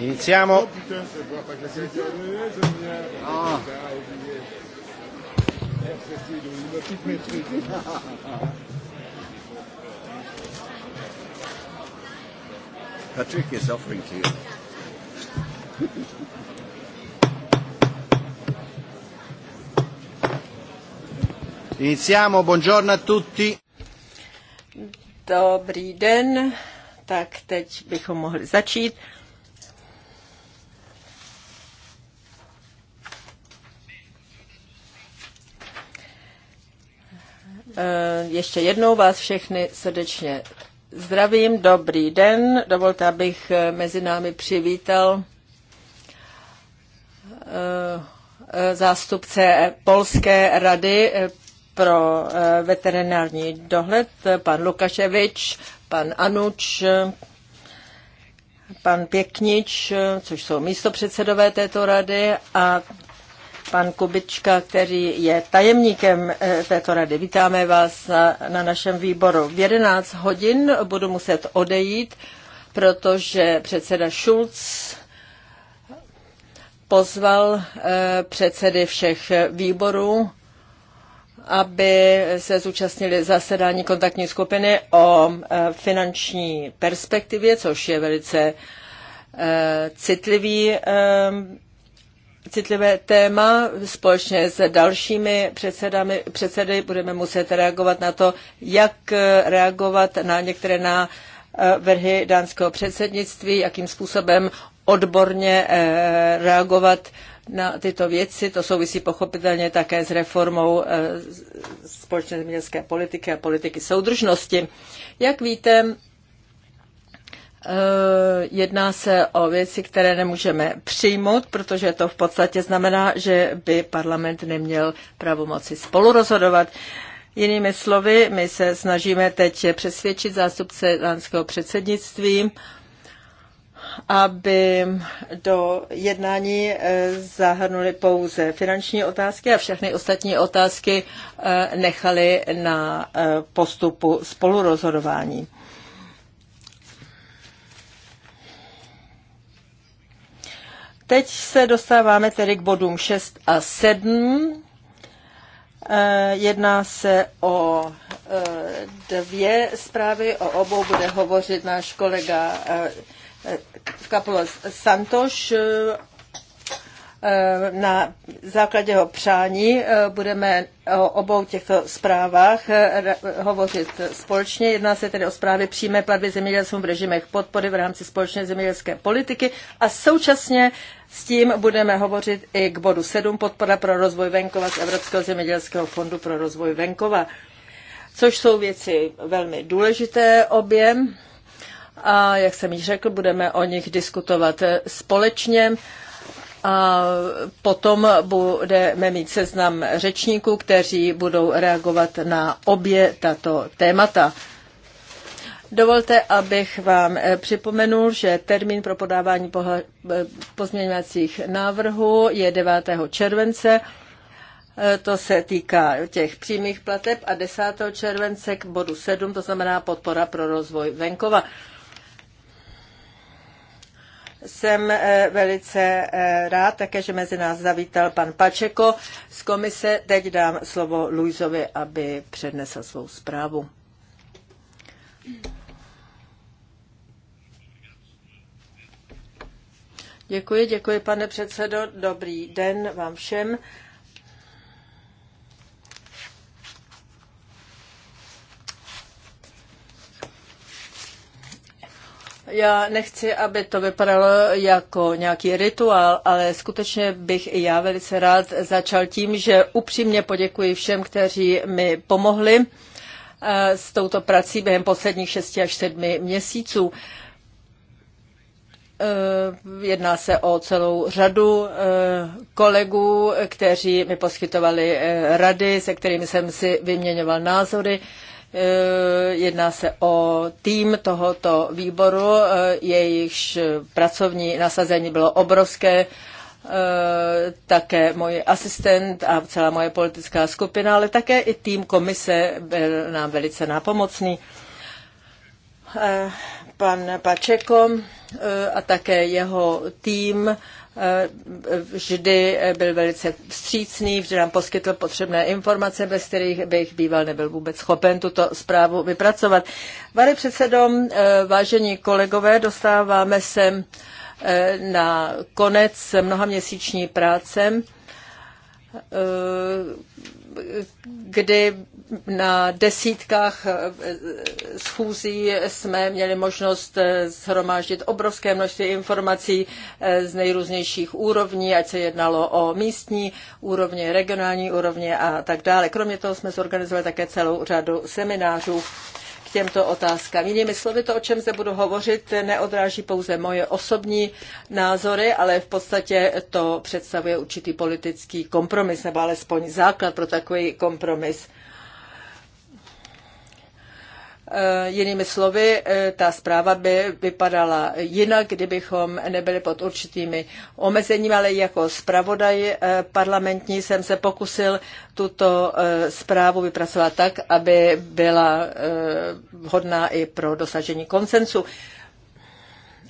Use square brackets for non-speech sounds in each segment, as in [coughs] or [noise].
Iniziamo. Ah. Patrick is offering to you. Iniziamo, buongiorno a tutti. Dobrý den, tak teď bychom mohli začít. Eh, ještě jednou vás všechny srdečně zdravím. Dobrý den. Dovolte, abych eh, mezi námi přivítal eh, zástupce Polské rady pro veterinární dohled, pan Lukaševič, pan Anuč, pan Pěknič, což jsou místopředsedové této rady, a pan Kubička, který je tajemníkem eh, této rady. Vítáme vás na, na našem výboru. V 11 hodin budu muset odejít, protože předseda Schulz pozval eh, předsedy všech výborů, aby se zúčastnili zasedání kontaktní skupiny o eh, finanční perspektivě, což je velice citlivý citlivé téma. Společně s dalšími předsedami, předsedy budeme muset reagovat na to, jak reagovat na některé na eh, vrhy dánského předsednictví, jakým způsobem odborně eh, reagovat na tyto věci. To souvisí pochopitelně také s reformou eh, společné zemědělské politiky a politiky soudržnosti. Jak víte, Eh, jedná se o věci, které nemůžeme přijmout, protože to v podstatě znamená, že by parlament neměl pravomoci spolurozhodovat. Jinými slovy, my se snažíme teď přesvědčit zástupce dánského předsednictví, aby do jednání eh, zahrnuli pouze finanční otázky a všechny ostatní otázky eh, nechali na postupu spolurozhodování. Teď se dostáváme tedy k bodům 6 a 7. Eh, jedná se o eh, dvě zprávy, o obou bude hovořit náš kolega eh, Kapolos Santoš Eh, na základě jeho přání eh, budeme o obou těchto zprávách eh, hovořit společně. Jedná se tedy o zprávy přímé platby zemědělcům v režimech podpory v rámci společné zemědělské politiky a současně s tím budeme hovořit i k bodu 7 podpora pro rozvoj venkova z Evropského zemědělského fondu pro rozvoj venkova, což jsou věci velmi důležité objem a jak jsem již řekl, budeme o nich diskutovat společně a potom budeme mít seznam řečníků, kteří budou reagovat na obě tato témata. Dovolte, abych vám eh, připomenul, že termín pro podávání eh, pozměňovacích návrhů je 9. července. Eh, to se týká těch přímých plateb a 10. července k bodu 7, to znamená podpora pro rozvoj venkova. Jsem eh, velice eh, rád také, že mezi nás zavítal pan Pačeko z komise. Teď dám slovo Luizovi, aby přednesl svou zprávu. Děkuji, děkuji, pane předsedo. Dobrý den vám všem. Já nechci, aby to vypadalo jako nějaký rituál, ale skutečně bych i já velice rád začal tím, že upřímně poděkuji všem, kteří mi pomohli eh, s touto prací během posledních 6 až 7 měsíců. Eh, jedná se o celou řadu eh, kolegů, kteří mi poskytovali rady, se kterými jsem si vyměňoval názory. Eh, jedná se o tým tohoto výboru, eh, jejichž pracovní nasazení bylo obrovské, eh, také můj asistent a celá moje politická skupina, ale také i tým komise byl nám velice nápomocný. Pan Pačeko a také jeho tým Eh, vždy byl velice vstřícný, vždy nám poskytl potřebné informace, bez kterých bych býval nebyl vůbec schopen tuto zprávu vypracovat. Pane předsedo, eh, vážení kolegové, dostáváme se eh, na konec mnohaměsíční práce kdy na desítkách eh, eh, schůzí jsme měli možnost eh, shromáždit obrovské množství informací z nejrůznějších úrovní, ať se jednalo o místní úrovně, regionální úrovně a tak dále. Kromě toho jsme zorganizovali také celou řadu seminářů k těmto otázkám. Jinými slovy, to, o čem se budu hovořit, neodráží pouze moje osobní názory, ale v podstatě to představuje určitý politický kompromis, nebo alespoň základ pro takový kompromis. Eh, jinými slovy, eh, ta zpráva by vypadala jinak, kdybychom nebyli pod určitými omezeními, ale jako zpravodaj eh, parlamentní jsem se pokusil tuto zprávu vypracovat tak, aby byla vhodná i pro dosažení konsensu.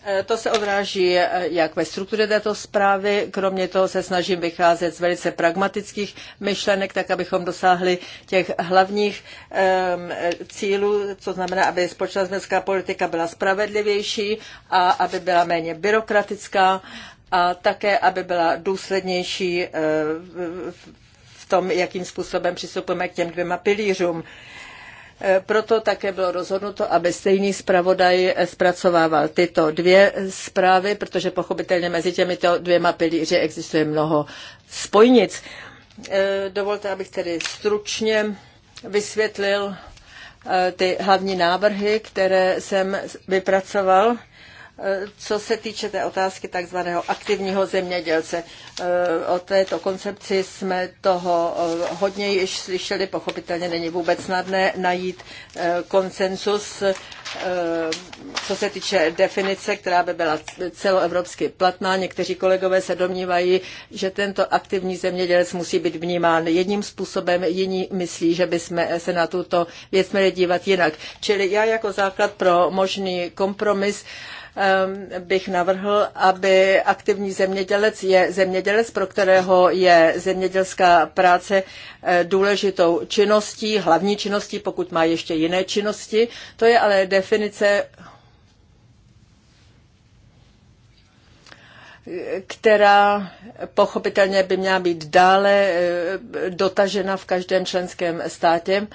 Eh, to se odráží eh, jak ve struktuře této zprávy, kromě toho se snažím vycházet z velice pragmatických myšlenek, tak abychom dosáhli těch hlavních um, cílů, co znamená, aby společná zeměnská politika byla spravedlivější a aby byla méně byrokratická a také, aby byla důslednější uh, v tom, jakým způsobem přistupujeme k těm dvěma pilířům. Uh, proto také bylo rozhodnuto, aby stejný zpravodaj zpracovával tyto dvě zprávy, protože pochopitelně mezi těmito dvěma pilíři existuje mnoho spojnic. E, dovolte, abych tedy stručně vysvětlil e, ty hlavní návrhy, které jsem vypracoval co se týče té otázky takzvaného aktivního zemědělce, eh, o této koncepci jsme toho eh, hodně již slyšeli, pochopitelně není vůbec snadné najít eh, koncensus, co se týče definice, která by byla celoevropsky platná. Někteří kolegové se domnívají, že tento aktivní zemědělec musí být vnímán jedním způsobem, jiní myslí, že jsme se na tuto věc měli dívat jinak. Čili já jako základ pro možný kompromis Ehm, bych navrhl, aby aktivní zemědělec je zemědělec, pro kterého je zemědělská práce eh, důležitou činností, hlavní činností, pokud má ještě jiné činnosti. To je ale definice která pochopitelně by měla být dále eh, dotažena v každém členském státě.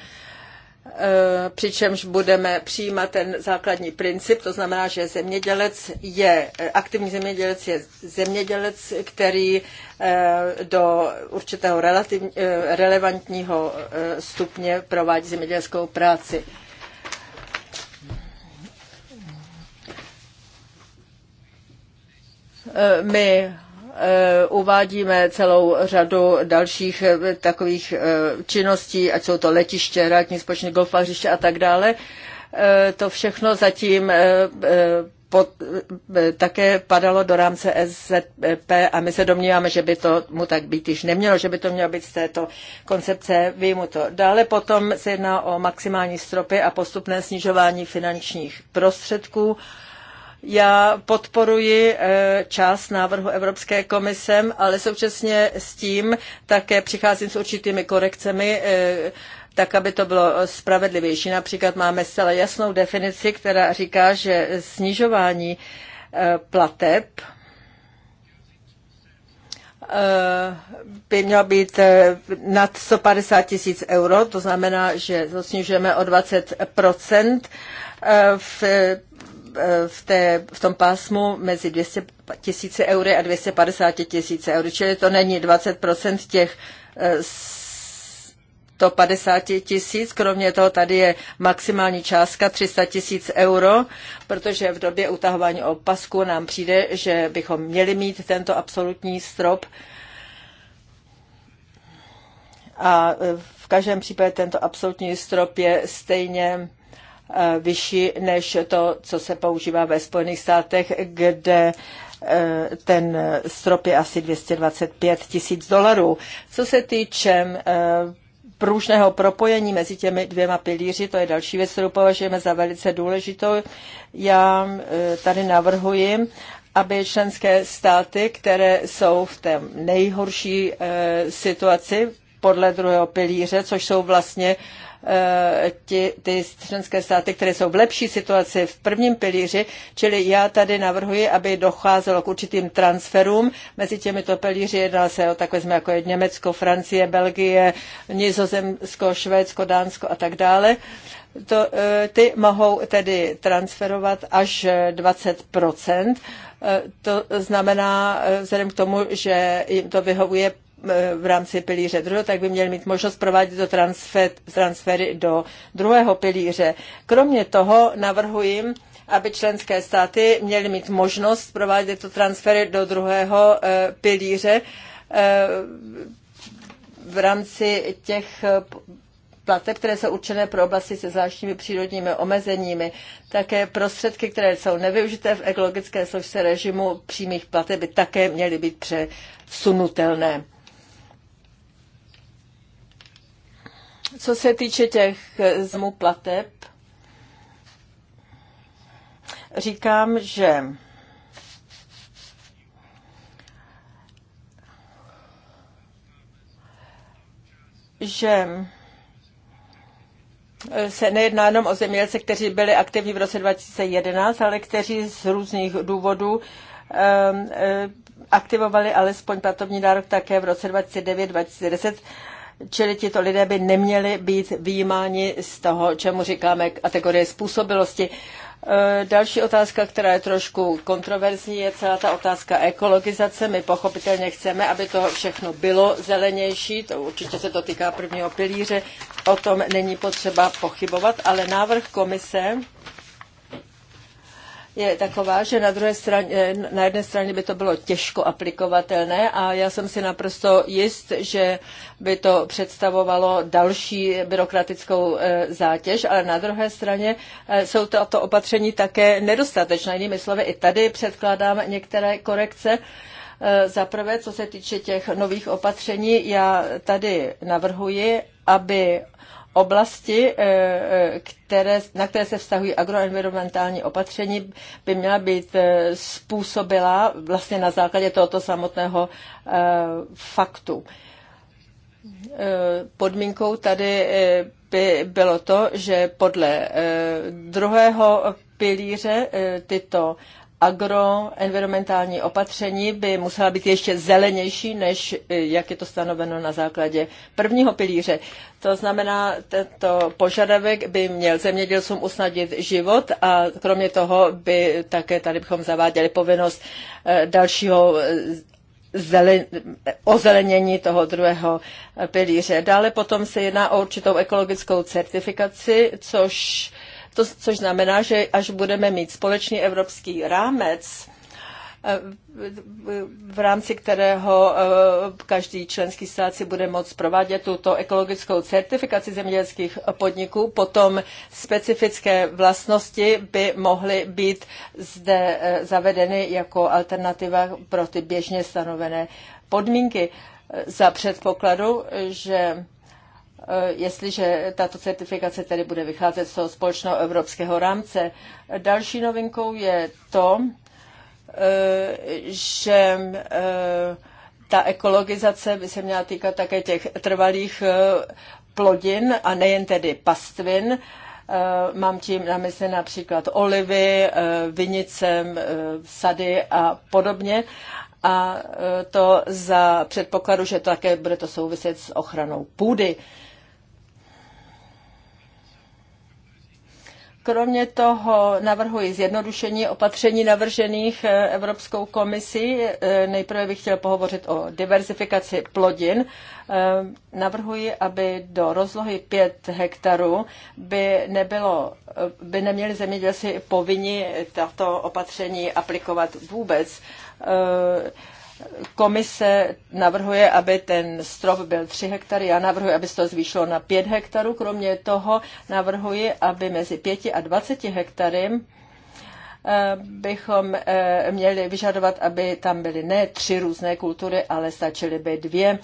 Eh, přičemž budeme přijímat ten základní princip, to znamená, že zemědělec je, eh, aktivní zemědělec je zemědělec, který eh, do určitého relativ, relevantního stupně provádí zemědělskou práci. My Eh, uvádíme celou řadu dalších eh, takových eh, činností, ať jsou to letiště, rádní spočný golfová hřiště a tak dále. To všechno zatím pod, také padalo do rámce SZP a my se domníváme, že by to mu tak být již nemělo, že by to mělo být z této koncepce výjimuto. Dále potom se jedná o maximální stropy a postupné snižování finančních prostředků. Uh, já podporuji eh, část návrhu Evropské komise, ale současně s tím také přicházím s určitými korekcemi, eh, tak aby to bylo spravedlivější. Například máme zcela jasnou definici, která říká, že snižování eh, plateb by mělo být nad 150 tisíc euro, to znamená, že to snižujeme o 20 v Eh, v, té, v tom pásmu mezi 200 tisíce eury a 250 tisíce eur, čili to není 20% těch 150 eh, tisíc, kromě toho tady je maximální částka 300 tisíc euro, protože v době utahování opasku nám přijde, že bychom měli mít tento absolutní strop a eh, v každém případě tento absolutní strop je stejně Eh, vyšší než to, co se používá ve Spojených státech, kde eh, ten strop je asi 225 tisíc dolarů. Co se týče eh, průžného propojení mezi těmi dvěma pilíři, to je další věc, kterou považujeme za velice důležitou. Já tady navrhuji, aby členské státy, které jsou v té nejhorší situaci podle druhého pilíře, což jsou vlastně Eh, ty členské státy, které jsou v lepší situaci v prvním pilíři, čili já tady navrhuji, aby docházelo k určitým transferům mezi těmito pilíři. Jedná se o takové jako je Německo, Francie, Belgie, Nizozemsko, Švédsko, Dánsko a tak dále. To, eh, ty mohou tedy transferovat až 20 eh, to znamená, vzhledem k tomu, že jim to vyhovuje v rámci pilíře druhého, tak by měli mít možnost provádět to transfer, transfery do druhého pilíře. Kromě toho navrhuji, aby členské státy měly mít možnost provádět to transfery do druhého eh, pilíře eh, v rámci těch plateb, které jsou určené pro oblasti se zvláštními přírodními omezeními, také prostředky, které jsou nevyužité v ekologické složce režimu přímých plateb, by také měly být přesunutelné. Co se týče těch eh, zmu plateb, říkám, že že eh, se nejedná jenom o zemědělce, kteří byli aktivní v roce 2011, ale kteří z různých důvodů eh, aktivovali alespoň platovní nárok také v roce 2009-2010 Čili tito lidé by neměli být výjímáni z toho, čemu říkáme kategorie způsobilosti. E, další otázka, která je trošku kontroverzní, je celá ta otázka ekologizace. My pochopitelně chceme, aby to všechno bylo zelenější, to určitě se to týká prvního pilíře, o tom není potřeba pochybovat, ale návrh komise je taková, že na, druhé straně, na jedné straně by to bylo těžko aplikovatelné a já jsem si naprosto jist, že by to představovalo další byrokratickou e, zátěž, ale na druhé straně e, jsou tato opatření také nedostatečná. Jinými slovy, i tady předkládám některé korekce. E, za prvé, co se týče těch nových opatření, já tady navrhuji, aby oblasti, eh, eh, které, na které se vztahují agroenvironmentální opatření, by měla být eh, způsobila vlastně na základě tohoto samotného faktu. Podmínkou tady by bylo to, že podle druhého pilíře tyto agroenvironmentální opatření by musela být ještě zelenější, než eh, jak je to stanoveno na základě prvního pilíře. To znamená, tento požadavek by měl zemědělcům usnadnit život a kromě toho by také tady bychom zaváděli povinnost eh, dalšího eh, zelen, ozelenění toho druhého pilíře. Dále potom se jedná o určitou ekologickou certifikaci, což to, což znamená, že až budeme mít společný evropský rámec, eh, v rámci kterého eh, každý členský stát si bude moct provádět tuto ekologickou certifikaci zemědělských podniků. Potom specifické vlastnosti by mohly být zde eh, zavedeny jako alternativa pro ty běžně stanovené podmínky za předpokladu, že Eh, jestliže tato certifikace tedy bude vycházet z toho společného evropského rámce. Další novinkou je to, eh, že eh, ta ekologizace by se měla týkat také těch trvalých plodin a nejen tedy pastvin. Mám tím na mysli například olivy, vinice, sady a podobně. A to za předpokladu, že to také bude to souviset s ochranou půdy. Kromě toho navrhuji zjednodušení opatření navržených eh, Evropskou komisí. Eh, nejprve bych chtěl pohovořit o diversifikaci plodin. Eh, navrhuji, aby do rozlohy 5 hektarů by, nebylo, by neměli zemědělci povinni tato opatření aplikovat vůbec Komise navrhuje, aby ten strop byl 3 hektary, já navrhuji, aby se to zvýšilo na 5 hektarů. Kromě toho navrhuji, aby mezi 5 a 20 hektary eh, bychom eh, měli vyžadovat, aby tam byly ne tři různé kultury, ale stačily by dvě.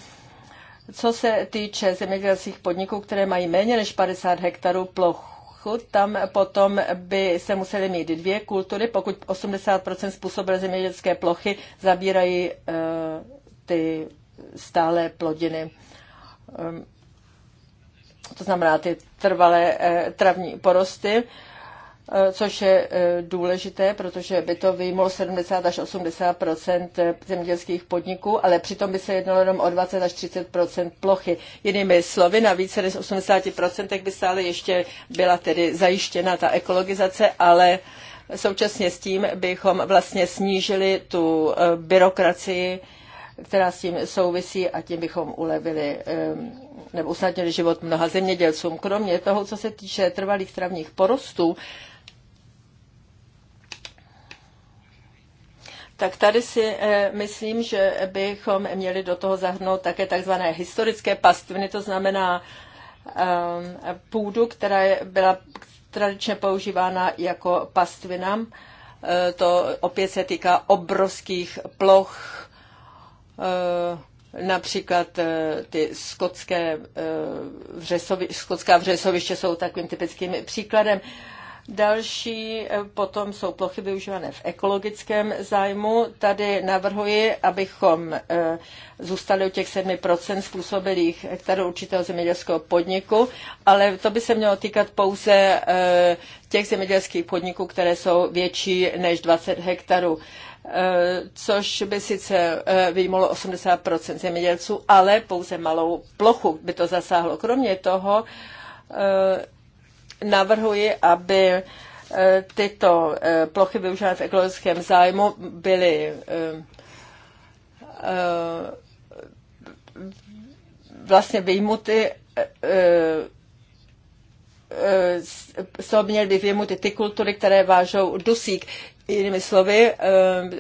Co se týče zemědělských podniků, které mají méně než 50 hektarů plochu, Chud, tam potom by se musely mít dvě kultury, pokud 80% způsobilé zemědělské plochy zabírají eh, ty stále plodiny. Ehm, to znamená ty trvalé eh, travní porosty což je e, důležité, protože by to vyjmulo 70 až 80 e, zemědělských podniků, ale přitom by se jednalo jenom o 20 až 30 plochy. Jinými slovy, na více než 80 by stále ještě byla tedy zajištěna ta ekologizace, ale současně s tím bychom vlastně snížili tu e, byrokracii, která s tím souvisí a tím bychom ulevili nebo usnadnili život mnoha zemědělcům. Kromě toho, co se týče trvalých travních porostů, tak tady si eh, myslím, že bychom měli do toho zahrnout také takzvané historické pastviny, to znamená ehm, půdu, která byla tradičně používána jako pastvina. Eh, to opět se týká obrovských ploch, eh, například ty skotské vřesovi, skotská vřesoviště jsou takovým typickým příkladem. Další eh, potom jsou plochy využívané v ekologickém zájmu. Tady navrhuji, abychom eh, zůstali u těch 7% způsobilých hektarů určitého zemědělského podniku, ale to by se mělo týkat pouze eh, těch zemědělských podniků, které jsou větší než 20 hektarů což by sice vyjmulo 80 zemědělců, ale pouze malou plochu by to zasáhlo. Kromě toho navrhuji, aby e, tyto e, plochy využívané v ekologickém zájmu byly e, vlastně vyjmuty jsou měly být vyjmuty ty kultury, které vážou dusík. Jinými slovy,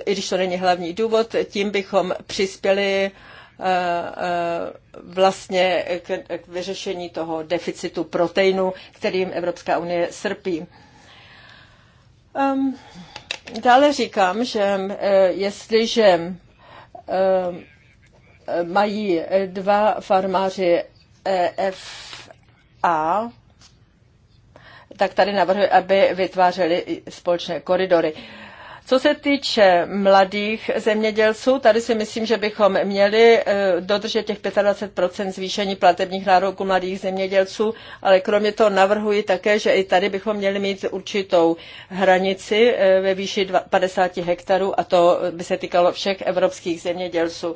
i když to není hlavní důvod, tím bychom přispěli Eh, eh, vlastně k, k vyřešení toho deficitu proteinu, kterým Evropská unie srpí. Um, dále říkám, že eh, jestliže mají dva farmáři EFA, tak tady navrhuji, aby vytvářeli společné koridory. Uh, co se týče mladých zemědělců, tady si myslím, že bychom měli eh, dodržet těch 25 zvýšení platebních nároků mladých zemědělců, ale kromě toho navrhuji také, že i tady bychom měli mít určitou hranici eh, ve výši 50 hektarů a to by se týkalo všech evropských zemědělců.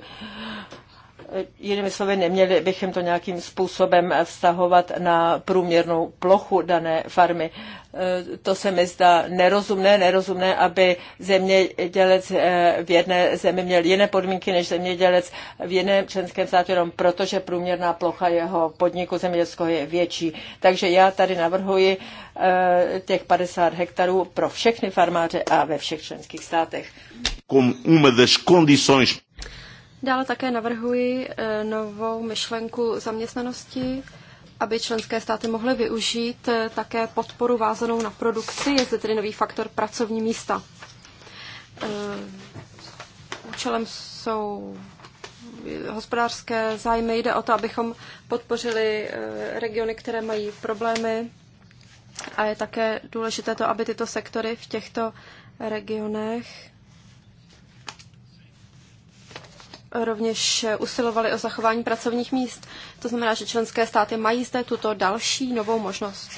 Jinými slovy, neměli bychom to nějakým způsobem vztahovat na průměrnou plochu dané farmy. E, to se mi zdá nerozumné, nerozumné, aby zemědělec e, v jedné zemi měl jiné podmínky než zemědělec v jiném členském státě, jenom protože průměrná plocha jeho podniku zemědělského je větší. Takže já tady navrhuji e, těch 50 hektarů pro všechny farmáře a ve všech členských státech. Como uma das condições Dále také navrhuji eh, novou myšlenku zaměstnanosti, aby členské státy mohly využít eh, také podporu vázanou na produkci. Je zde tedy nový faktor pracovní místa. Eh, účelem jsou hospodářské zájmy. Jde o to, abychom podpořili regiony, které mají problémy. A je také důležité to, aby tyto sektory v těchto regionech rovněž usilovali o zachování pracovních míst. To znamená, že členské státy mají zde tuto další novou možnost.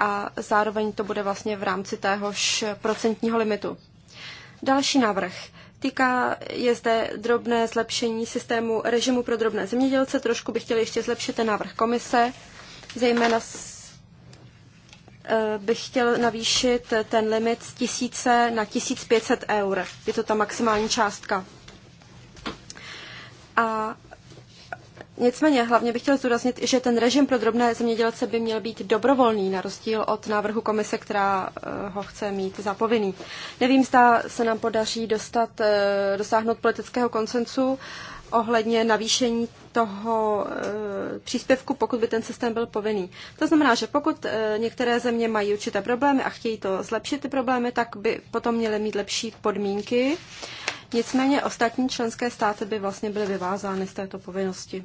A zároveň to bude vlastně v rámci téhož procentního limitu. Další návrh. Týká je zde drobné zlepšení systému režimu pro drobné zemědělce. Trošku bych chtěli ještě zlepšit ten návrh komise. Zejména eh, bych chtěl navýšit ten limit z tisíce na 1500 eur. Je to ta maximální částka. A Nicméně hlavně bych chtěl zdůraznit, že ten režim pro drobné zemědělce by měl být dobrovolný, na rozdíl od návrhu komise, která eh, ho chce mít povinný. Nevím, zda se nám podaří dostat, eh, dosáhnout politického koncensu ohledně navýšení toho eh, příspěvku, pokud by ten systém byl povinný. To znamená, že pokud některé země mají určité problémy a chtějí to zlepšit ty problémy, tak by potom měly mít lepší podmínky. Nicméně ostatní členské státy by vlastně byly vyvázány z této povinnosti.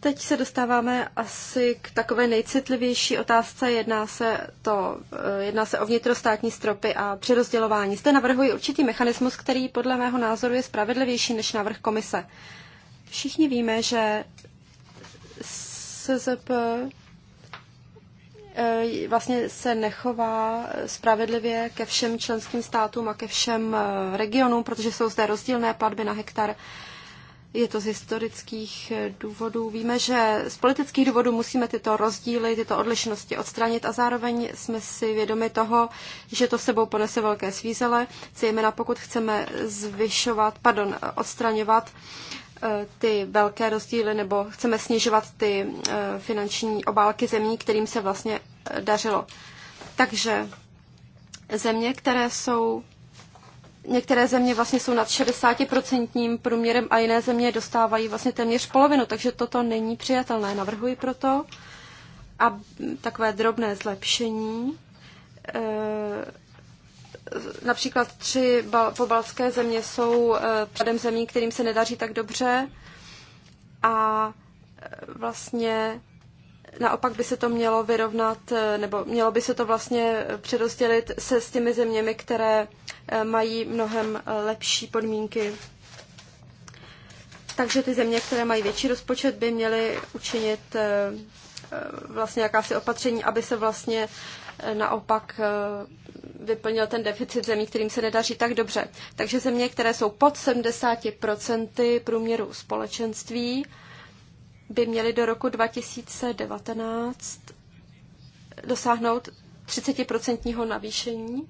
Teď se dostáváme asi k takové nejcitlivější otázce. Jedná se, to, eh, jedná se o vnitrostátní stropy a přerozdělování. Zde navrhuji určitý mechanismus, který podle mého názoru je spravedlivější než návrh komise. Všichni víme, že SZP Eh, vlastně se nechová spravedlivě ke všem členským státům a ke všem eh, regionům, protože jsou zde rozdílné platby na hektar. Je to z historických eh, důvodů. Víme, že z politických důvodů musíme tyto rozdíly, tyto odlišnosti odstranit a zároveň jsme si vědomi toho, že to sebou ponese velké svízele, zejména pokud chceme zvyšovat, pardon, odstraňovat Eh, ty velké rozdíly, nebo chceme snižovat ty eh, finanční obálky zemí, kterým se vlastně eh, dařilo. Takže země, které jsou některé země vlastně jsou nad 60% průměrem a jiné země dostávají vlastně téměř polovinu, takže toto není přijatelné. Navrhuji proto a takové drobné zlepšení například tři pobalské pobaltské země jsou eh, padem zemí, kterým se nedaří tak dobře a eh, vlastně naopak by se to mělo vyrovnat, eh, nebo mělo by se to vlastně předostělit se s těmi zeměmi, které mají mnohem lepší podmínky. Takže ty země, které mají větší rozpočet, by měly učinit vlastně jakási opatření, aby se vlastně naopak vyplnil ten deficit zemí, kterým se nedaří tak dobře. Takže země, které jsou pod 70% průměru společenství, by měly do roku 2019 dosáhnout 30% navýšení.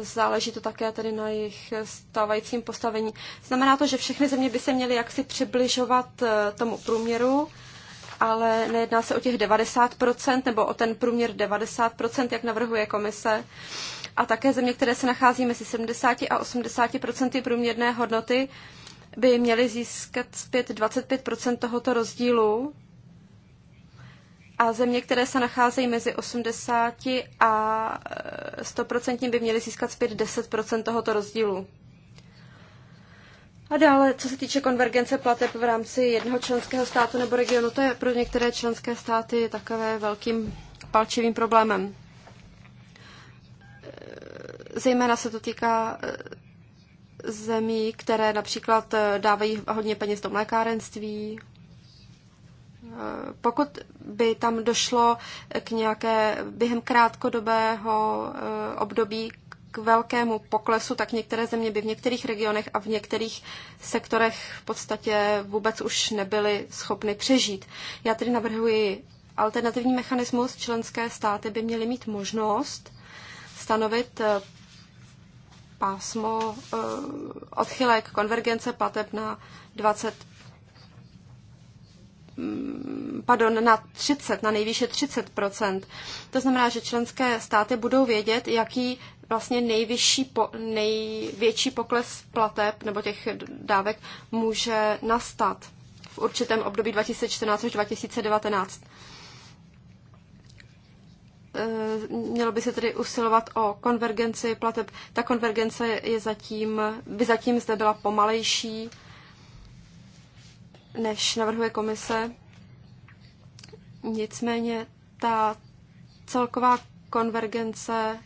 Záleží to také tedy na jejich stávajícím postavení. Znamená to, že všechny země by se měly jaksi přibližovat eh, tomu průměru ale nejedná se o těch 90% nebo o ten průměr 90%, jak navrhuje komise. A také země, které se nachází mezi 70 a 80% průměrné hodnoty, by měly získat zpět 25% tohoto rozdílu. A země, které se nacházejí mezi 80 a 100% e, by měly získat zpět 10% tohoto rozdílu. A dále, co se týče konvergence plateb v rámci jednoho členského státu nebo regionu, to je pro některé členské státy takové velkým palčivým problémem. E, zejména se to týká e, zemí, které například e, dávají hodně peněz do mlékárenství. Pokud by tam došlo k nějaké během krátkodobého období k velkému poklesu, tak některé země by v některých regionech a v některých sektorech v podstatě vůbec už nebyly schopny přežít. Já tedy navrhuji alternativní mechanismus. Členské státy by měly mít možnost stanovit eh, pásmo eh, odchylek konvergence plateb na 20 mm, pardon, na 30, na nejvýše 30 To znamená, že členské státy budou vědět, jaký vlastně nejvyšší po, největší pokles plateb nebo těch dávek může nastat v určitém období 2014 až 2019. Eh, mělo by se tedy usilovat o konvergenci plateb. Ta konvergence je zatím, by zatím zde byla pomalejší, než navrhuje komise. Nicméně ta celková konvergence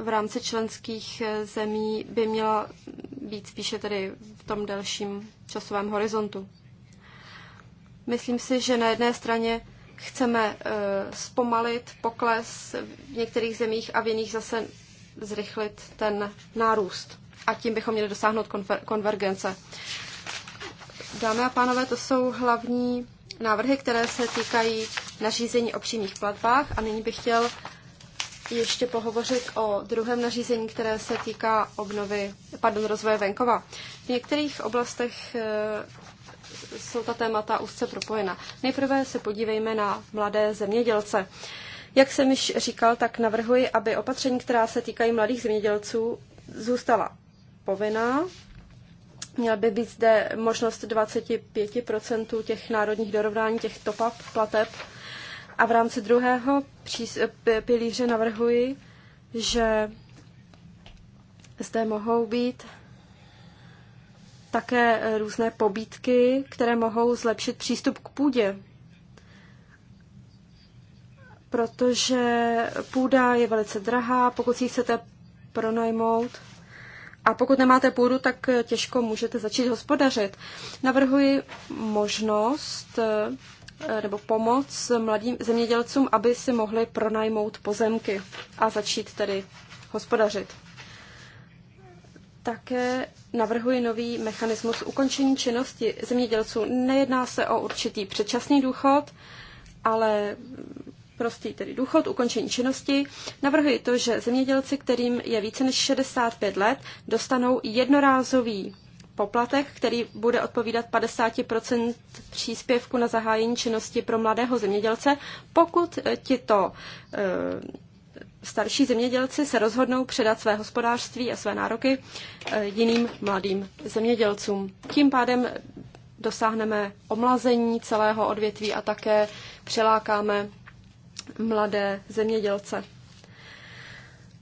v rámci členských eh, zemí by měla být spíše tedy v tom delším časovém horizontu. Myslím si, že na jedné straně chceme eh, zpomalit pokles v některých zemích a v jiných zase zrychlit ten nárůst. A tím bychom měli dosáhnout konver- konvergence. Dámy a pánové, to jsou hlavní návrhy, které se týkají nařízení o přímých platbách a nyní bych chtěl ještě pohovořit o druhém nařízení, které se týká obnovy, pardon, rozvoje venkova. V některých oblastech eh, jsou ta témata úzce propojena. Nejprve se podívejme na mladé zemědělce. Jak jsem již říkal, tak navrhuji, aby opatření, která se týkají mladých zemědělců, zůstala povinná. Měla by být zde možnost 25% těch národních dorovnání těch top-up plateb a v rámci druhého pilíře navrhuji, že zde mohou být také e, různé pobídky, které mohou zlepšit přístup k půdě. Protože půda je velice drahá, pokud si chcete pronajmout, a pokud nemáte půdu, tak e, těžko můžete začít hospodařit. Navrhuji možnost e, Eh, nebo pomoc mladým zemědělcům, aby si mohli pronajmout pozemky a začít tedy hospodařit. Také navrhuji nový mechanismus ukončení činnosti zemědělců. Nejedná se o určitý předčasný důchod, ale prostý tedy důchod, ukončení činnosti. Navrhuji to, že zemědělci, kterým je více než 65 let, dostanou jednorázový poplatek, který bude odpovídat 50% příspěvku na zahájení činnosti pro mladého zemědělce, pokud tito eh, starší zemědělci se rozhodnou předat své hospodářství a své nároky eh, jiným mladým zemědělcům. Tím pádem dosáhneme omlazení celého odvětví a také přilákáme mladé zemědělce.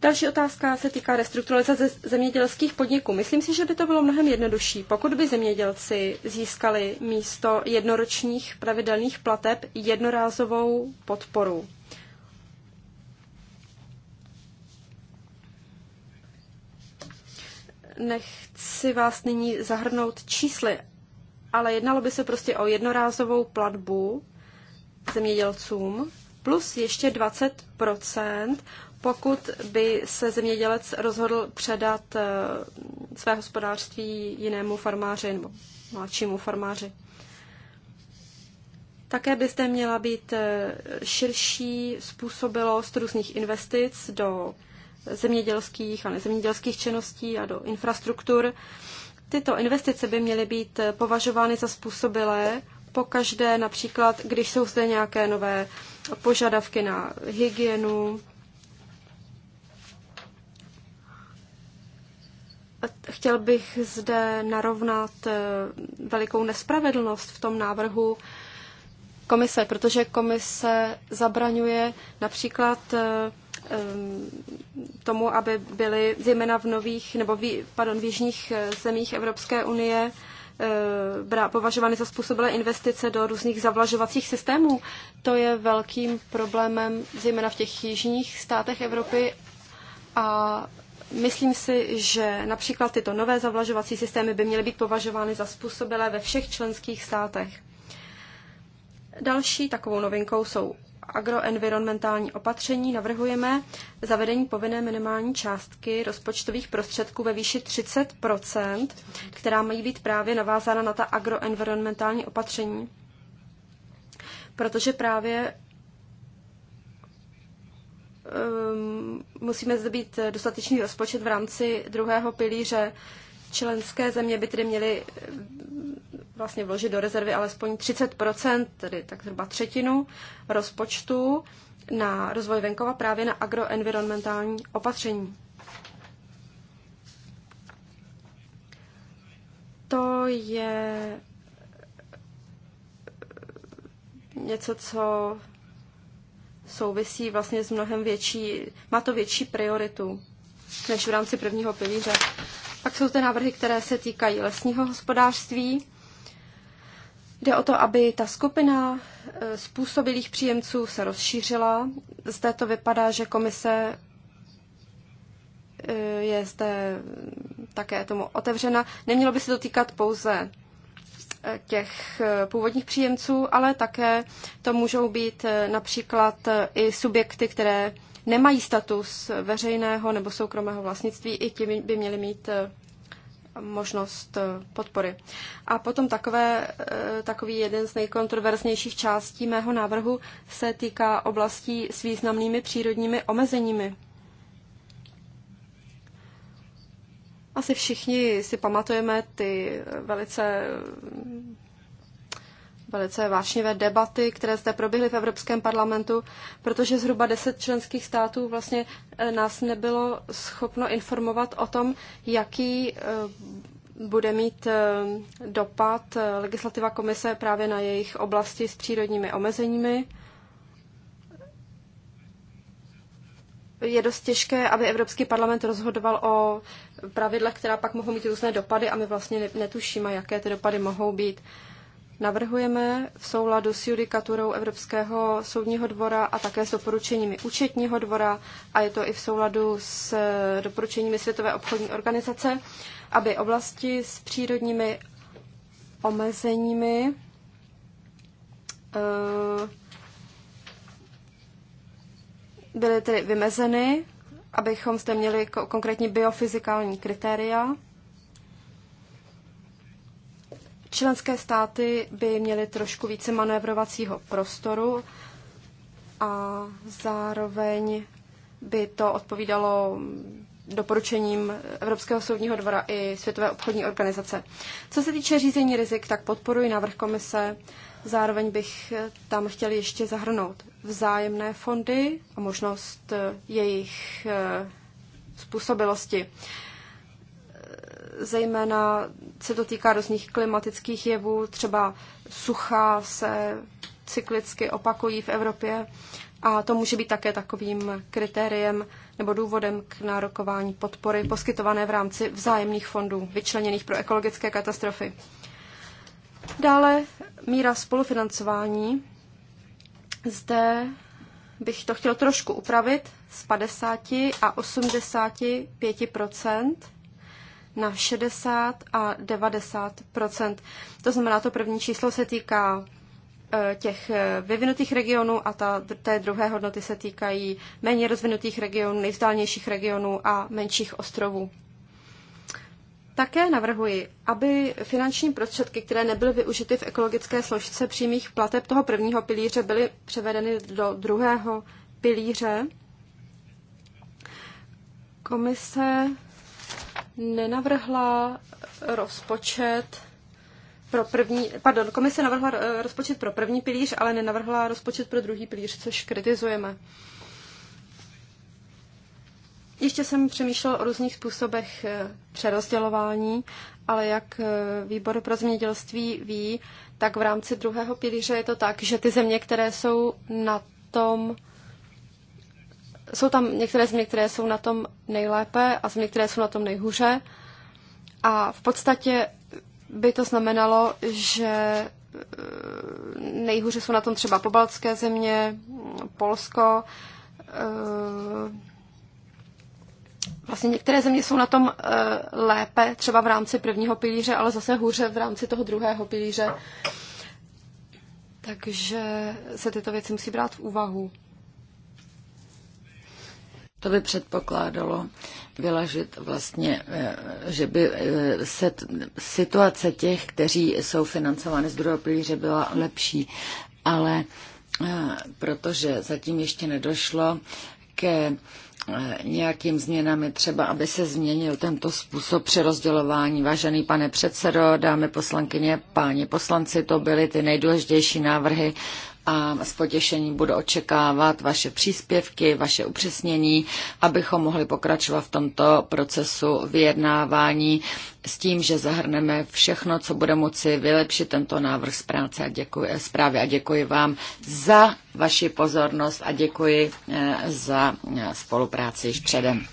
Další otázka se týká restrukturalizace zemědělských podniků. Myslím si, že by to bylo mnohem jednodušší, pokud by zemědělci získali místo jednoročních pravidelných plateb jednorázovou podporu. Nechci vás nyní zahrnout čísly, ale jednalo by se prostě o jednorázovou platbu zemědělcům plus ještě 20 pokud by se zemědělec rozhodl předat eh, své hospodářství jinému farmáři nebo mladšímu farmáři. Také by zde měla být eh, širší způsobilost různých investic do zemědělských a nezemědělských činností a do infrastruktur. Tyto investice by měly být eh, považovány za způsobilé pokaždé, například když jsou zde nějaké nové požadavky na hygienu, Chtěl bych zde narovnat eh, velikou nespravedlnost v tom návrhu komise, protože komise zabraňuje například eh, eh, tomu, aby byly zejména v nových nebo v, pardon, v jižních zemích Evropské unie považovány za způsobilé investice do různých zavlažovacích systémů. To je velkým problémem zejména v těch jižních státech Evropy a Myslím si, že například tyto nové zavlažovací systémy by měly být považovány za způsobilé ve všech členských státech. Další takovou novinkou jsou agroenvironmentální opatření. Navrhujeme zavedení povinné minimální částky rozpočtových prostředků ve výši 30 která mají být právě navázána na ta agroenvironmentální opatření protože právě Ehm, musíme zde být dostatečný rozpočet v rámci druhého pilíře. Členské země by tedy měly ehm, vlastně vložit do rezervy alespoň 30 tedy tak zhruba třetinu rozpočtu na rozvoj venkova právě na agroenvironmentální opatření. To je ehm, něco, co souvisí vlastně s mnohem větší, má to větší prioritu než v rámci prvního pilíře. Pak jsou ty návrhy, které se týkají lesního hospodářství. Jde o to, aby ta skupina eh, způsobilých příjemců se rozšířila. Zde to vypadá, že komise eh, je zde také tomu otevřena. Nemělo by se to týkat pouze těch eh, původních příjemců, ale také to můžou být eh, například eh, i subjekty, které nemají status veřejného nebo soukromého vlastnictví, i ti by měli mít možnost podpory. A potom takové, takový jeden z nejkontroverznějších částí mého návrhu se týká oblastí s významnými přírodními omezeními. Asi všichni si pamatujeme ty velice velice vášnivé debaty, které zde proběhly v Evropském parlamentu, protože zhruba deset členských států vlastně eh, nás nebylo schopno informovat o tom, jaký eh, bude mít eh, dopad legislativa komise právě na jejich oblasti s přírodními omezeními. je dost těžké, aby Evropský parlament rozhodoval o pravidlech, která pak mohou mít různé dopady a my vlastně netušíme, jaké ty dopady mohou být. Navrhujeme v souladu s judikaturou Evropského soudního dvora a také s doporučeními účetního dvora a je to i v souladu s eh, doporučeními Světové obchodní organizace, aby oblasti s přírodními omezeními eh, byly tedy vymezeny, abychom zde měli konkrétní biofyzikální kritéria. Členské státy by měly trošku více manévrovacího prostoru a zároveň by to odpovídalo doporučením Evropského soudního dvora i Světové obchodní organizace. Co se týče řízení rizik, tak podporuji návrh komise Zároveň bych eh, tam chtěl ještě zahrnout vzájemné fondy a možnost eh, jejich eh, způsobilosti. Zejména se to týká různých klimatických jevů, třeba sucha se cyklicky opakují v Evropě a to může být také takovým kritériem nebo důvodem k nárokování podpory poskytované v rámci vzájemných fondů vyčleněných pro ekologické katastrofy. Dále míra spolufinancování. Zde bych to chtěl trošku upravit z 50 a 85 na 60 a 90 To znamená, to první číslo se týká e, těch e, vyvinutých regionů a ta, té druhé hodnoty se týkají méně rozvinutých regionů, nejvzdálnějších regionů a menších ostrovů. Také navrhuji, aby finanční prostředky, které nebyly využity v ekologické složce přímých plateb toho prvního pilíře, byly převedeny do druhého pilíře. Komise nenavrhla rozpočet pro první, pardon, komise navrhla eh, rozpočet pro první pilíř, ale nenavrhla rozpočet pro druhý pilíř, což kritizujeme. Ještě jsem přemýšlel o různých způsobech eh, přerozdělování, ale jak eh, výbor pro zemědělství ví, tak v rámci druhého pilíře je to tak, že ty země, které jsou na tom jsou tam některé země, které jsou na tom nejlépe a země, které jsou na tom nejhůře. A v podstatě by to znamenalo, že eh, nejhůře jsou na tom třeba pobaltské země, Polsko, vlastně některé země jsou na tom eh, lépe třeba v rámci prvního pilíře, ale zase hůře v rámci toho druhého pilíře. Takže se tyto věci musí brát v úvahu. To by předpokládalo vylažit vlastně, eh, že by eh, se situace těch, kteří jsou financovány z druhého pilíře, byla lepší. Ale protože zatím ještě nedošlo ke Eh, nějakým změnami, třeba aby se změnil tento způsob přerozdělování. Vážený pane předsedo, dámy poslankyně, páni poslanci, to byly ty nejdůležitější návrhy a s potěšením budu očekávat vaše příspěvky, vaše upřesnění, abychom mohli pokračovat v tomto procesu vyjednávání s tím, že zahrneme všechno, co bude moci vylepšit tento návrh z práce a děkuji, zprávy a děkuji vám za vaši pozornost a děkuji eh, za eh, spolupráci již předem.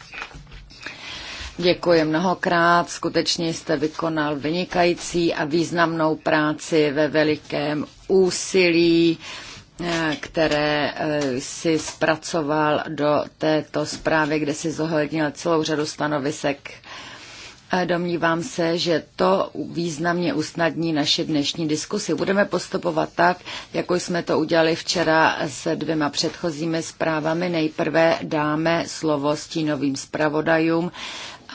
Děkuji mnohokrát, skutečně jste vykonal vynikající a významnou práci ve velikém úsilí. Eh, které eh, si zpracoval do této zprávy, kde si zohlednil celou řadu stanovisek. Domnívám se, že to významně usnadní naše dnešní diskusy. Budeme postupovat tak, jako jsme to udělali včera s dvěma předchozími zprávami. Nejprve dáme slovo stínovým zpravodajům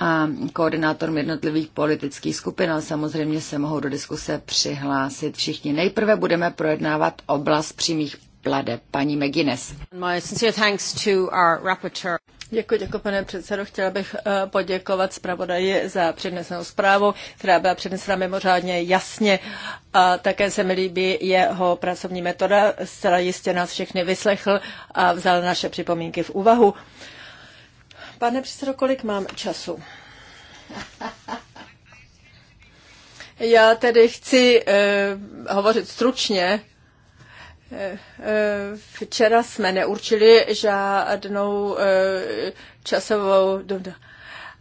a koordinátorům jednotlivých politických skupin, ale samozřejmě se mohou do diskuse přihlásit všichni. Nejprve budeme projednávat oblast přímých plade. Paní McGuinness. Děkuji, děkuji, pane předsedo. Chtěla bych eh, poděkovat zpravodaji za přednesenou zprávu, která byla přednesena mimořádně jasně. A také se mi líbí jeho pracovní metoda. Zcela jistě nás všechny vyslechl a vzal naše připomínky v úvahu. Pane předsedo, kolik mám času? Já tedy chci eh, hovořit stručně. Eh, eh, včera jsme neurčili žádnou eh, časovou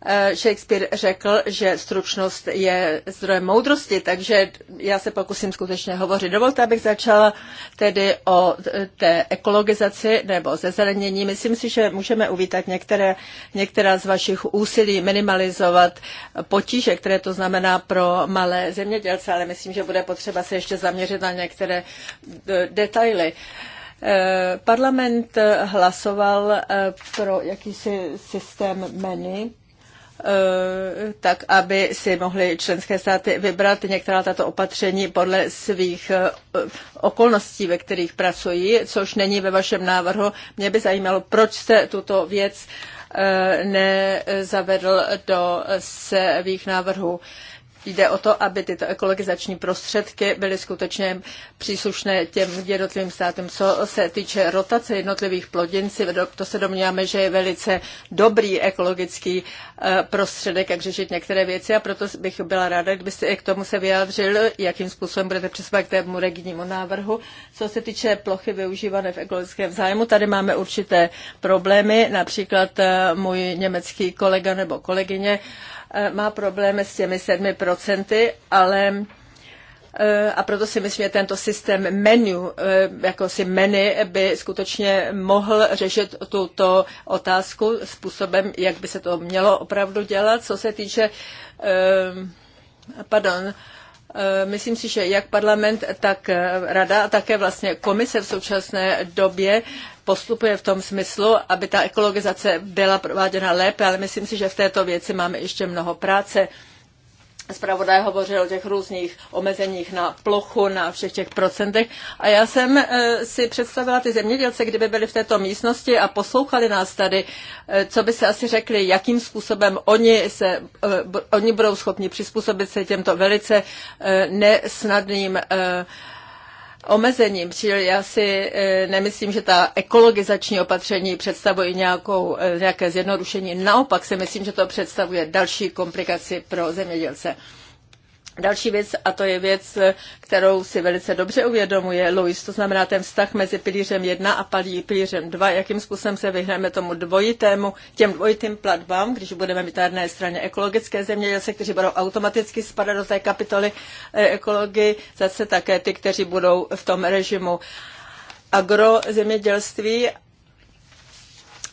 Eh, Shakespeare řekl, že stručnost je zdrojem moudrosti, takže já se pokusím skutečně hovořit. Dovolte, abych začala tedy o té ekologizaci nebo zezelenění. Myslím si, že můžeme uvítat některé, některá z vašich úsilí minimalizovat potíže, které to znamená pro malé zemědělce, ale myslím, že bude potřeba se ještě zaměřit na některé eh, detaily. Eh, Parlament hlasoval pro jakýsi systém MENY, Eh, tak aby si mohly členské státy vybrat některá tato opatření podle svých eh, okolností, ve kterých pracují, což není ve vašem návrhu. Mě by zajímalo, proč jste tuto věc eh, nezavedl do svých návrhů jde o to, aby tyto ekologizační prostředky byly skutečně příslušné těm jednotlivým státům. Co se týče rotace jednotlivých plodin, to se domníváme, že je velice dobrý ekologický eh, prostředek, jak řešit některé věci a proto bych byla ráda, kdybyste i k tomu se vyjádřil, jakým způsobem budete přesvědčit k tému regijnímu návrhu. Co se týče plochy využívané v ekologickém zájmu, tady máme určité problémy, například eh, můj německý kolega nebo kolegyně uh, Eh, má problémy s těmi 7%, ale eh, a proto si myslím, že tento systém menu, eh, jako si menu, by skutečně mohl řešit tuto otázku způsobem, jak by se to mělo opravdu dělat. Co se týče, pardon, Myslím si, že jak parlament, tak rada a také vlastně komise v současné době postupuje v tom smyslu, aby ta ekologizace byla prováděna lépe, ale myslím si, že v této věci máme ještě mnoho práce. Zpravodaj hovořil o těch různých omezeních na plochu, na všech těch procentech. A já jsem eh, si představila ty zemědělce, kdyby byli v této místnosti a poslouchali nás tady, eh, co by se asi řekli, jakým způsobem oni, se, eh, oni budou schopni přizpůsobit se těmto velice nesnadným omezením, čili já si e, nemyslím, že ta ekologizační opatření představují nějakou, e, nějaké zjednodušení. Naopak si myslím, že to představuje další komplikaci pro zemědělce. Další věc, a to je věc, kterou si velice dobře uvědomuje Louis, to znamená ten vztah mezi pilířem 1 a pilířem 2, jakým způsobem se vyhneme tomu dvojitému, těm dvojitým platbám, když budeme mít na jedné straně ekologické zemědělce, kteří budou automaticky spadat do té kapitoly eh, ekologii, zase také ty, kteří budou v tom režimu agrozemědělství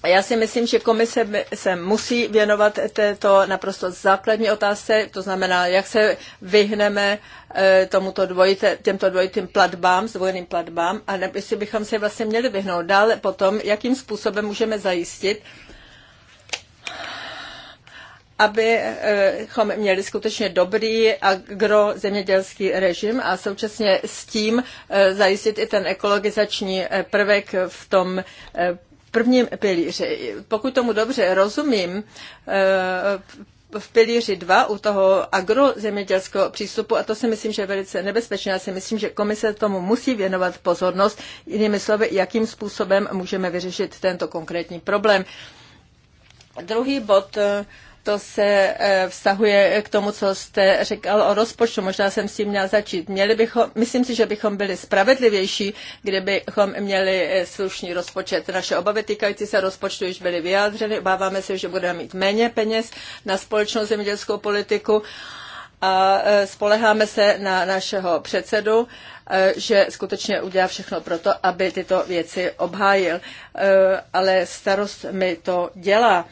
já si myslím, že komise se musí věnovat této naprosto základní otázce, to znamená, jak se vyhneme eh, tomuto dvojité, těmto dvojitým platbám, zvojeným platbám, a nebo jestli bychom se vlastně měli vyhnout dále potom, jakým způsobem můžeme zajistit, abychom eh, měli skutečně dobrý agrozemědělský režim a současně s tím eh, zajistit i ten ekologizační prvek v tom prvním pilíři. Pokud tomu dobře rozumím, eh, v pilíři 2 u toho agrozemědělského přístupu a to si myslím, že je velice nebezpečné. Já si myslím, že komise tomu musí věnovat pozornost, jinými slovy, jakým způsobem můžeme vyřešit tento konkrétní problém. Druhý bod eh, to se eh, vztahuje k tomu, co jste řekl o rozpočtu. Možná jsem s tím měl začít. Měli bychom, myslím si, že bychom byli spravedlivější, kdybychom měli eh, slušný rozpočet. Naše obavy týkající se rozpočtu již byly vyjádřeny. Obáváme se, že budeme mít méně peněz na společnou zemědělskou politiku a eh, spoleháme se na našeho předsedu, že skutečně udělá všechno pro to, aby tyto věci obhájil. Ale starost mi to dělá.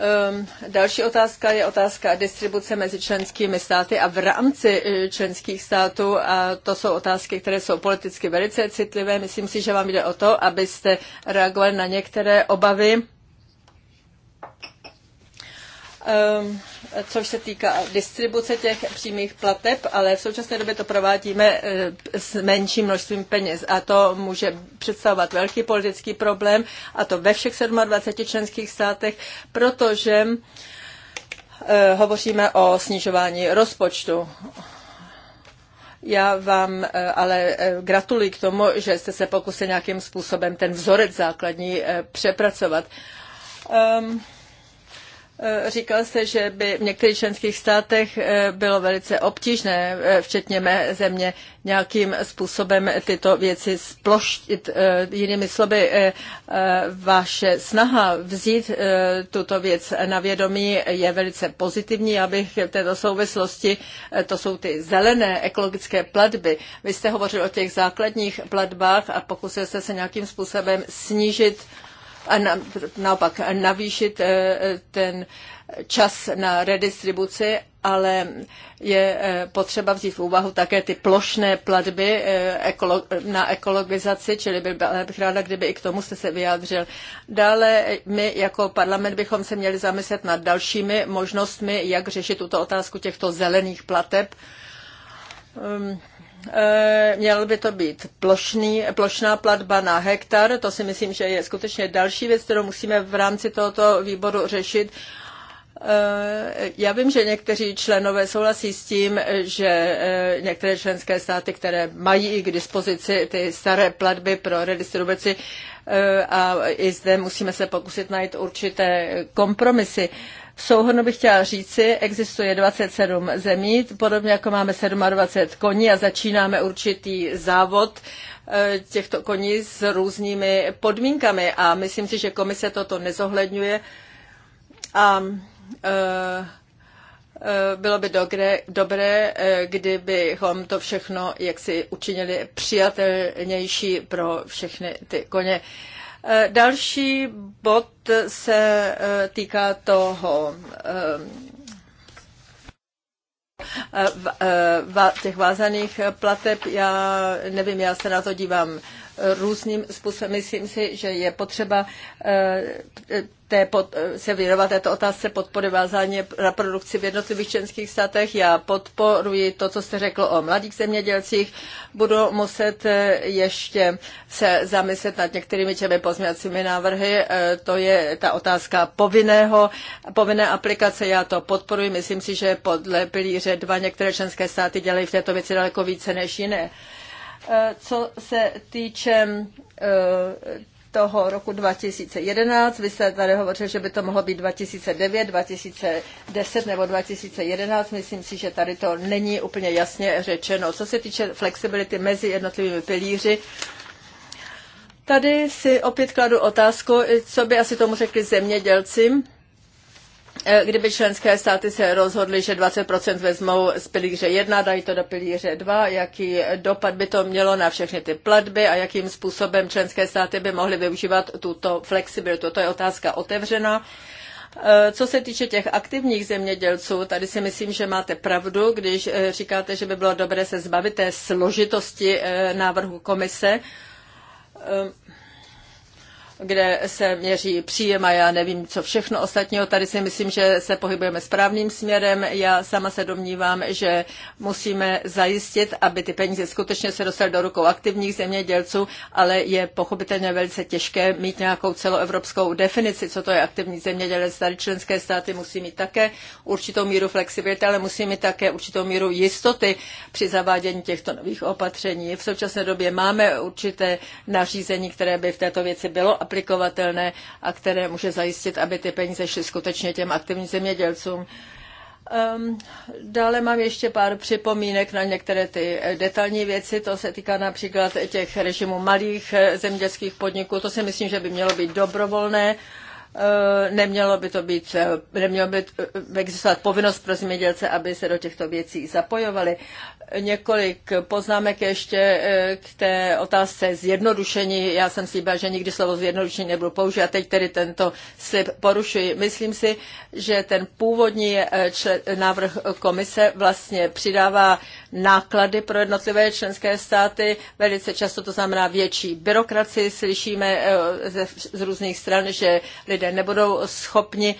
Ehm, další otázka je otázka distribuce mezi členskými státy a v rámci eh, členských států. A to jsou otázky, které jsou politicky velice citlivé. Myslím si, že vám jde o to, abyste reagovali na některé obavy ehm, což se týká distribuce těch přímých plateb, ale v současné době to provádíme eh, s menším množstvím peněz a to může představovat velký politický problém a to ve všech 27 členských státech, protože eh, hovoříme o snižování rozpočtu. Já vám eh, ale gratuluji k tomu, že jste se pokusili nějakým způsobem ten vzorec základní přepracovat. Um, Eh, říkal se, že by v některých členských státech eh, bylo velice obtížné, eh, včetně mé země, nějakým způsobem tyto věci sploštit. Jinými slovy, vaše snaha vzít tuto věc na vědomí je velice pozitivní. Abych v této souvislosti, to jsou ty zelené ekologické platby. Vy jste hovořil o těch základních platbách a pokusil jste se nějakým způsobem snížit a na, naopak navýšit eh, ten čas na redistribuci, ale je eh, potřeba vzít v úvahu také ty plošné platby eh, na ekologizaci, čili bych ráda, kdyby i k tomu jste se vyjádřil. Dále my jako parlament bychom se měli zamyslet nad dalšími možnostmi, jak řešit tuto otázku těchto zelených plateb. Ehm, Eh, měl by to být plošný, plošná platba na hektar. To si myslím, že je skutečně další věc, kterou musíme v rámci tohoto výboru řešit. Eh, já vím, že někteří členové souhlasí s tím, že eh, některé členské státy, které mají i k dispozici ty staré platby pro redistribuci, a i zde musíme se pokusit najít určité kompromisy. Souhrnu bych chtěla říci, existuje 27 zemí, podobně jako máme 27 koní a začínáme určitý závod e, těchto koní s různými podmínkami a myslím si, že komise toto nezohledňuje a e, e, bylo by dobré, dobré, kdybychom to všechno jaksi učinili přijatelnější pro všechny ty koně. Eh, další bod se eh, týká toho eh, těch vázaných plateb. Já nevím, já se na to dívám různým způsobem. Myslím si, že je potřeba eh, té pod, eh, se věnovat této otázce podpory vázání na produkci v jednotlivých členských státech. Já podporuji to, co jste řekl o mladých zemědělcích. Budu muset eh, ještě se zamyslet nad některými těmi pozměňovacími návrhy. To je ta otázka povinného, povinné aplikace. Já to podporuji. Myslím si, že podle pilíře dva některé členské státy dělají v této věci daleko více než jiné. Eh, co se týče eh, toho roku 2011. Vy jste tady hovořil, že by to mohlo být 2009, 2010 nebo 2011. Myslím si, že tady to není úplně jasně řečeno. Co se týče flexibility mezi jednotlivými pilíři, tady si opět kladu otázku, co by asi tomu řekli zemědělci. Eh, kdyby členské státy se rozhodly, že 20% vezmou z pilíře 1, dají to do pilíře 2, jaký dopad by to mělo na všechny ty platby a jakým způsobem členské státy by mohly využívat tuto flexibilitu. To je otázka otevřená. Eh, co se týče těch aktivních zemědělců, tady si myslím, že máte pravdu, když eh, říkáte, že by bylo dobré se zbavit té složitosti návrhu komise kde se měří příjem a já nevím, co všechno ostatního. Tady si myslím, že se pohybujeme správným směrem. Já sama se domnívám, že musíme zajistit, aby ty peníze skutečně se dostaly do rukou aktivních zemědělců, ale je pochopitelně velice těžké mít nějakou celoevropskou definici, co to je aktivní zemědělec. Tady členské státy musí mít také určitou míru flexibility, ale musí mít také určitou míru jistoty při zavádění těchto nových opatření. V současné době máme určité nařízení, které by v této věci bylo aplikovatelné a které může zajistit, aby ty peníze šly skutečně těm aktivním zemědělcům. Um, dále mám ještě pár připomínek na některé ty eh, detailní věci. To se týká například těch režimů malých eh, zemědělských podniků. To si myslím, že by mělo být dobrovolné. Eh, nemělo by to být, nemělo by existovat povinnost pro zemědělce, aby se do těchto věcí zapojovali několik poznámek ještě eh, k té otázce zjednodušení. Já jsem slíbila, že nikdy slovo zjednodušení nebudu používat, teď tedy tento slib porušuji. Myslím si, že ten původní eh, návrh komise vlastně přidává náklady pro jednotlivé členské státy. Velice často to znamená větší byrokracii. Slyšíme eh, z různých stran, že lidé nebudou schopni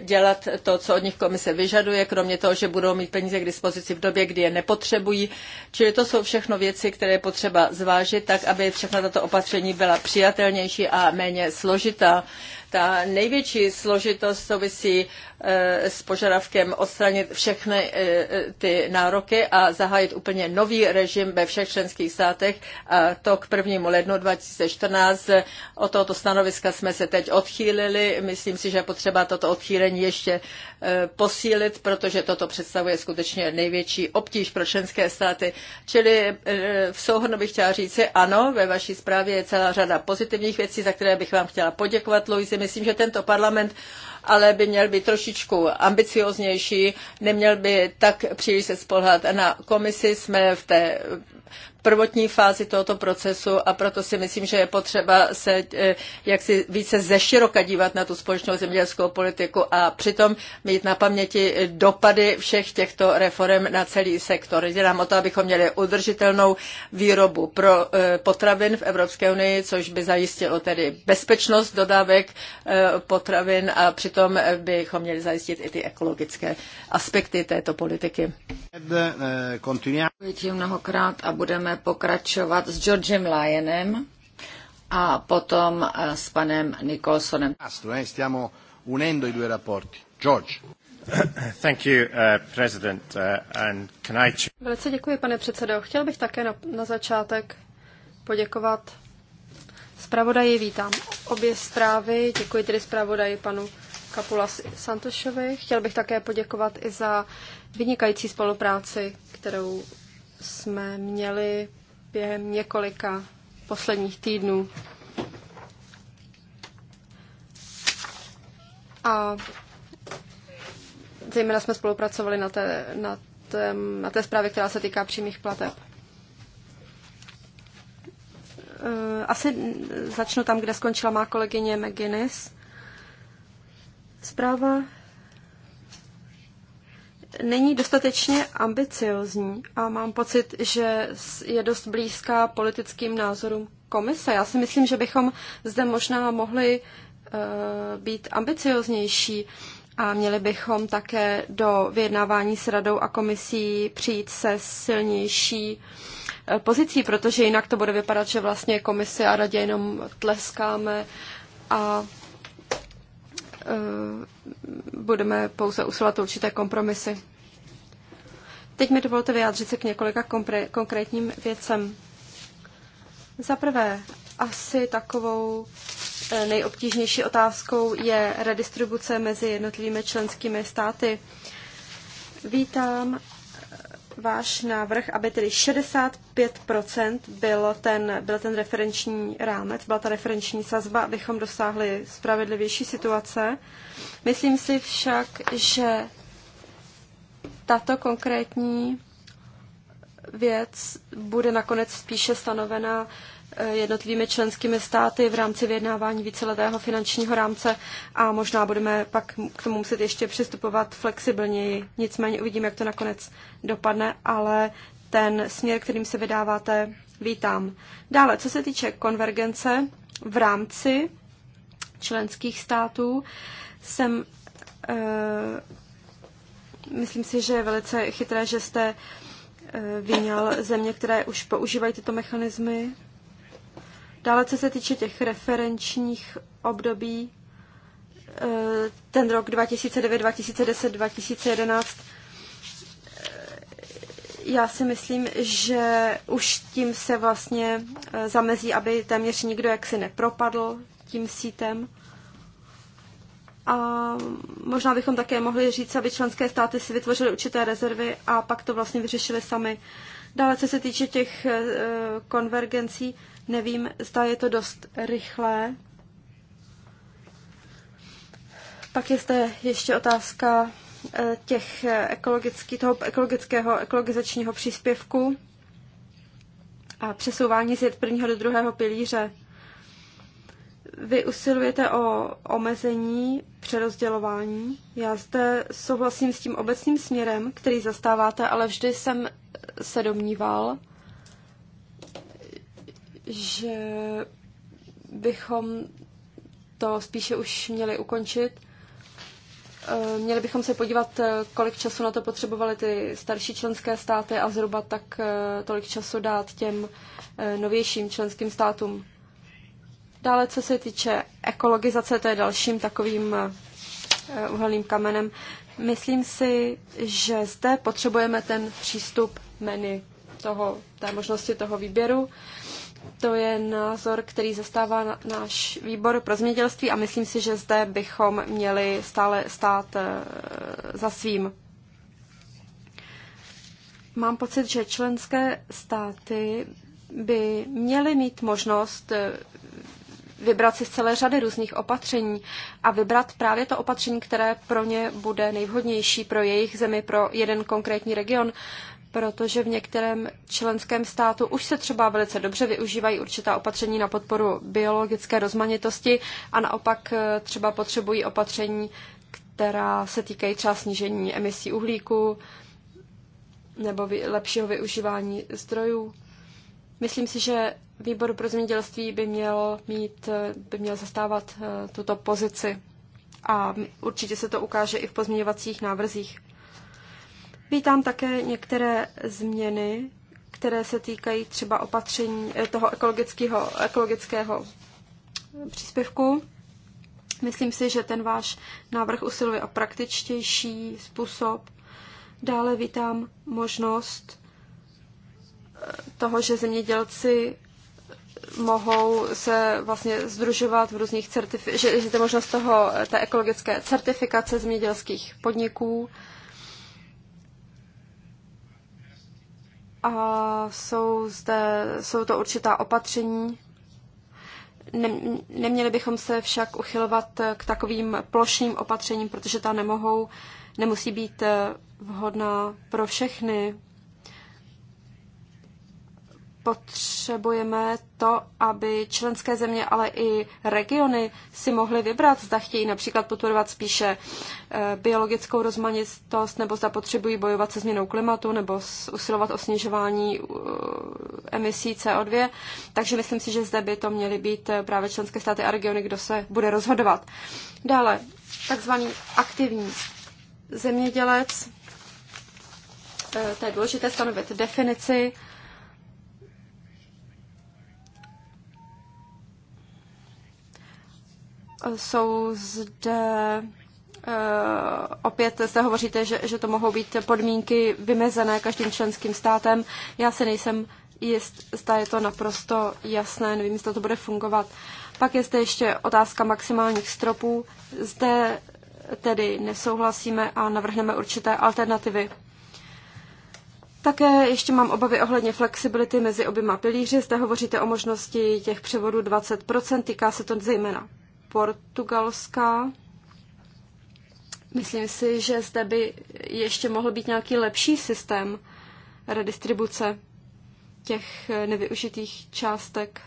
dělat to, co od nich komise vyžaduje, kromě toho, že budou mít peníze k dispozici v době, kdy je nepotřebují potřebují. Čili to jsou všechno věci, které je potřeba zvážit, tak aby všechna tato opatření byla přijatelnější a méně složitá. Ta největší složitost souvisí Eh, s požadavkem odstranit všechny eh, eh, ty nároky a zahájit úplně nový režim ve všech členských státech. A to k 1. lednu 2014. O tohoto stanoviska jsme se teď odchýlili. Myslím si, že je potřeba toto odchýlení ještě posílit, protože toto představuje skutečně největší obtíž pro členské státy. Čili v souhrnu bych chtěla říci, ano, ve vaší zprávě je celá řada pozitivních věcí, za které bych vám chtěla poděkovat, Louise. Myslím, že tento parlament ale by měl být trošičku ambicioznější, neměl by tak příliš se spolhat na komisi. Jsme v té prvotní fázi tohoto procesu a proto si myslím, že je potřeba se eh, jaksi více zeširoka dívat na tu společnou zemědělskou politiku a přitom mít na paměti dopady všech těchto reform na celý sektor. Jde nám o to, abychom měli udržitelnou výrobu pro eh, potravin v Evropské unii, což by zajistilo tedy bezpečnost dodávek eh, potravin a přitom bychom měli zajistit i ty ekologické aspekty této politiky. Děkuji mnohokrát a budeme pokračovat s Georgem Lyonem a potom eh, s panem Nicholsonem. Eh, stiamo unendo i due rapporti. George. [coughs] Thank you, uh, President, uh, and can I... Velice děkuji, pane předsedo. Chtěl bych také na, na začátek poděkovat zpravodaji. Vítám obě zprávy. Děkuji tedy zpravodaji panu Kapula Santošovi. Chtěl bych také poděkovat i za vynikající spolupráci, kterou jsme měli během několika posledních týdnů. A zejména jsme spolupracovali na té, na, té, na té zprávě, která se týká přímých plateb. Eh, asi začnu tam, kde skončila má kolegyně McGuinness. Zpráva není dostatečně ambiciozní a mám pocit, že je dost blízká politickým názorům komise. Já si myslím, že bychom zde možná mohli eh, být ambicioznější a měli bychom také do vyjednávání s radou a komisí přijít se silnější eh, pozicí, protože jinak to bude vypadat, že vlastně komisi a radě jenom tleskáme a Eh, budeme pouze usilovat určité kompromisy. Teď mi dovolte vyjádřit se k několika konkrétním věcem. Za prvé, asi takovou eh, nejobtížnější otázkou je redistribuce mezi jednotlivými členskými státy. Vítám váš návrh, aby tedy 65% byl ten, byl ten referenční rámec, byla ta referenční sazba, abychom dosáhli spravedlivější situace. Myslím si však, že tato konkrétní věc bude nakonec spíše stanovena Eh, jednotlivými členskými státy v rámci vyjednávání víceletého finančního rámce a možná budeme pak k tomu muset ještě přistupovat flexibilněji. Nicméně uvidím, jak to nakonec dopadne, ale ten směr, kterým se vydáváte, vítám. Dále, co se týče konvergence v rámci členských států, jsem e, myslím si, že je velice chytré, že jste e, vyňal země, které už používají tyto mechanismy Dále, co se týče těch referenčních období, e, ten rok 2009, 2010, 2011, já si myslím, že už tím se vlastně e, zamezí, aby téměř nikdo jaksi nepropadl tím sítem. A možná bychom také mohli říct, aby členské státy si vytvořily určité rezervy a pak to vlastně vyřešili sami. Dále, co se týče těch e, konvergencí, Nevím, zda je to dost rychlé. Pak je zde ještě otázka eh, těch eh, ekologický, toho ekologického, ekologizačního příspěvku a přesouvání z prvního do druhého pilíře. Vy usilujete o omezení přerozdělování. Já zde souhlasím s tím obecným směrem, který zastáváte, ale vždy jsem se domníval, že bychom to spíše už měli ukončit. Eh, měli bychom se podívat, eh, kolik času na to potřebovaly ty starší členské státy a zhruba tak eh, tolik času dát těm novějším členským státům. Dále, co se týče ekologizace, to je dalším takovým uhelným kamenem. Myslím si, že zde potřebujeme ten přístup menu toho, té možnosti toho výběru. To je názor, který zastává náš výbor pro zemědělství a myslím si, že zde bychom měli stále stát eh, za svým. Mám pocit, že členské státy by měly mít možnost eh, vybrat si z celé řady různých opatření a vybrat právě to opatření, které pro ně bude nejvhodnější pro jejich zemi, pro jeden konkrétní region protože v některém členském státu už se třeba velice dobře využívají určitá opatření na podporu biologické rozmanitosti a naopak eh, třeba potřebují opatření, která se týkají třeba snížení emisí uhlíku nebo lepšího využívání zdrojů. Myslím si, že výbor pro zemědělství by měl, mít, eh, by měl zastávat eh, tuto pozici a určitě se to ukáže i v pozměňovacích návrzích. Vítám také některé změny, které se týkají třeba opatření eh, toho ekologického, ekologického příspěvku. Myslím si, že ten váš návrh usiluje o praktičtější způsob. Dále vítám možnost eh, toho, že zemědělci mohou se vlastně združovat v různých certifikacích, že, že to možnost toho, eh, té ekologické certifikace zemědělských podniků. a jsou, zde, jsou to určitá opatření. Neměli bychom se však uchylovat k takovým plošným opatřením, protože ta nemohou, nemusí být eh, vhodná pro všechny potřebujeme to, aby členské země, ale i regiony si mohly vybrat, zda chtějí například podporovat spíše eh, biologickou rozmanitost, nebo zda potřebují bojovat se změnou klimatu, nebo usilovat o snižování eh, emisí CO2. Takže myslím si, že zde by to měly být eh, právě členské státy a regiony, kdo se bude rozhodovat. Dále, takzvaný aktivní zemědělec. To je důležité stanovit definici jsou zde eh, opět se hovoříte, že, že to mohou být podmínky vymezené každým členským státem. Já se nejsem jist, zda je to naprosto jasné, nevím, jestli to bude fungovat. Pak je zde ještě otázka maximálních stropů. Zde tedy nesouhlasíme a navrhneme určité alternativy. Také ještě mám obavy ohledně flexibility mezi oběma pilíři. Zde hovoříte o možnosti těch převodů 20%, týká se to zejména Portugalska. Myslím si, že zde by ještě mohl být nějaký lepší systém redistribuce těch nevyužitých částek.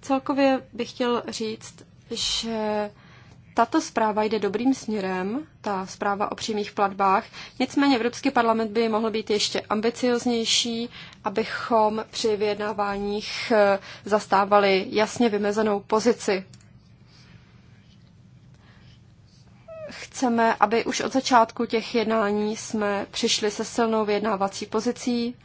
Celkově bych chtěl říct, že tato zpráva jde dobrým směrem, ta zpráva o přímých platbách, nicméně Evropský parlament by mohl být ještě ambicioznější, abychom při vyjednáváních eh, zastávali jasně vymezenou pozici. Chceme, aby už od začátku těch jednání jsme přišli se silnou vyjednávací pozicí,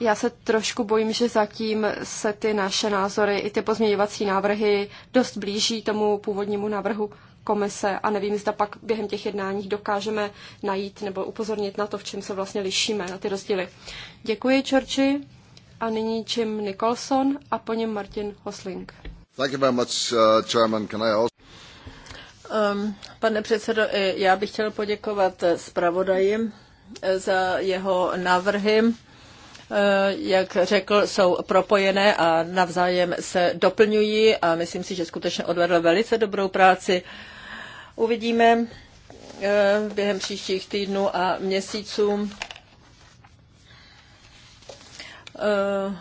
já se trošku bojím, že zatím se ty naše názory i ty pozměňovací návrhy dost blíží tomu původnímu návrhu komise a nevím, zda pak během těch jednání dokážeme najít nebo upozornit na to, v čem se vlastně lišíme, na ty rozdíly. Děkuji, Čorči. A nyní Jim Nicholson a po něm Martin Hosling. Thank you very much, uh, Chairman. Can I also... um, pane předsedo, já bych chtěl poděkovat zpravodaji eh, za jeho návrhy Eh, jak řekl, jsou propojené a navzájem se doplňují a myslím si, že skutečně odvedl velice dobrou práci. Uvidíme eh, během příštích týdnů a měsíců, eh,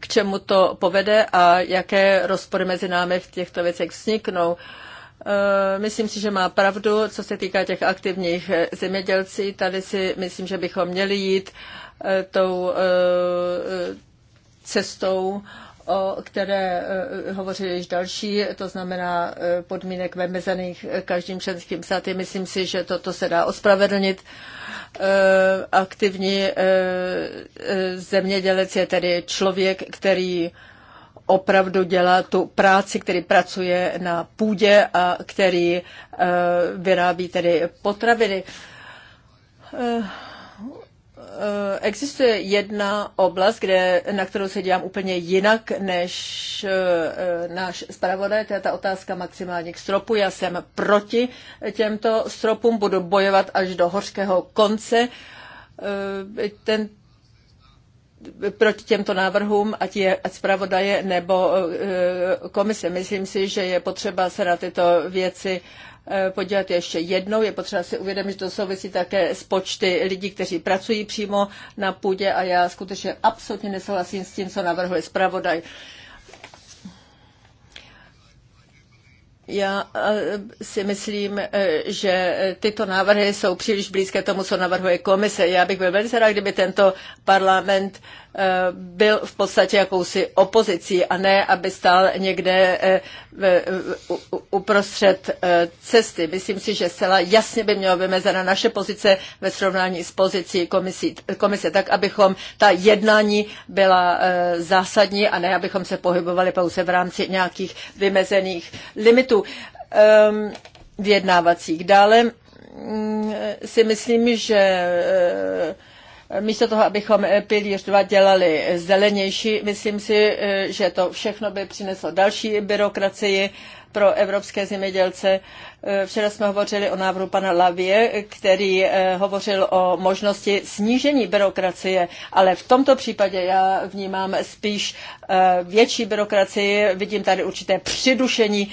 k čemu to povede a jaké rozpory mezi námi v těchto věcech vzniknou. Myslím si, že má pravdu, co se týká těch aktivních zemědělcí. Tady si myslím, že bychom měli jít uh, tou eh, cestou, o které eh, hovořili již další, to znamená eh, podmínek vymezených každým členským státem. Myslím si, že toto se dá ospravedlnit. Aktivní zemědělec je tedy člověk, který opravdu dělá tu práci, který pracuje na půdě a který vyrábí tedy potraviny. Eh, existuje jedna oblast, kde, na kterou se dívám úplně jinak než eh, náš zpravodaj, to je ta otázka maximálních stropů. Já jsem proti těmto stropům, budu bojovat až do hořkého konce. Eh, ten, proti těmto návrhům, ať, je, ať zpravodaje nebo komise. Myslím si, že je potřeba se na tyto věci Eh, podívat ještě jednou. Je potřeba si uvědomit, že to souvisí také s počty lidí, kteří pracují přímo na půdě a já skutečně absolutně nesouhlasím s tím, co navrhuje zpravodaj. Já eh, si myslím, eh, že tyto návrhy jsou příliš blízké tomu, co navrhuje komise. Já bych byl velice rád, kdyby tento parlament Eh, byl v podstatě jakousi opozicí a ne, aby stál někde eh, uprostřed eh, cesty. Myslím si, že zcela jasně by měla vymezena naše pozice ve srovnání s pozicí komisí, komise, tak abychom ta jednání byla zásadní a ne, abychom se pohybovali pouze v rámci nějakých vymezených limitů ehm, vyjednávacích. Dále mm, si myslím, že Místo toho, abychom eh, pilíř 2 dělali zelenější, myslím si, eh, že to všechno by přineslo další byrokracii pro evropské zemědělce. Eh, včera jsme hovořili o návrhu pana Lavie, který hovořil o možnosti snížení byrokracie, ale v tomto případě já vnímám spíš větší byrokracii. Vidím tady určité přidušení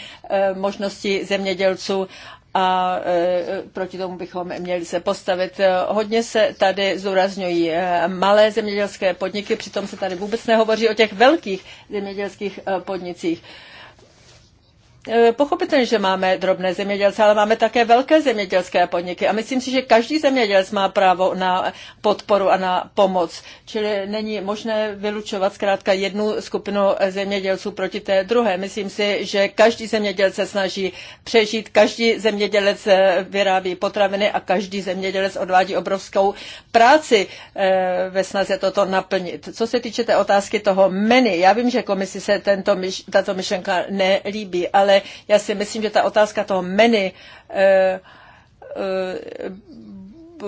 možností zemědělců a e, proti tomu bychom měli se postavit. Hodně se tady zúrazňují e, malé zemědělské podniky, přitom se tady vůbec nehovoří o těch velkých zemědělských e, podnicích. E, E, pochopitelně, že máme drobné zemědělce, ale máme také velké zemědělské podniky a myslím si, že každý zemědělec má právo na podporu a na pomoc. Čili není možné vylučovat zkrátka jednu skupinu zemědělců proti té druhé. Myslím si, že každý zemědělec se snaží přežít, každý zemědělec e, vyrábí potraviny a každý zemědělec odvádí obrovskou práci e, ve snaze toto naplnit. Co se týče té otázky toho menu, já vím, že komisi se tento, tato myšlenka nelíbí, ale ale já si myslím, že ta otázka toho meny eh, eh,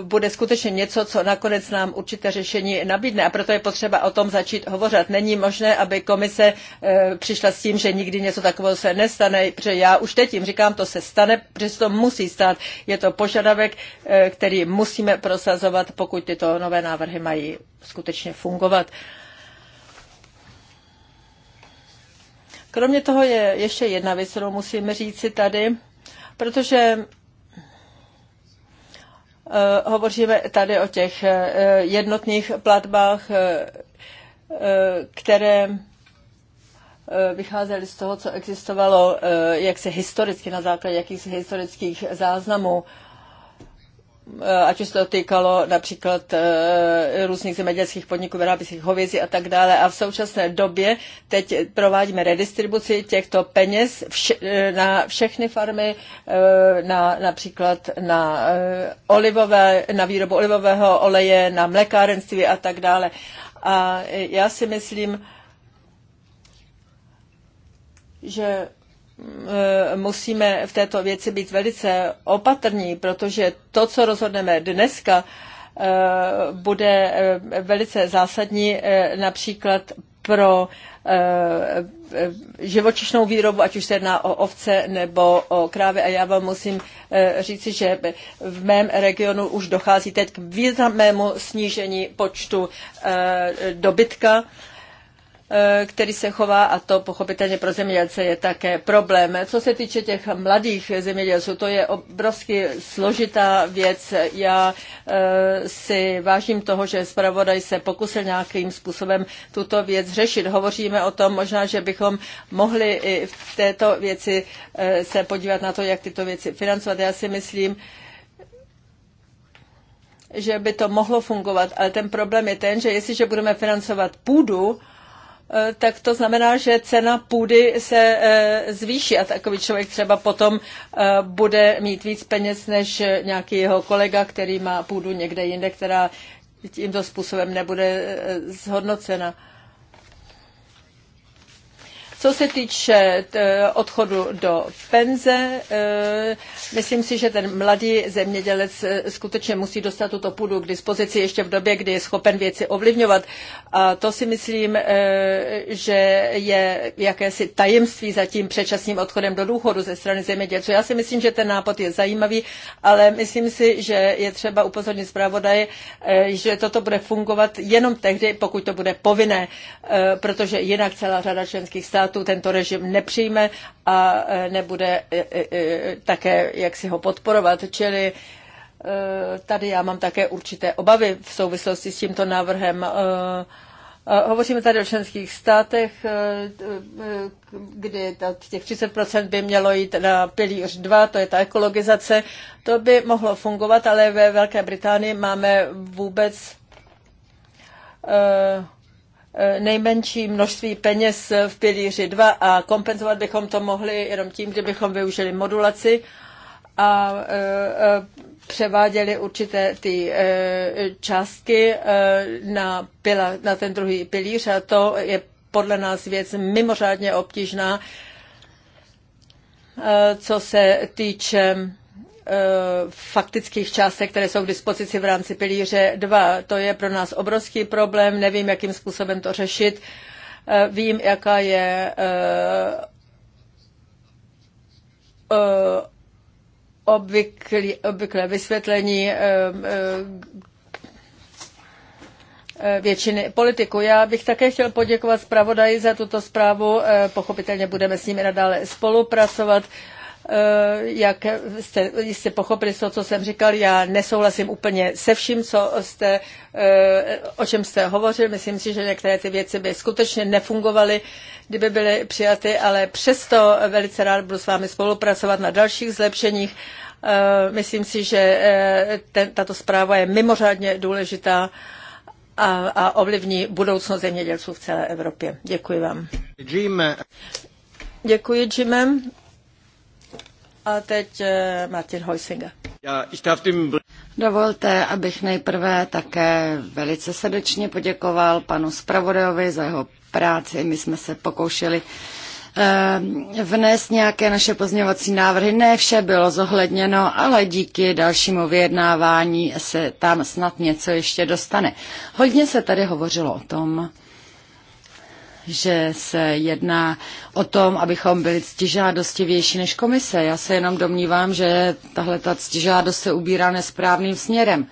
bude skutečně něco, co nakonec nám určité řešení nabídne. A proto je potřeba o tom začít hovořit. Není možné, aby komise eh, přišla s tím, že nikdy něco takového se nestane, protože já už teď jim říkám, to se stane, Protože to musí stát. Je to požadavek, který musíme prosazovat, pokud tyto nové návrhy mají skutečně fungovat. Kromě toho je ještě jedna věc, kterou musíme říci tady, protože eh, hovoříme tady o těch eh, jednotných platbách, eh, které vycházeli z toho, co existovalo jak se historicky na základě jakýchsi historických záznamů. Eh, ať už se to týkalo například eh, různých zemědělských podniků vyrábějících hovězí a tak dále. A v současné době teď provádíme redistribuci těchto peněz eh, na všechny farmy, na, například na, olivové, na výrobu olivového oleje, na mlékárenství a tak dále. A já si myslím, že Eh, musíme v této věci být velice opatrní, protože to, co rozhodneme dneska, eh, bude eh, velice zásadní například pro živočišnou výrobu, ať už se jedná o ovce nebo o krávy. A já vám musím říci, že v mém regionu už dochází teď k významnému snížení počtu dobytka Eh, který se chová a to pochopitelně pro zemědělce je také problém. Co se týče těch mladých zemědělců, to je obrovsky složitá věc. Já eh, si vážím toho, že zpravodaj se pokusil nějakým způsobem tuto věc řešit. Hovoříme o tom možná, že bychom mohli i v této věci eh, se podívat na to, jak tyto věci financovat. Já si myslím, že by to mohlo fungovat, ale ten problém je ten, že jestliže budeme financovat půdu, Eh, tak to znamená, že cena půdy se eh, zvýší a takový člověk třeba potom eh, bude mít víc peněz než nějaký jeho kolega, který má půdu někde jinde, která tímto způsobem nebude zhodnocena. Co se týče odchodu do penze, e, myslím si, že ten mladý zemědělec e, skutečně musí dostat tuto půdu k dispozici ještě v době, kdy je schopen věci ovlivňovat. A to si myslím, e, že je jakési tajemství za tím předčasným odchodem do důchodu ze strany zemědělců. Já si myslím, že ten nápad je zajímavý, ale myslím si, že je třeba upozornit zpravodaj, že toto bude fungovat jenom tehdy, pokud to bude povinné, protože jinak celá řada členských států států tento režim nepřijme a e, nebude e, e, také, jak si ho podporovat. Čili tady já mám také určité obavy v souvislosti s tímto návrhem. Hovoříme tady o členských státech, kdy těch 30% by mělo jít na pilíř 2, to je ta ekologizace. To by mohlo fungovat, ale ve Velké Británii máme vůbec nejmenší množství peněz v pilíři 2 a kompenzovat bychom to mohli jenom tím, kdybychom využili modulaci a e, e, převáděli určité ty e, částky na, pila, na ten druhý pilíř a to je podle nás věc mimořádně obtížná, co se týče Eh, faktických částek, které jsou k dispozici v rámci pilíře 2. To je pro nás obrovský problém, nevím, jakým způsobem to řešit. Eh, vím, jaká je eh, obvyklý, obvyklé vysvětlení většiny politiků. Já bych také chtěl poděkovat zpravodaji za tuto zprávu. Pochopitelně budeme s nimi nadále spolupracovat. Eh, jak jste, jste pochopili to, co jsem říkal, já nesouhlasím úplně se vším, co jste, eh, o čem jste hovořil. Myslím si, že některé ty věci by skutečně nefungovaly, kdyby byly přijaty, ale přesto velice rád budu s vámi spolupracovat na dalších zlepšeních. Eh, myslím si, že ten, tato zpráva je mimořádně důležitá a, a ovlivní budoucnost zemědělců v celé Evropě. Děkuji vám. Jim. Děkuji, Jimem. A teď eh, Martin Heusinger. Dovolte, abych nejprve také velice srdečně poděkoval panu Spravodajovi za jeho práci. My jsme se pokoušeli eh, vnést nějaké naše pozměňovací návrhy. Ne vše bylo zohledněno, ale díky dalšímu vyjednávání se tam snad něco ještě dostane. Hodně se tady hovořilo o tom, že se jedná o tom, abychom byli ctižádostivější než komise. Já se jenom domnívám, že tahle ta ctižádost se ubírá nesprávným směrem.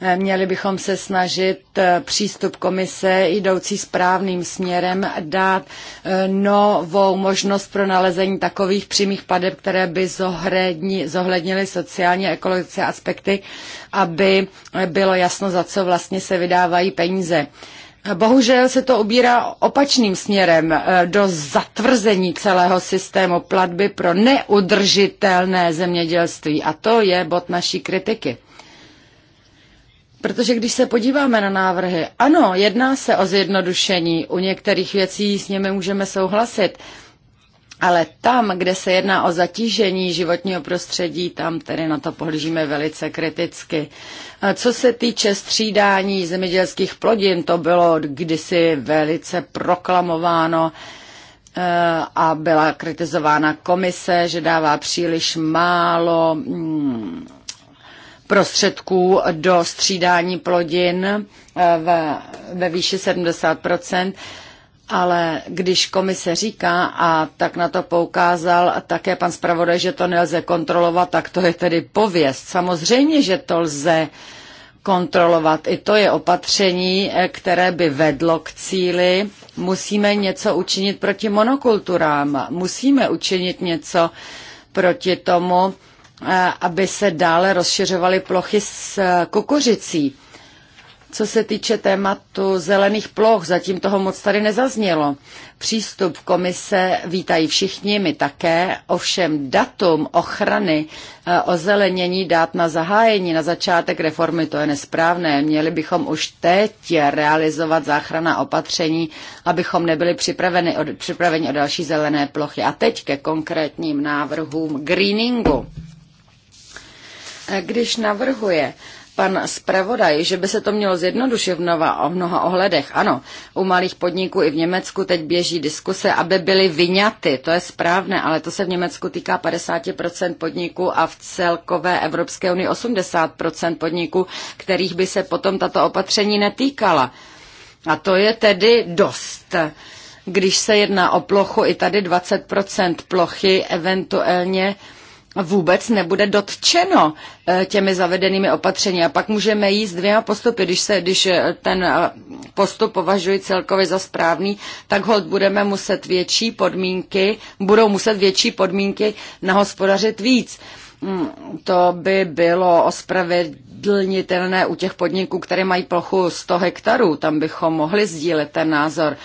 Eh, měli bychom se snažit eh, přístup komise jdoucí správným směrem dát eh, novou možnost pro nalezení takových přímých padeb, které by zohlednily sociální a ekologické aspekty, aby bylo jasno, za co vlastně se vydávají peníze. Bohužel se to obírá opačným směrem eh, do zatvrzení celého systému platby pro neudržitelné zemědělství a to je bod naší kritiky. Protože když se podíváme na návrhy, ano, jedná se o zjednodušení, u některých věcí s nimi můžeme souhlasit, ale tam, kde se jedná o zatížení životního prostředí, tam tedy na to pohlížíme velice kriticky. Co se týče střídání zemědělských plodin, to bylo kdysi velice proklamováno eh, a byla kritizována komise, že dává příliš málo mm, prostředků do střídání plodin eh, ve výši 70 ale když komise říká, a tak na to poukázal také pan zpravodaj, že to nelze kontrolovat, tak to je tedy pověst. Samozřejmě, že to lze kontrolovat. I to je opatření, eh, které by vedlo k cíli. Musíme něco učinit proti monokulturám. Musíme učinit něco proti tomu, eh, aby se dále rozšiřovaly plochy s eh, kukuřicí co se týče tématu zelených ploch, zatím toho moc tady nezaznělo. Přístup komise vítají všichni, my také, ovšem datum ochrany eh, ozelenění dát na zahájení, na začátek reformy, to je nesprávné. Měli bychom už teď realizovat záchrana opatření, abychom nebyli připraveni o, připraveni o další zelené plochy. A teď ke konkrétním návrhům greeningu. Eh, když navrhuje pan zpravodaj, že by se to mělo zjednodušit v mnoha, v mnoha ohledech. Ano, u malých podniků i v Německu teď běží diskuse, aby byly vyňaty, to je správné, ale to se v Německu týká 50% podniků a v celkové Evropské unii 80% podniků, kterých by se potom tato opatření netýkala. A to je tedy dost. Když se jedná o plochu, i tady 20% plochy eventuálně vůbec nebude dotčeno eh, těmi zavedenými opatřeními A pak můžeme jít s dvěma postupy. Když, se, když eh, ten eh, postup považuji celkově za správný, tak hod budeme muset větší podmínky, budou muset větší podmínky nahospodařit víc. Mm, to by bylo ospravedlnitelné u těch podniků, které mají plochu 100 hektarů. Tam bychom mohli sdílet ten názor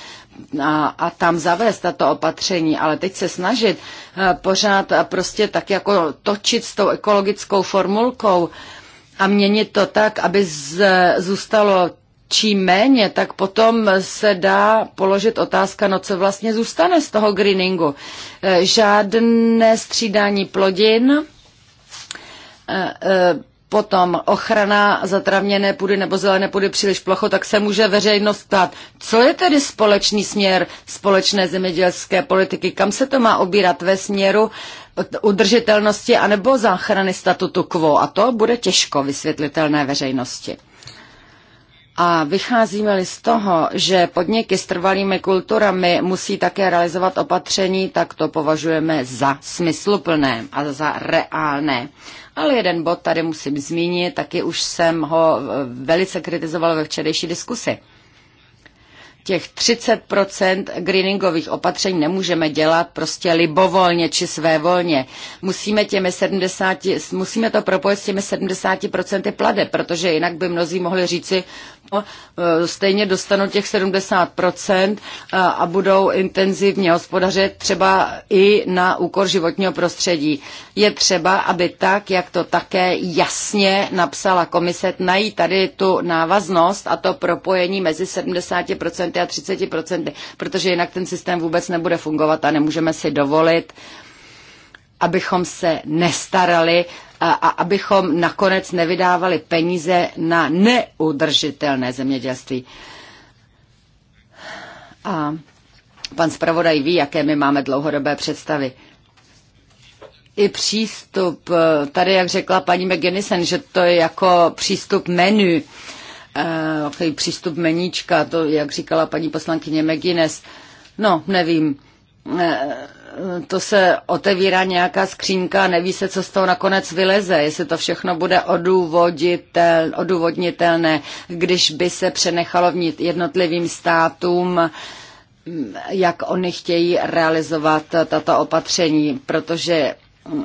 a, a tam zavést tato opatření, ale teď se snažit eh, pořád eh, prostě tak jako točit s tou ekologickou formulkou a měnit to tak, aby z, zůstalo čím méně, tak potom se dá položit otázka, no co vlastně zůstane z toho greeningu. Eh, žádné střídání plodin, potom ochrana zatravněné půdy nebo zelené půdy příliš plocho, tak se může veřejnost ptát, co je tedy společný směr společné zemědělské politiky, kam se to má obírat ve směru udržitelnosti anebo záchrany statutu quo a to bude těžko vysvětlitelné veřejnosti. A vycházíme-li z toho, že podniky s trvalými kulturami musí také realizovat opatření, tak to považujeme za smysluplné a za reálné. Ale jeden bod tady musím zmínit, taky už jsem ho eh, velice kritizoval ve včerejší diskusi těch 30% greeningových opatření nemůžeme dělat prostě libovolně či svévolně. Musíme, těmi 70, musíme to propojit s těmi 70% plade, protože jinak by mnozí mohli říci, E, stejně dostanou těch 70% e, a budou intenzivně hospodařit třeba i na úkor životního prostředí. Je třeba, aby tak, jak to také jasně napsala komise, najít tady tu návaznost a to propojení mezi 70% a 30%, protože jinak ten systém vůbec nebude fungovat a nemůžeme si dovolit abychom se nestarali a abychom nakonec nevydávali peníze na neudržitelné zemědělství. A pan zpravodaj ví, jaké my máme dlouhodobé představy. I přístup, eh, tady jak řekla paní McGinnison, že to je jako přístup menu, eh, takový přístup meníčka, to jak říkala paní poslankyně McGuinness. No, nevím eh, to se otevírá nějaká skřínka a neví se, co z toho nakonec vyleze, jestli to všechno bude odůvodnitelné, když by se přenechalo vnit jednotlivým státům, jak oni chtějí realizovat tato opatření, protože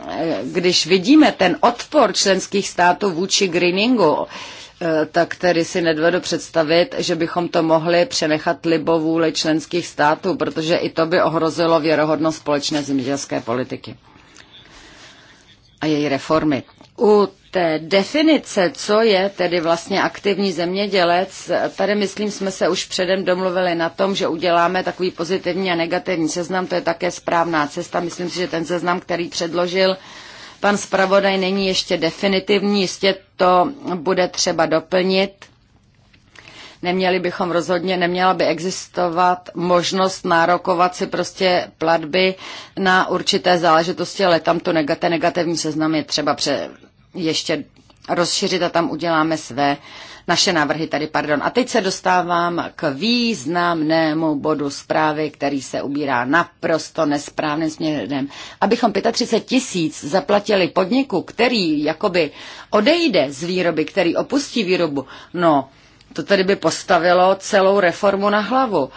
eh, když vidíme ten odpor členských států vůči greeningu, Eh, tak tedy si nedvedu představit, že bychom to mohli přenechat libovůli členských států, protože i to by ohrozilo věrohodnost společné zemědělské politiky a její reformy. U té definice, co je tedy vlastně aktivní zemědělec, tady myslím, jsme se už předem domluvili na tom, že uděláme takový pozitivní a negativní seznam, to je také správná cesta. Myslím si, že ten seznam, který předložil Pan zpravodaj není ještě definitivní, jistě to bude třeba doplnit. Neměli bychom rozhodně, neměla by existovat možnost nárokovat si prostě platby na určité záležitosti, ale tam to negativní seznam je třeba pře, ještě rozšířit a tam uděláme své naše návrhy tady, pardon. A teď se dostávám k významnému bodu zprávy, který se ubírá naprosto nesprávným směrem. Abychom 35 tisíc zaplatili podniku, který jakoby odejde z výroby, který opustí výrobu, no, to tedy by postavilo celou reformu na hlavu. Uh,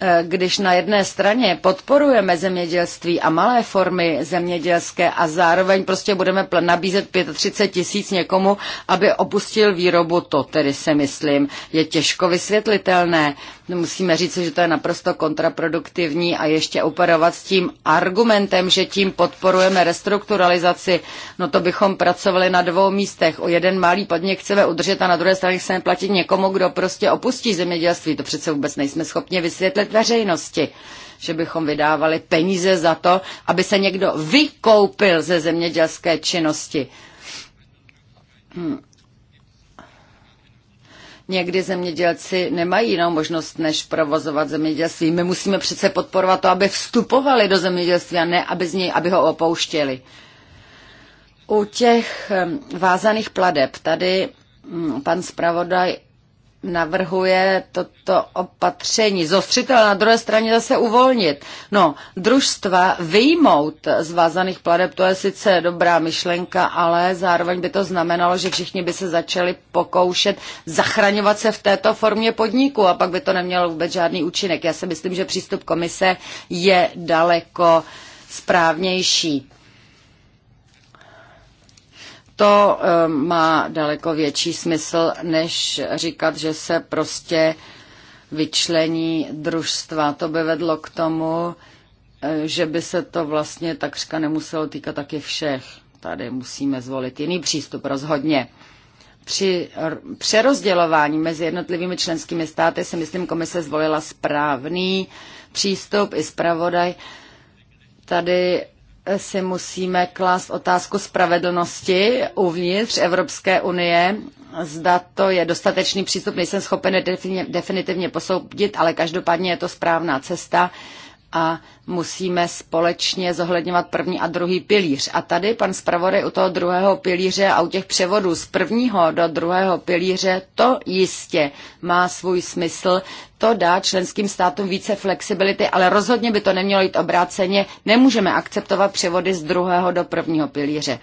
Eh, když na jedné straně podporujeme zemědělství a malé formy zemědělské a zároveň prostě budeme nabízet 35 tisíc někomu, aby opustil výrobu, to tedy se myslím je těžko vysvětlitelné. Musíme říct, že to je naprosto kontraproduktivní a ještě operovat s tím argumentem, že tím podporujeme restrukturalizaci, no to bychom pracovali na dvou místech. O jeden malý podnik chceme udržet a na druhé straně chceme platit někomu, kdo prostě opustí zemědělství. To přece vůbec nejsme schopni vysvětlit sdělit veřejnosti že bychom vydávali peníze za to, aby se někdo vykoupil ze zemědělské činnosti. Hm. Někdy zemědělci nemají jinou možnost, než provozovat zemědělství. My musíme přece podporovat to, aby vstupovali do zemědělství a ne, aby, z něj, aby ho opouštěli. U těch hm, vázaných pladeb tady hm, pan zpravodaj navrhuje toto opatření zostřit, ale na druhé straně zase uvolnit. No, družstva vyjmout z vázaných pladeb, to je sice dobrá myšlenka, ale zároveň by to znamenalo, že všichni by se začali pokoušet zachraňovat se v této formě podniku a pak by to nemělo vůbec žádný účinek. Já si myslím, že přístup komise je daleko správnější to eh, má daleko větší smysl, než říkat, že se prostě vyčlení družstva. To by vedlo k tomu, eh, že by se to vlastně takřka nemuselo týkat taky všech. Tady musíme zvolit jiný přístup rozhodně. Při přerozdělování mezi jednotlivými členskými státy si myslím, komise zvolila správný přístup i zpravodaj. Tady si musíme klást otázku spravedlnosti uvnitř Evropské unie. Zda to je dostatečný přístup, nejsem schopen definitivně posoudit, ale každopádně je to správná cesta. Uh, a musíme společně zohledňovat první a druhý pilíř. A tady pan zpravodaj u toho druhého pilíře a u těch převodů z prvního do druhého pilíře, to jistě má svůj smysl. To dá členským státům více flexibility, ale rozhodně by to nemělo jít obráceně. Nemůžeme akceptovat převody z druhého do prvního pilíře.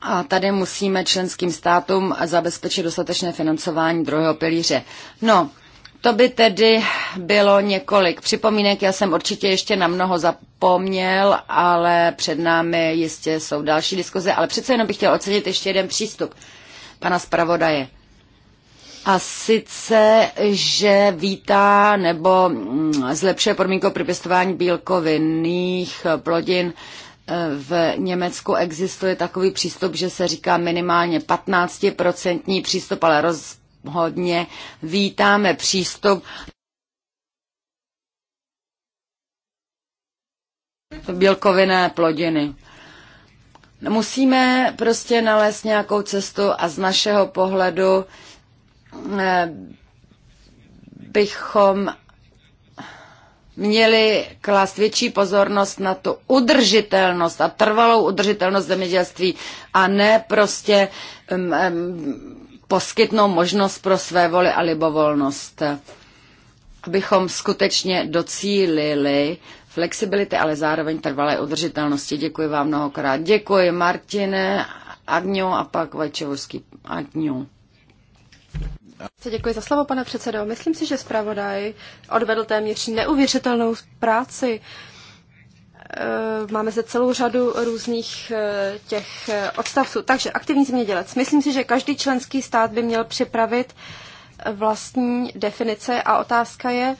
A tady musíme členským státům zabezpečit dostatečné financování druhého pilíře. No, to by tedy bylo několik připomínek. Já jsem určitě ještě na mnoho zapomněl, ale před námi jistě jsou další diskuze. Ale přece jenom bych chtěl ocenit ještě jeden přístup pana zpravodaje. A sice, že vítá nebo mm, zlepšuje podmínku pro pěstování bílkovinných eh, plodin. Eh, v Německu existuje takový přístup, že se říká minimálně 15% přístup, ale roz, hodně vítáme přístup bílkovinné plodiny. Musíme prostě nalézt nějakou cestu a z našeho pohledu eh, bychom měli klást větší pozornost na tu udržitelnost a trvalou udržitelnost zemědělství a ne prostě um, um, poskytnou možnost pro své voli a libovolnost, abychom skutečně docílili flexibility, ale zároveň trvalé udržitelnosti. Děkuji vám mnohokrát. Děkuji Martine, Agňu a pak Vajčevovský Agňu. Děkuji za slovo, pane předsedo. Myslím si, že zpravodaj odvedl téměř neuvěřitelnou práci. Eh, máme zde celou řadu různých eh, těch eh, odstavců. Takže aktivní zemědělec. Myslím si, že každý členský stát by měl připravit vlastní definice a otázka je,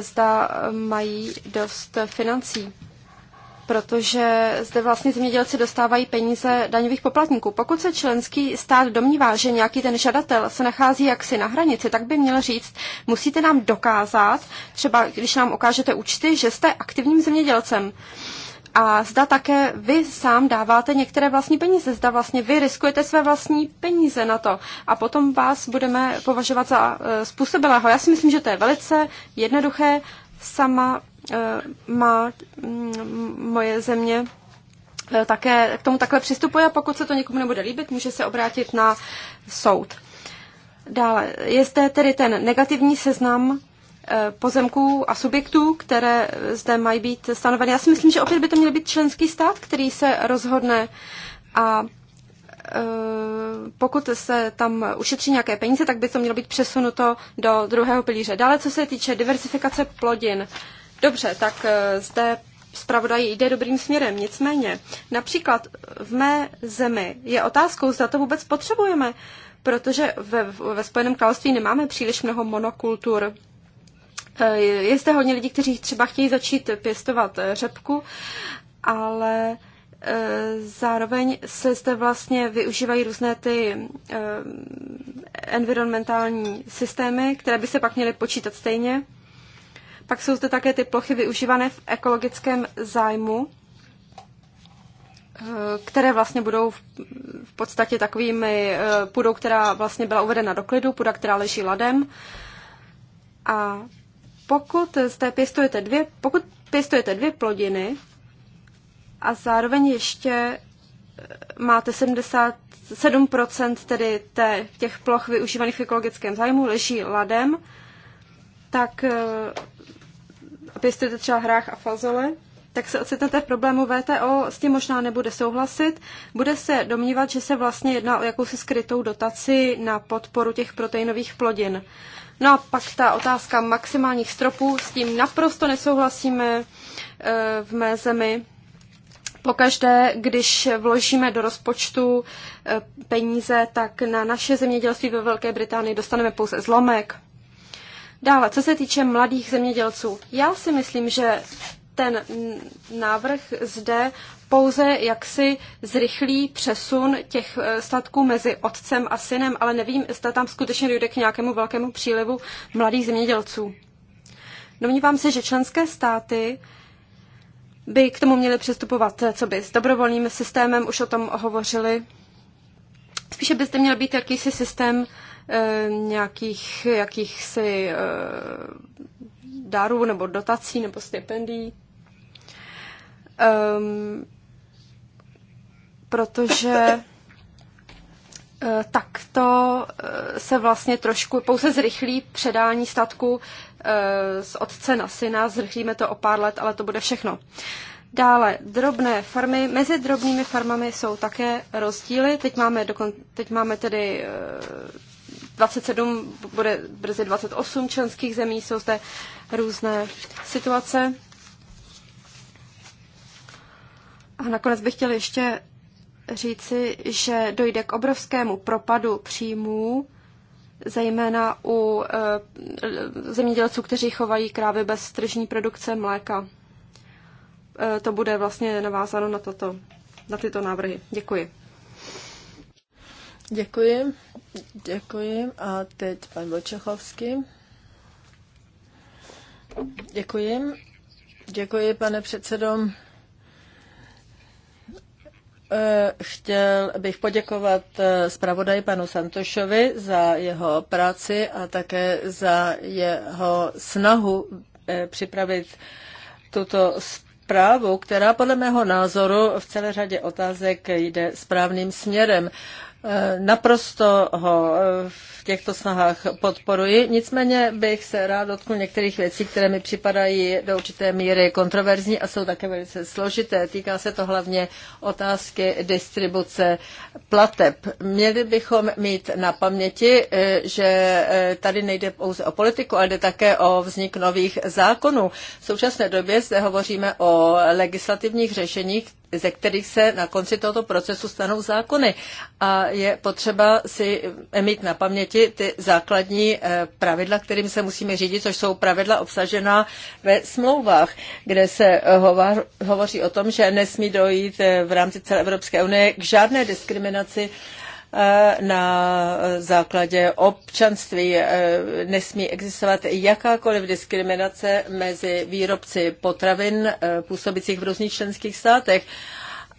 zda mají dost financí protože zde vlastně zemědělci dostávají peníze daňových poplatníků. Pokud se členský stát domnívá, že nějaký ten žadatel se nachází jaksi na hranici, tak by měl říct, musíte nám dokázat, třeba když nám ukážete účty, že jste aktivním zemědělcem. A zda také vy sám dáváte některé vlastní peníze, zda vlastně vy riskujete své vlastní peníze na to a potom vás budeme považovat za eh, způsobilého. Já si myslím, že to je velice jednoduché. Sama Eh, má mm, moje země eh, také k tomu takhle přistupuje a pokud se to někomu nebude líbit, může se obrátit na soud. Dále je zde tedy ten negativní seznam eh, pozemků a subjektů, které zde mají být stanoveny. Já si myslím, že opět by to měl být členský stát, který se rozhodne a pokud se tam ušetří nějaké peníze, tak by to mělo být přesunuto do druhého pilíře. Dále, co se týče diversifikace plodin, Dobře, tak eh, zde zpravodaj jde dobrým směrem. Nicméně, například v mé zemi je otázkou, zda to vůbec potřebujeme, protože ve, ve Spojeném království nemáme příliš mnoho monokultur. Eh, je zde hodně lidí, kteří třeba chtějí začít pěstovat eh, řepku, ale zároveň se zde vlastně využívají různé ty environmentální systémy, které by se pak měly počítat stejně. Pak jsou zde také ty plochy využívané v ekologickém zájmu, eh, které vlastně budou v podstatě takovými eh, půdou, která vlastně byla uvedena do klidu, půda, která leží ladem. A pokud zde pěstujete dvě, pokud pěstujete dvě plodiny a zároveň ještě eh, máte 77% tedy té, těch ploch využívaných v ekologickém zájmu leží ladem, tak pěstujete třeba hrách a fazole, tak se ocitnete v problému VTO, s tím možná nebude souhlasit, bude se domnívat, že se vlastně jedná o jakousi skrytou dotaci na podporu těch proteinových plodin. No a pak ta otázka maximálních stropů, s tím naprosto nesouhlasíme eh, v mé zemi. Pokaždé, když vložíme do rozpočtu eh, peníze, tak na naše zemědělství ve Velké Británii dostaneme pouze zlomek. Dále, co se týče mladých zemědělců, já si myslím, že ten návrh zde pouze jaksi zrychlí přesun těch eh, statků mezi otcem a synem, ale nevím, zda tam skutečně dojde k nějakému velkému přílivu mladých zemědělců. Domnívám se, že členské státy by k tomu měly přistupovat, eh, co by s dobrovolným systémem, už o tom hovořili. Spíše byste měl být jakýsi systém Eh, nějakých jakýchsi eh, darů nebo dotací nebo stipendií. Um, protože eh, tak to se vlastně trošku pouze zrychlí předání statku z otce na syna, zrychlíme to o pár let, ale to bude všechno. Dále, drobné farmy. Mezi drobnými farmami jsou také rozdíly. Teď máme, dokon, teď máme tedy 27, bude brzy 28 členských zemí, jsou zde různé situace. A nakonec bych chtěl ještě říci, že dojde k obrovskému propadu příjmů, zejména u e, zemědělců, kteří chovají krávy bez tržní produkce mléka. E, to bude vlastně navázáno na, toto, na tyto návrhy. Děkuji. Děkuji. Děkuji. A teď pan Vojčechovský. Děkuji. Děkuji, pane předsedo. Eh, chtěl bych poděkovat eh, zpravodaji panu Santošovi za jeho práci a také za jeho snahu eh, připravit tuto zprávu, která podle mého názoru v celé řadě otázek jde správným směrem. Eh, naprosto ho eh, v těchto snahách podporuji, nicméně bych se rád dotkl některých věcí, které mi připadají do určité míry kontroverzní a jsou také velice složité. Týká se to hlavně otázky distribuce plateb. Měli bychom mít na paměti, eh, že tady nejde pouze o politiku, ale jde také o vznik nových zákonů. V současné době zde hovoříme o legislativních řešeních, ze kterých se na konci tohoto procesu stanou zákony. A je potřeba si mít na paměti ty základní eh, pravidla, kterým se musíme řídit, což jsou pravidla obsažená ve smlouvách, kde se eh, hovoří o tom, že nesmí dojít eh, v rámci celé Evropské unie k žádné diskriminaci E, na základě občanství. E, nesmí existovat jakákoliv diskriminace mezi výrobci potravin e, působících v různých členských státech.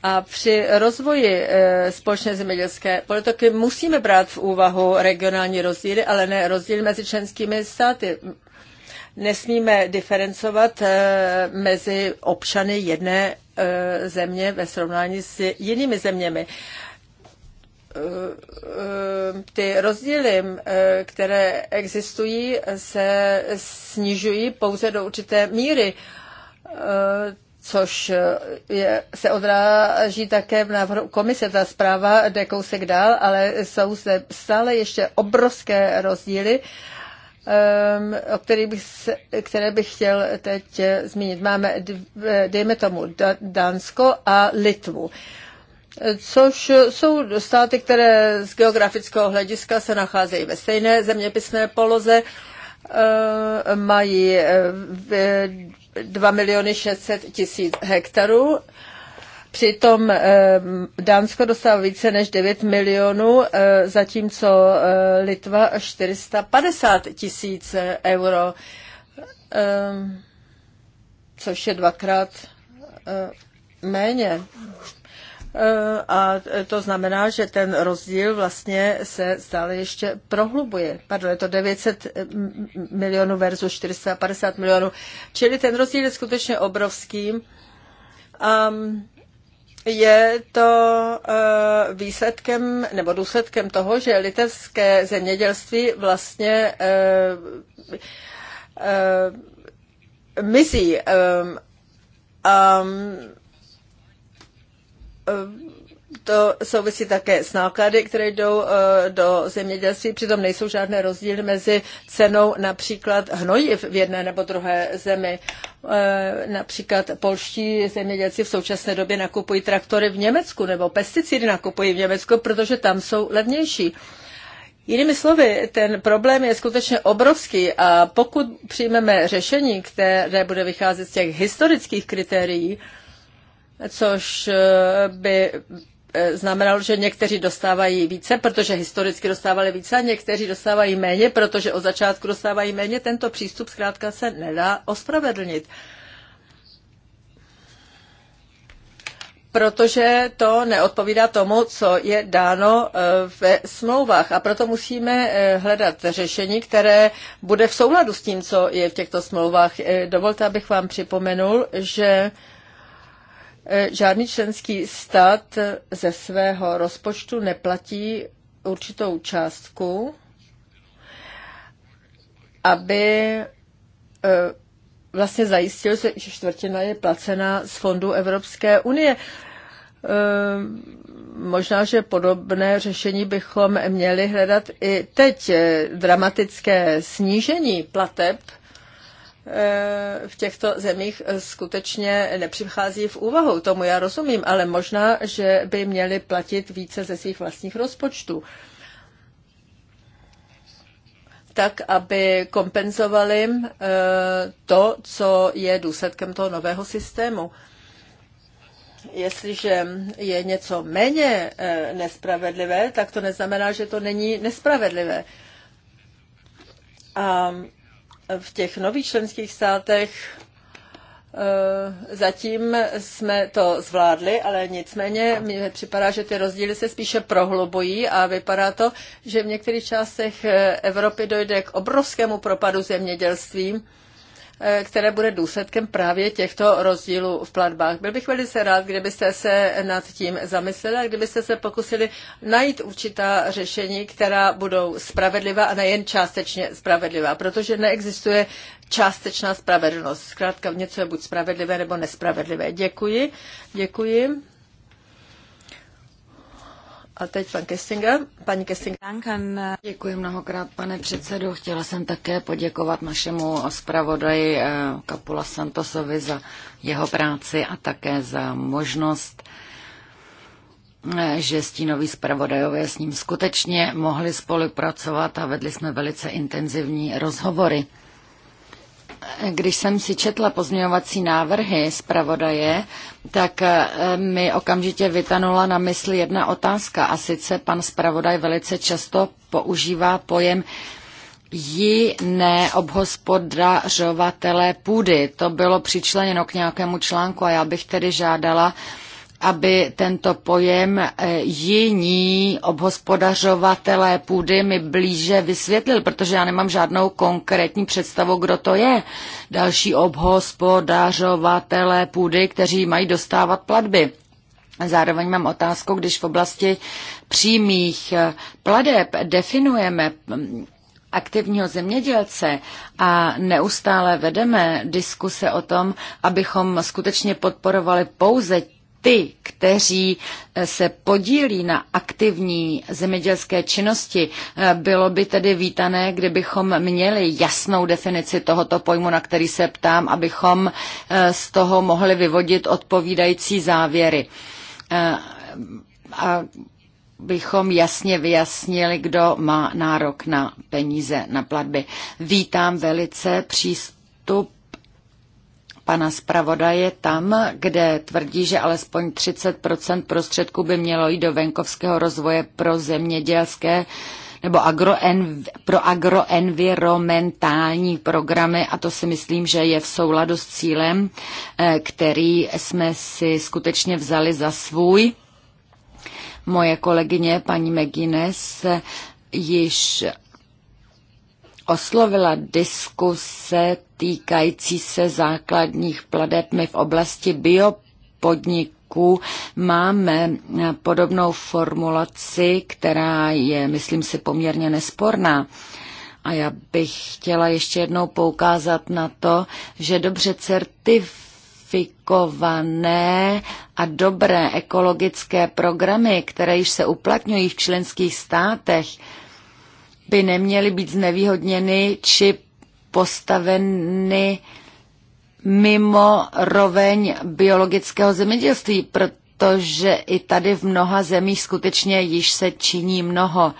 A při rozvoji společné zemědělské politiky musíme brát v úvahu regionální rozdíly, ale ne rozdíly mezi členskými státy. Nesmíme diferencovat mezi občany jedné země ve srovnání s jinými zeměmi ty rozdíly, které existují, se snižují pouze do určité míry, e, což je, se odráží také v návrhu komise. Ta zpráva jde kousek dál, ale jsou zde stále ještě obrovské rozdíly, o kterých bych se, které bych chtěl teď zmínit. Máme, dejme tomu, Dánsko a Litvu což jsou státy, které z geografického hlediska se nacházejí ve stejné zeměpisné poloze, eh, mají 2 eh, miliony 600 tisíc hektarů. Přitom eh, Dánsko dostává více než 9 milionů, zatímco Litva 450 tisíc euro, což je dvakrát méně. A to znamená, že ten rozdíl vlastně se stále ještě prohlubuje. Pardon, je to 900 milionů versus 450 milionů. Čili ten rozdíl je skutečně obrovský. A je to e, výsledkem nebo důsledkem toho, že litevské zemědělství vlastně e, e, mizí. A to souvisí také s náklady, které jdou eh, do zemědělství. Přitom nejsou žádné rozdíly mezi cenou například hnojiv v jedné nebo druhé zemi. Eh, například polští zemědělci v současné době nakupují traktory v Německu nebo pesticidy nakupují v Německu, protože tam jsou levnější. Jinými slovy, ten problém je skutečně obrovský a pokud přijmeme řešení, které bude vycházet z těch historických kritérií, což eh, by eh, znamenalo, že někteří dostávají více, protože historicky dostávali více a někteří dostávají méně, protože od začátku dostávají méně. Tento přístup zkrátka se nedá ospravedlnit. protože to neodpovídá tomu, co je dáno eh, ve smlouvách. A proto musíme hledat řešení, které bude v souladu s tím, co je v těchto smlouvách. Dovolte, abych vám připomenul, že E, žádný členský stát ze svého rozpočtu neplatí určitou částku, aby e, vlastně zajistil, že čtvrtina je placena z fondů Evropské unie. E, možná, že podobné řešení bychom měli hledat i teď. Dramatické snížení plateb Eh, v těchto zemích eh, skutečně nepřichází v úvahu. Tomu já rozumím, ale možná, že by měli platit více ze svých vlastních rozpočtů. Tak, aby kompenzovali eh, to, co je důsledkem toho nového systému jestliže je něco méně nespravedlivé, tak to neznamená, že to není nespravedlivé. A v těch nových členských státech eh, zatím jsme to zvládli, ale nicméně mi připadá, že ty rozdíly se spíše prohlubují a vypadá to, že v některých částech Evropy dojde k obrovskému propadu zemědělství Eh, které bude důsledkem právě těchto rozdílů v platbách. Byl bych velice rád, kdybyste se nad tím zamysleli a kdybyste se pokusili najít určitá řešení, která budou spravedlivá a nejen částečně spravedlivá, protože neexistuje částečná spravedlnost. Zkrátka něco je buď spravedlivé nebo nespravedlivé. Děkuji. Děkuji. A teď pan Kestinger. Paní Kestinger. Děkuji mnohokrát, pane předsedo. Chtěla jsem také poděkovat našemu zpravodaji eh, Kapula Santosovi za jeho práci a také za možnost eh, že stínoví zpravodajové s ním skutečně mohli spolupracovat a vedli jsme velice intenzivní rozhovory. Když jsem si četla pozměňovací návrhy zpravodaje, tak eh, mi okamžitě vytanula na mysli jedna otázka a sice pan zpravodaj velice často používá pojem jiné neobhospodařovatelé půdy. To bylo přičleněno k nějakému článku a já bych tedy žádala, aby tento pojem eh, jiní obhospodařovatelé půdy mi blíže vysvětlil, protože já nemám žádnou konkrétní představu, kdo to je. Další obhospodařovatelé půdy, kteří mají dostávat platby. Zároveň mám otázku, když v oblasti přímých eh, pladeb definujeme mm, aktivního zemědělce a neustále vedeme diskuse o tom, abychom skutečně podporovali pouze ty, kteří eh, se podílí na aktivní zemědělské činnosti, eh, bylo by tedy vítané, kdybychom měli jasnou definici tohoto pojmu, na který se ptám, abychom eh, z toho mohli vyvodit odpovídající závěry. A bychom jasně vyjasnili, kdo má nárok na peníze, na platby. Vítám velice přístup pana zpravodaje tam, kde tvrdí, že alespoň 30 prostředků by mělo jít do venkovského rozvoje pro zemědělské nebo agroenv, pro agroenvironmentální programy a to si myslím, že je v souladu s cílem, eh, který jsme si skutečně vzali za svůj. Moje kolegyně paní McGuinness eh, již oslovila diskuse týkající se základních pladeb. My v oblasti biopodniků máme podobnou formulaci, která je, myslím si, poměrně nesporná. A já bych chtěla ještě jednou poukázat na to, že dobře certifikované a dobré ekologické programy, které již se uplatňují v členských státech, by neměly být znevýhodněny či postaveny mimo roveň biologického zemědělství, protože i tady v mnoha zemích skutečně již se činí mnoho.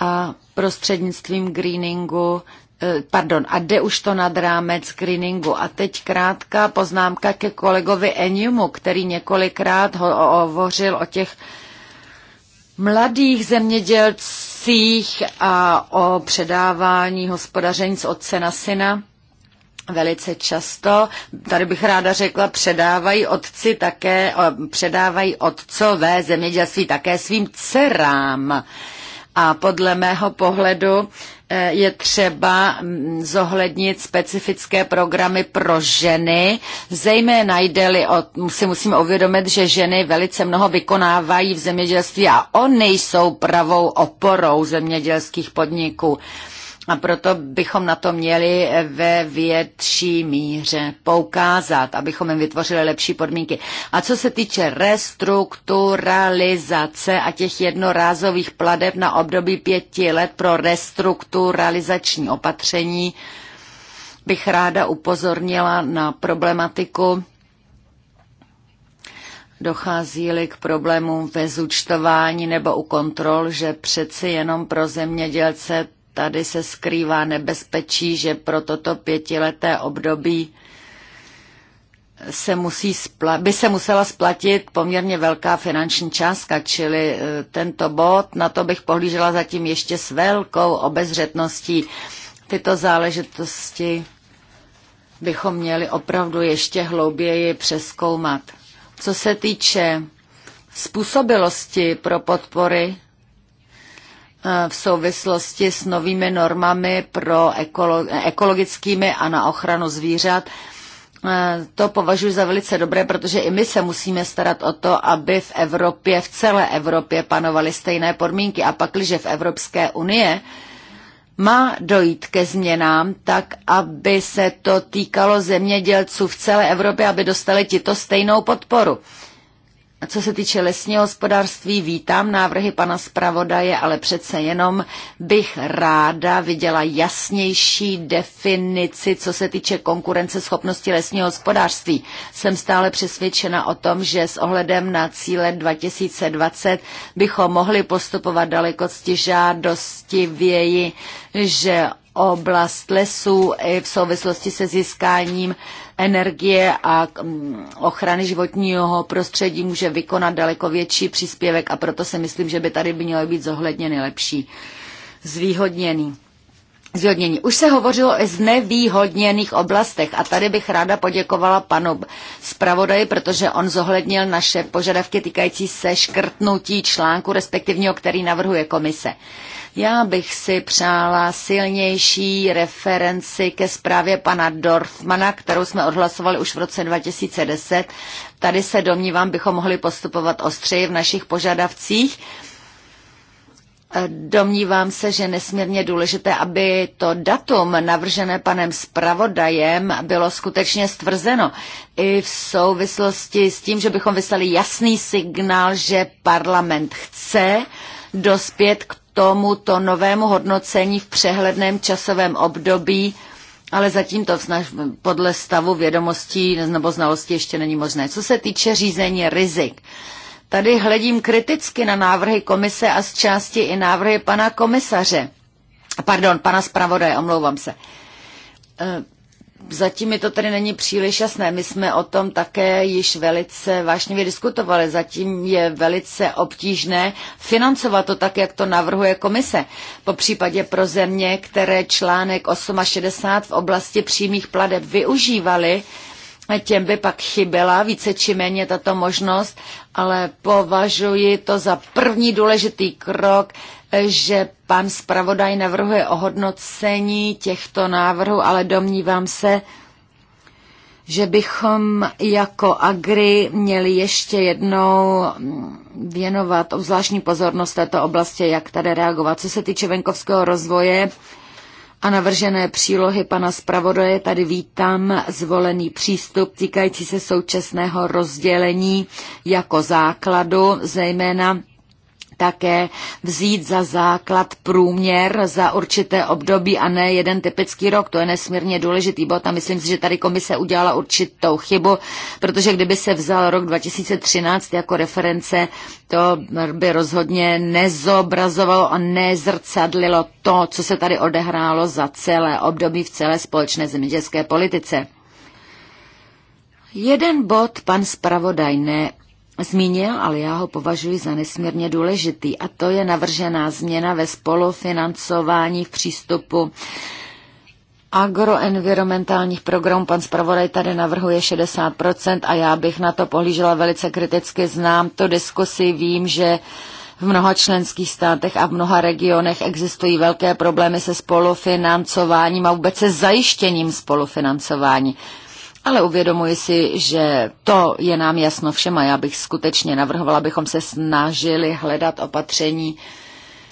A prostřednictvím greeningu eh, pardon, a jde už to nad rámec greeningu A teď krátká poznámka ke kolegovi Enjumu, který několikrát ho hovořil o těch mladých zemědělcích, otcích a o předávání hospodaření z otce na syna velice často. Tady bych ráda řekla, předávají otci také, předávají otcové zemědělství také svým dcerám. A podle mého pohledu Eh, je třeba mm, zohlednit specifické programy pro ženy, zejména jde-li o, si musíme uvědomit, že ženy velice mnoho vykonávají v zemědělství a oni jsou pravou oporou zemědělských podniků. A proto bychom na to měli ve větší míře poukázat, abychom jim vytvořili lepší podmínky. A co se týče restrukturalizace a těch jednorázových pladeb na období pěti let pro restrukturalizační opatření, bych ráda upozornila na problematiku dochází-li k problémům ve zúčtování nebo u kontrol, že přeci jenom pro zemědělce tady se skrývá nebezpečí, že pro toto pětileté období se musí spla- by se musela splatit poměrně velká finanční částka, čili eh, tento bod, na to bych pohlížela zatím ještě s velkou obezřetností. Tyto záležitosti bychom měli opravdu ještě hlouběji přeskoumat. Co se týče způsobilosti pro podpory, Eh, v souvislosti s novými normami pro ekolo, ekologickými a na ochranu zvířat. Eh, to považuji za velice dobré, protože i my se musíme starat o to, aby v Evropě, v celé Evropě panovaly stejné podmínky. A pak, když v Evropské unie má dojít ke změnám, tak aby se to týkalo zemědělců v celé Evropě, aby dostali tito stejnou podporu. Co se týče lesního hospodářství, vítám návrhy pana zpravodaje, ale přece jenom bych ráda viděla jasnější definici, co se týče konkurenceschopnosti lesního hospodářství. Jsem stále přesvědčena o tom, že s ohledem na cíle 2020 bychom mohli postupovat daleko ctižádostivěji, že oblast lesů i v souvislosti se získáním energie a mm, ochrany životního prostředí může vykonat daleko větší příspěvek a proto si myslím, že by tady mělo být zohledněny lepší zvýhodněný. Zvýhodnění. Už se hovořilo o znevýhodněných oblastech a tady bych ráda poděkovala panu zpravodaji, protože on zohlednil naše požadavky týkající se škrtnutí článku, respektive který navrhuje komise. Já bych si přála silnější referenci ke zprávě pana Dorfmana, kterou jsme odhlasovali už v roce 2010. Tady se domnívám, bychom mohli postupovat ostřeji v našich požadavcích. Domnívám se, že nesmírně důležité, aby to datum navržené panem zpravodajem bylo skutečně stvrzeno. I v souvislosti s tím, že bychom vyslali jasný signál, že parlament chce dospět k tomuto novému hodnocení v přehledném časovém období, ale zatím to podle stavu vědomostí nebo znalosti ještě není možné. Co se týče řízení rizik, tady hledím kriticky na návrhy komise a z části i návrhy pana komisaře. Pardon, pana zpravodaje, omlouvám se. Eh, Zatím mi to tedy není příliš jasné. My jsme o tom také již velice vážně diskutovali. Zatím je velice obtížné financovat to tak, jak to navrhuje komise. Po případě pro země, které článek 68 v oblasti přímých pladeb využívaly, těm by pak chyběla více či méně tato možnost, ale považuji to za první důležitý krok, že pan zpravodaj navrhuje ohodnocení těchto návrhů, ale domnívám se, že bychom jako Agri měli ještě jednou věnovat obzvláštní pozornost této oblasti, jak tady reagovat. Co se týče venkovského rozvoje, a navržené přílohy pana zpravodaje tady vítám zvolený přístup týkající se současného rozdělení jako základu, zejména také vzít za základ průměr za určité období a ne jeden typický rok. To je nesmírně důležitý bod a myslím si, že tady komise udělala určitou chybu, protože kdyby se vzal rok 2013 jako reference, to by rozhodně nezobrazovalo a nezrcadlilo to, co se tady odehrálo za celé období v celé společné zemědělské politice. Jeden bod pan zpravodaj ne zmínil, ale já ho považuji za nesmírně důležitý, a to je navržená změna ve spolufinancování v přístupu agroenvironmentálních programů. Pan zpravodaj tady navrhuje 60% a já bych na to pohlížela velice kriticky. Znám to diskusi, vím, že v mnoha členských státech a v mnoha regionech existují velké problémy se spolufinancováním a vůbec se zajištěním spolufinancování ale uvědomuji si, že to je nám jasno všem a já bych skutečně navrhovala, abychom se snažili hledat opatření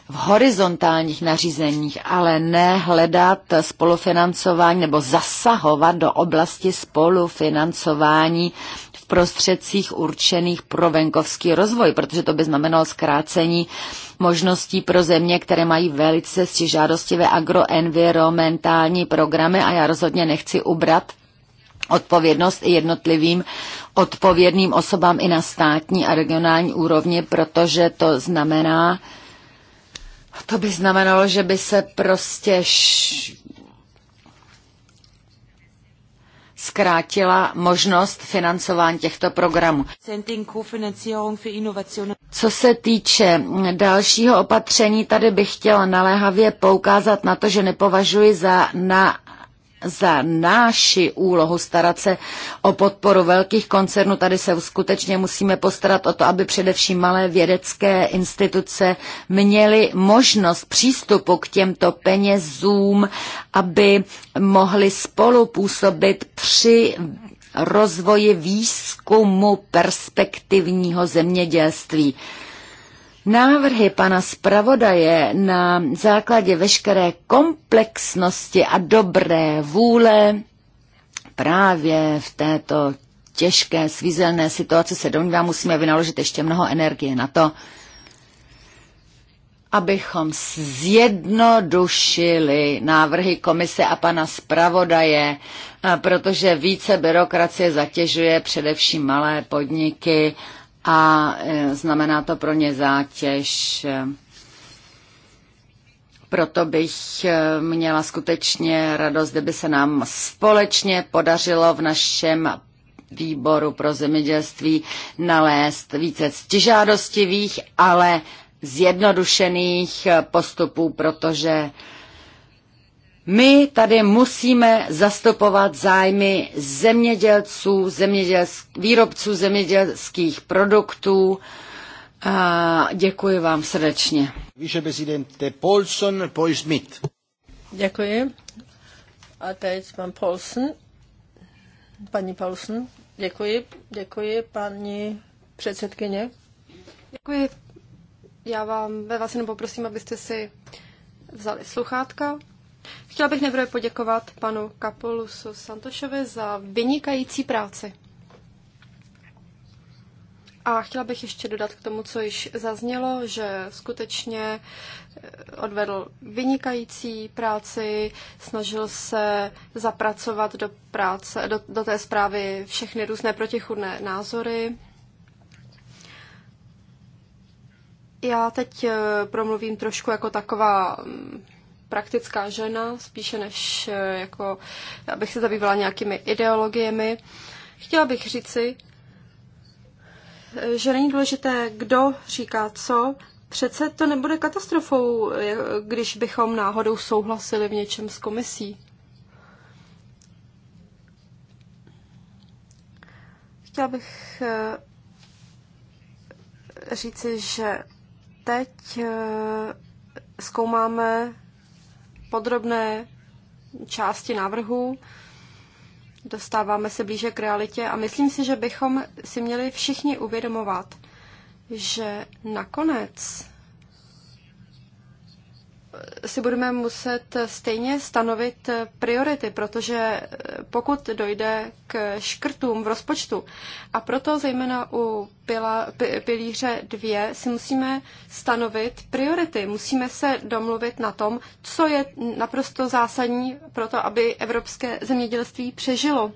v horizontálních nařízeních, ale ne hledat spolufinancování nebo zasahovat do oblasti spolufinancování v prostředcích určených pro venkovský rozvoj, protože to by znamenalo zkrácení možností pro země, které mají velice stižádostivé agroenvironmentální programy a já rozhodně nechci ubrat odpovědnost i jednotlivým odpovědným osobám i na státní a regionální úrovni, protože to znamená, to by znamenalo, že by se prostě š... zkrátila možnost financování těchto programů. Co se týče dalšího opatření, tady bych chtěla naléhavě poukázat na to, že nepovažuji za na za náši úlohu starat se o podporu velkých koncernů. Tady se skutečně musíme postarat o to, aby především malé vědecké instituce měly možnost přístupu k těmto penězům, aby mohly spolupůsobit při rozvoji výzkumu perspektivního zemědělství. Návrhy pana zpravodaje na základě veškeré komplexnosti a dobré vůle právě v této těžké, svízelné situaci se domnívám, musíme vynaložit ještě mnoho energie na to, abychom zjednodušili návrhy komise a pana zpravodaje, protože více byrokracie zatěžuje především malé podniky a e, znamená to pro ně zátěž. Proto bych e, měla skutečně radost, kdyby se nám společně podařilo v našem výboru pro zemědělství nalézt více stižádostivých, ale zjednodušených postupů, protože my tady musíme zastupovat zájmy zemědělců, zemědělsk, výrobců zemědělských produktů. A děkuji vám srdečně. prezidente Paulson, poi Smith. Děkuji. A teď pan Paulson. Paní Paulson, děkuji. Děkuji, paní předsedkyně. Děkuji. Já vám, ve vás jenom poprosím, abyste si vzali sluchátka. Chtěla bych nejprve poděkovat panu Kapolusu Santošovi za vynikající práci. A chtěla bych ještě dodat k tomu, co již zaznělo, že skutečně eh, odvedl vynikající práci, snažil se zapracovat do, práce, do, do té zprávy všechny různé protichudné názory. Já teď eh, promluvím trošku jako taková mm, praktická žena, spíše než eh, jako, abych se zabývala nějakými ideologiemi. Chtěla bych říci, eh, že není důležité, kdo říká co. Přece to nebude katastrofou, eh, když bychom náhodou souhlasili v něčem s komisí. Chtěla bych říci, že teď zkoumáme podrobné části návrhu, dostáváme se blíže k realitě a myslím si, že bychom si měli všichni uvědomovat, že nakonec si budeme muset stejně stanovit priority, protože eh, pokud dojde k škrtům v rozpočtu a proto zejména u pila, pilíře dvě, si musíme stanovit priority. Musíme se domluvit na tom, co je naprosto zásadní pro to, aby evropské zemědělství přežilo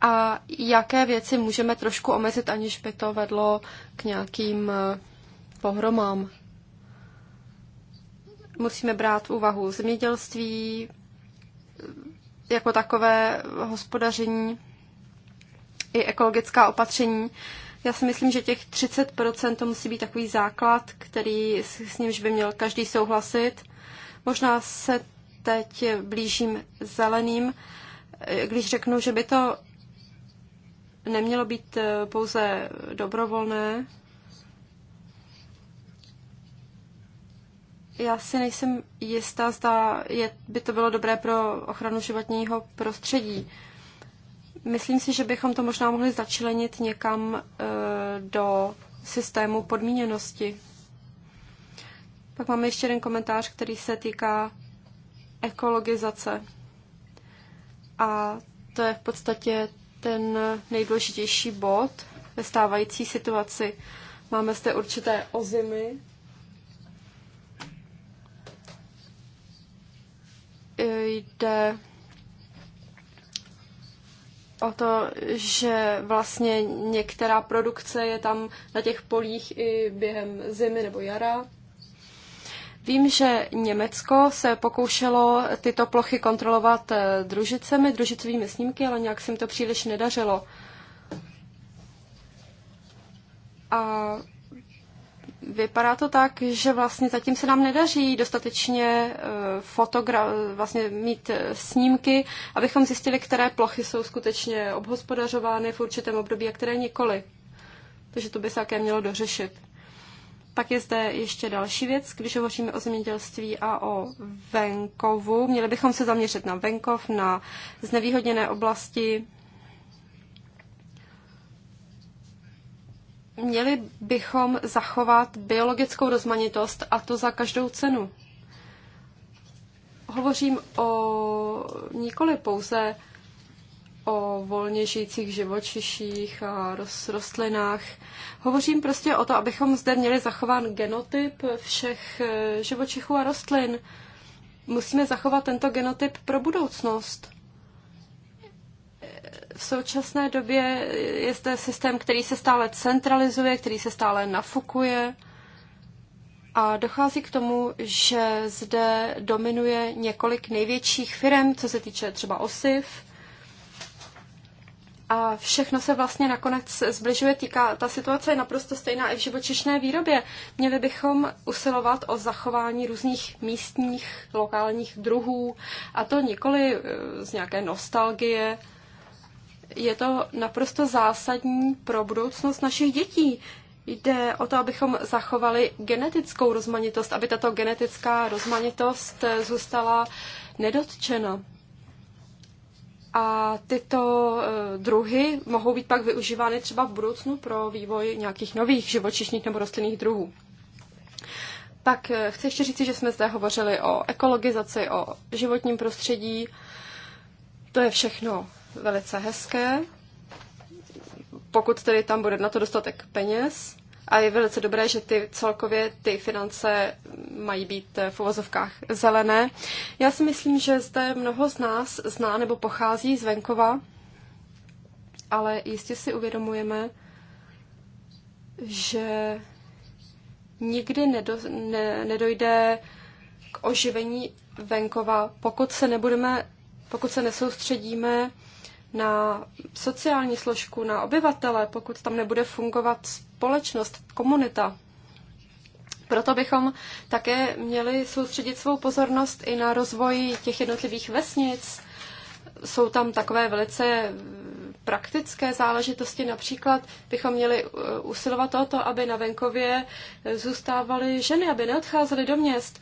a jaké věci můžeme trošku omezit, aniž by to vedlo k nějakým eh, pohromám. Musíme brát v úvahu zemědělství, jako takové hospodaření i ekologická opatření. Já si myslím, že těch 30% to musí být takový základ, který s nímž by měl každý souhlasit. Možná se teď blížím zeleným, když řeknu, že by to nemělo být eh, pouze dobrovolné, Já si nejsem jistá, zda je, by to bylo dobré pro ochranu životního prostředí. Myslím si, že bychom to možná mohli začlenit někam e, do systému podmíněnosti. Pak máme ještě jeden komentář, který se týká ekologizace. A to je v podstatě ten nejdůležitější bod ve stávající situaci. Máme zde určité ozimy, jde o to, že vlastně některá produkce je tam na těch polích i během zimy nebo jara. Vím, že Německo se pokoušelo tyto plochy kontrolovat eh, družicemi, družicovými snímky, ale nějak se jim to příliš nedařilo. A vypadá to tak, že vlastně zatím se nám nedaří dostatečně e, fotogra- vlastně mít e, snímky, abychom zjistili, které plochy jsou skutečně obhospodařovány v určitém období a které nikoli. Takže to by se také mělo dořešit. Pak je zde ještě další věc, když hovoříme o zemědělství a o venkovu. Měli bychom se zaměřit na venkov, na znevýhodněné oblasti, Měli bychom zachovat biologickou rozmanitost a to za každou cenu. Hovořím o nikoli pouze o volně žijících živočiších a rostlinách. Hovořím prostě o to, abychom zde měli zachován genotyp všech e, živočichů a rostlin. Musíme zachovat tento genotyp pro budoucnost v současné době je zde systém, který se stále centralizuje, který se stále nafukuje a dochází k tomu, že zde dominuje několik největších firm, co se týče třeba OSIF. A všechno se vlastně nakonec zbližuje, týká, ta situace je naprosto stejná i v živočišné výrobě. Měli bychom usilovat o zachování různých místních, lokálních druhů, a to nikoli eh, z nějaké nostalgie, je to naprosto zásadní pro budoucnost našich dětí. Jde o to, abychom zachovali genetickou rozmanitost, aby tato genetická rozmanitost eh, zůstala nedotčena. A tyto eh, druhy mohou být pak využívány třeba v budoucnu pro vývoj nějakých nových živočišních nebo rostlinných druhů. Pak eh, chci ještě říct, že jsme zde hovořili o ekologizaci, o životním prostředí. To je všechno velice hezké, pokud tedy tam bude na to dostatek peněz. A je velice dobré, že ty celkově ty finance mají být eh, v uvozovkách zelené. Já si myslím, že zde mnoho z nás zná nebo pochází z venkova, ale jistě si uvědomujeme, že nikdy nedo, ne, nedojde k oživení venkova, pokud se nebudeme, pokud se nesoustředíme na sociální složku, na obyvatele, pokud tam nebude fungovat společnost, komunita. Proto bychom také měli soustředit svou pozornost i na rozvoj těch jednotlivých vesnic. Jsou tam takové velice praktické záležitosti. Například bychom měli uh, usilovat o to, aby na venkově zůstávaly ženy, aby neodcházely do měst.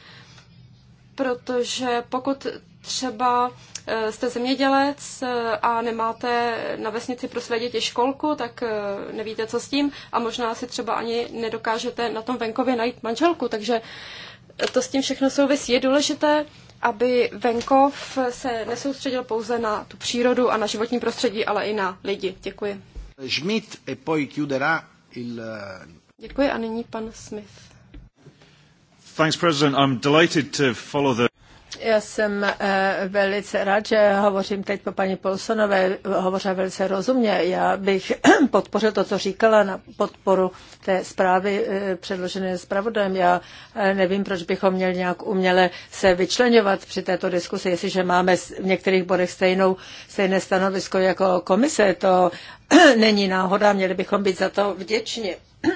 Protože pokud třeba eh, jste zemědělec eh, a nemáte na vesnici pro své děti školku, tak eh, nevíte, co s tím a možná si třeba ani nedokážete na tom venkově najít manželku, takže to s tím všechno souvisí. Je důležité, aby venkov se nesoustředil pouze na tu přírodu a na životní prostředí, ale i na lidi. Děkuji. Schmidt e poi chiuderà il... Děkuji a nyní pan Smith. Thanks, President. I'm delighted to follow the... Já jsem eh, velice rád, že hovořím teď po paní Polsonové, hovořila velice rozumně. Já bych [clears throat] podpořil to, co říkala na podporu té zprávy eh, předložené zpravodajem. Já eh, nevím, proč bychom měli nějak uměle se vyčlenovat při této diskusi, jestliže máme v některých bodech stejnou, stejné stanovisko jako komise. To [clears throat] není náhoda, měli bychom být za to vděční. [clears throat]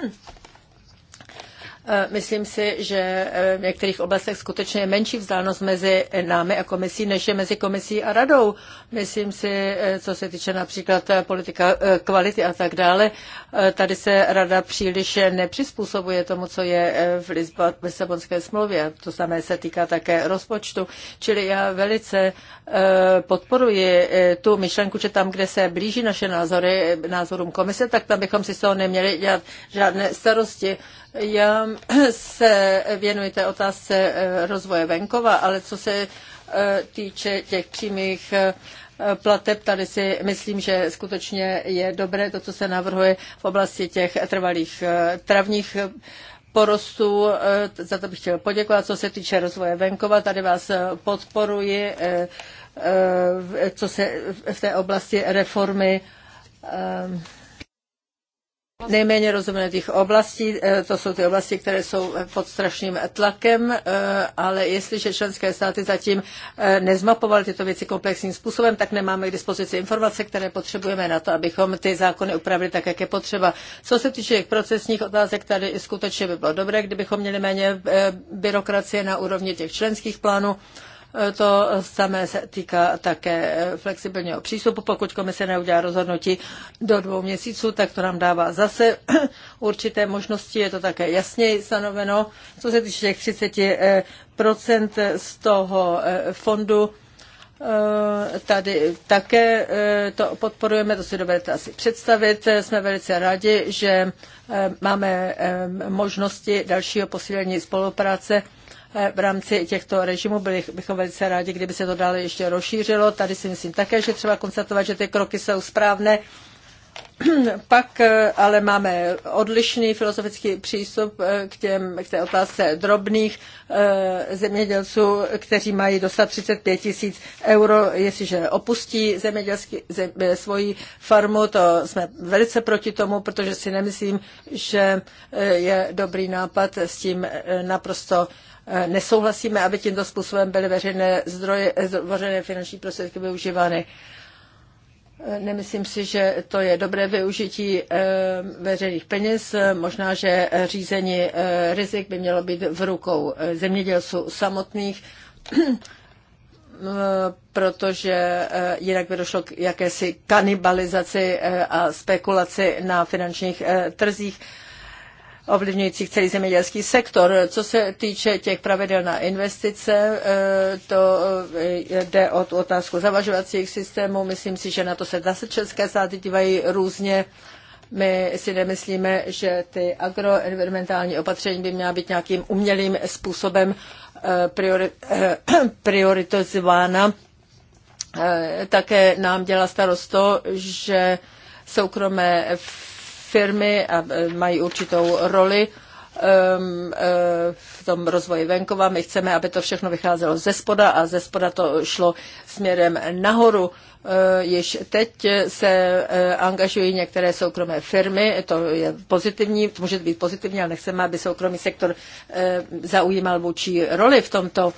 Eh, myslím si, že eh, v některých oblastech skutečně je menší vzdálenost mezi námi a komisí, než je mezi komisí a radou. Myslím si, eh, co se týče například politika kvality a tak dále, tady se rada příliš nepřizpůsobuje tomu, co je v Lisabonské smlouvě. To samé se týká také rozpočtu. Čili já velice podporuji tu myšlenku, že tam, kde se blíží naše názory názorům komise, tak tam bychom si z toho neměli dělat žádné starosti. Já eh, se věnuji té otázce eh, rozvoje venkova, ale co se eh, týče těch přímých plateb, tady si myslím, že skutečně je dobré to, co se navrhuje v oblasti těch trvalých travních porostů. Za to bych chtěl poděkovat. Co se týče rozvoje venkova, tady vás podporuji, co se v té oblasti reformy nejméně těch oblastí. Eh, to jsou ty oblasti, které jsou pod strašným tlakem, eh, ale jestliže členské státy zatím eh, nezmapovaly tyto věci komplexním způsobem, tak nemáme k dispozici informace, které potřebujeme na to, abychom ty zákony upravili tak, jak je potřeba. Co se týče těch procesních otázek, tady skutečně by bylo dobré, kdybychom měli méně byrokracie na úrovni těch členských plánů. Eh, to samé se týká také eh, flexibilního přístupu. Pokud komise neudělá rozhodnutí do dvou měsíců, tak to nám dává zase [clears throat] určité možnosti. Je to také jasněji stanoveno. Co se týče těch 30% eh, z toho fondu, tady také to podporujeme, to si dovedete asi představit. Jsme velice rádi, že máme možnosti dalšího posílení spolupráce v rámci těchto režimů. Byli bychom velice rádi, kdyby se to dále ještě rozšířilo. Tady si myslím také, že třeba konstatovat, že ty kroky jsou správné. [clears throat] Pak eh, ale máme odlišný filozofický přístup eh, k, těm, k té otázce drobných eh, zemědělců, kteří mají dostat 35 tisíc euro, jestliže opustí zemědělský, zem, svoji farmu. To jsme velice proti tomu, protože si nemyslím, že je dobrý nápad s tím naprosto E, nesouhlasíme, aby tímto způsobem byly veřejné zdroje, e, veřejné finanční prostředky využívány. E, nemyslím si, že to je dobré využití veřejných peněz. Možná, že řízení rizik by mělo být v rukou zemědělců samotných, [clears throat] protože jinak by došlo k jakési kanibalizaci a spekulaci na finančních trzích ovlivňujících celý zemědělský sektor. Co se týče těch pravidel na investice, eh, to eh, jde o tu otázku zavažovacích systémů. Myslím si, že na to se zase české státy dívají různě. My si nemyslíme, že ty agroenvironmentální opatření by měla být nějakým umělým způsobem eh, priori, [clears throat] prioritizována. Také nám dělá starost to, že soukromé firmy a e, mají určitou roli e, e, v tom rozvoji venkova. My chceme, aby to všechno vycházelo ze spoda a ze spoda to šlo směrem nahoru. Již teď se angažují některé soukromé firmy, to je pozitivní, to může být pozitivní, ale nechceme, aby soukromý sektor zaujímal vůči roli v tomto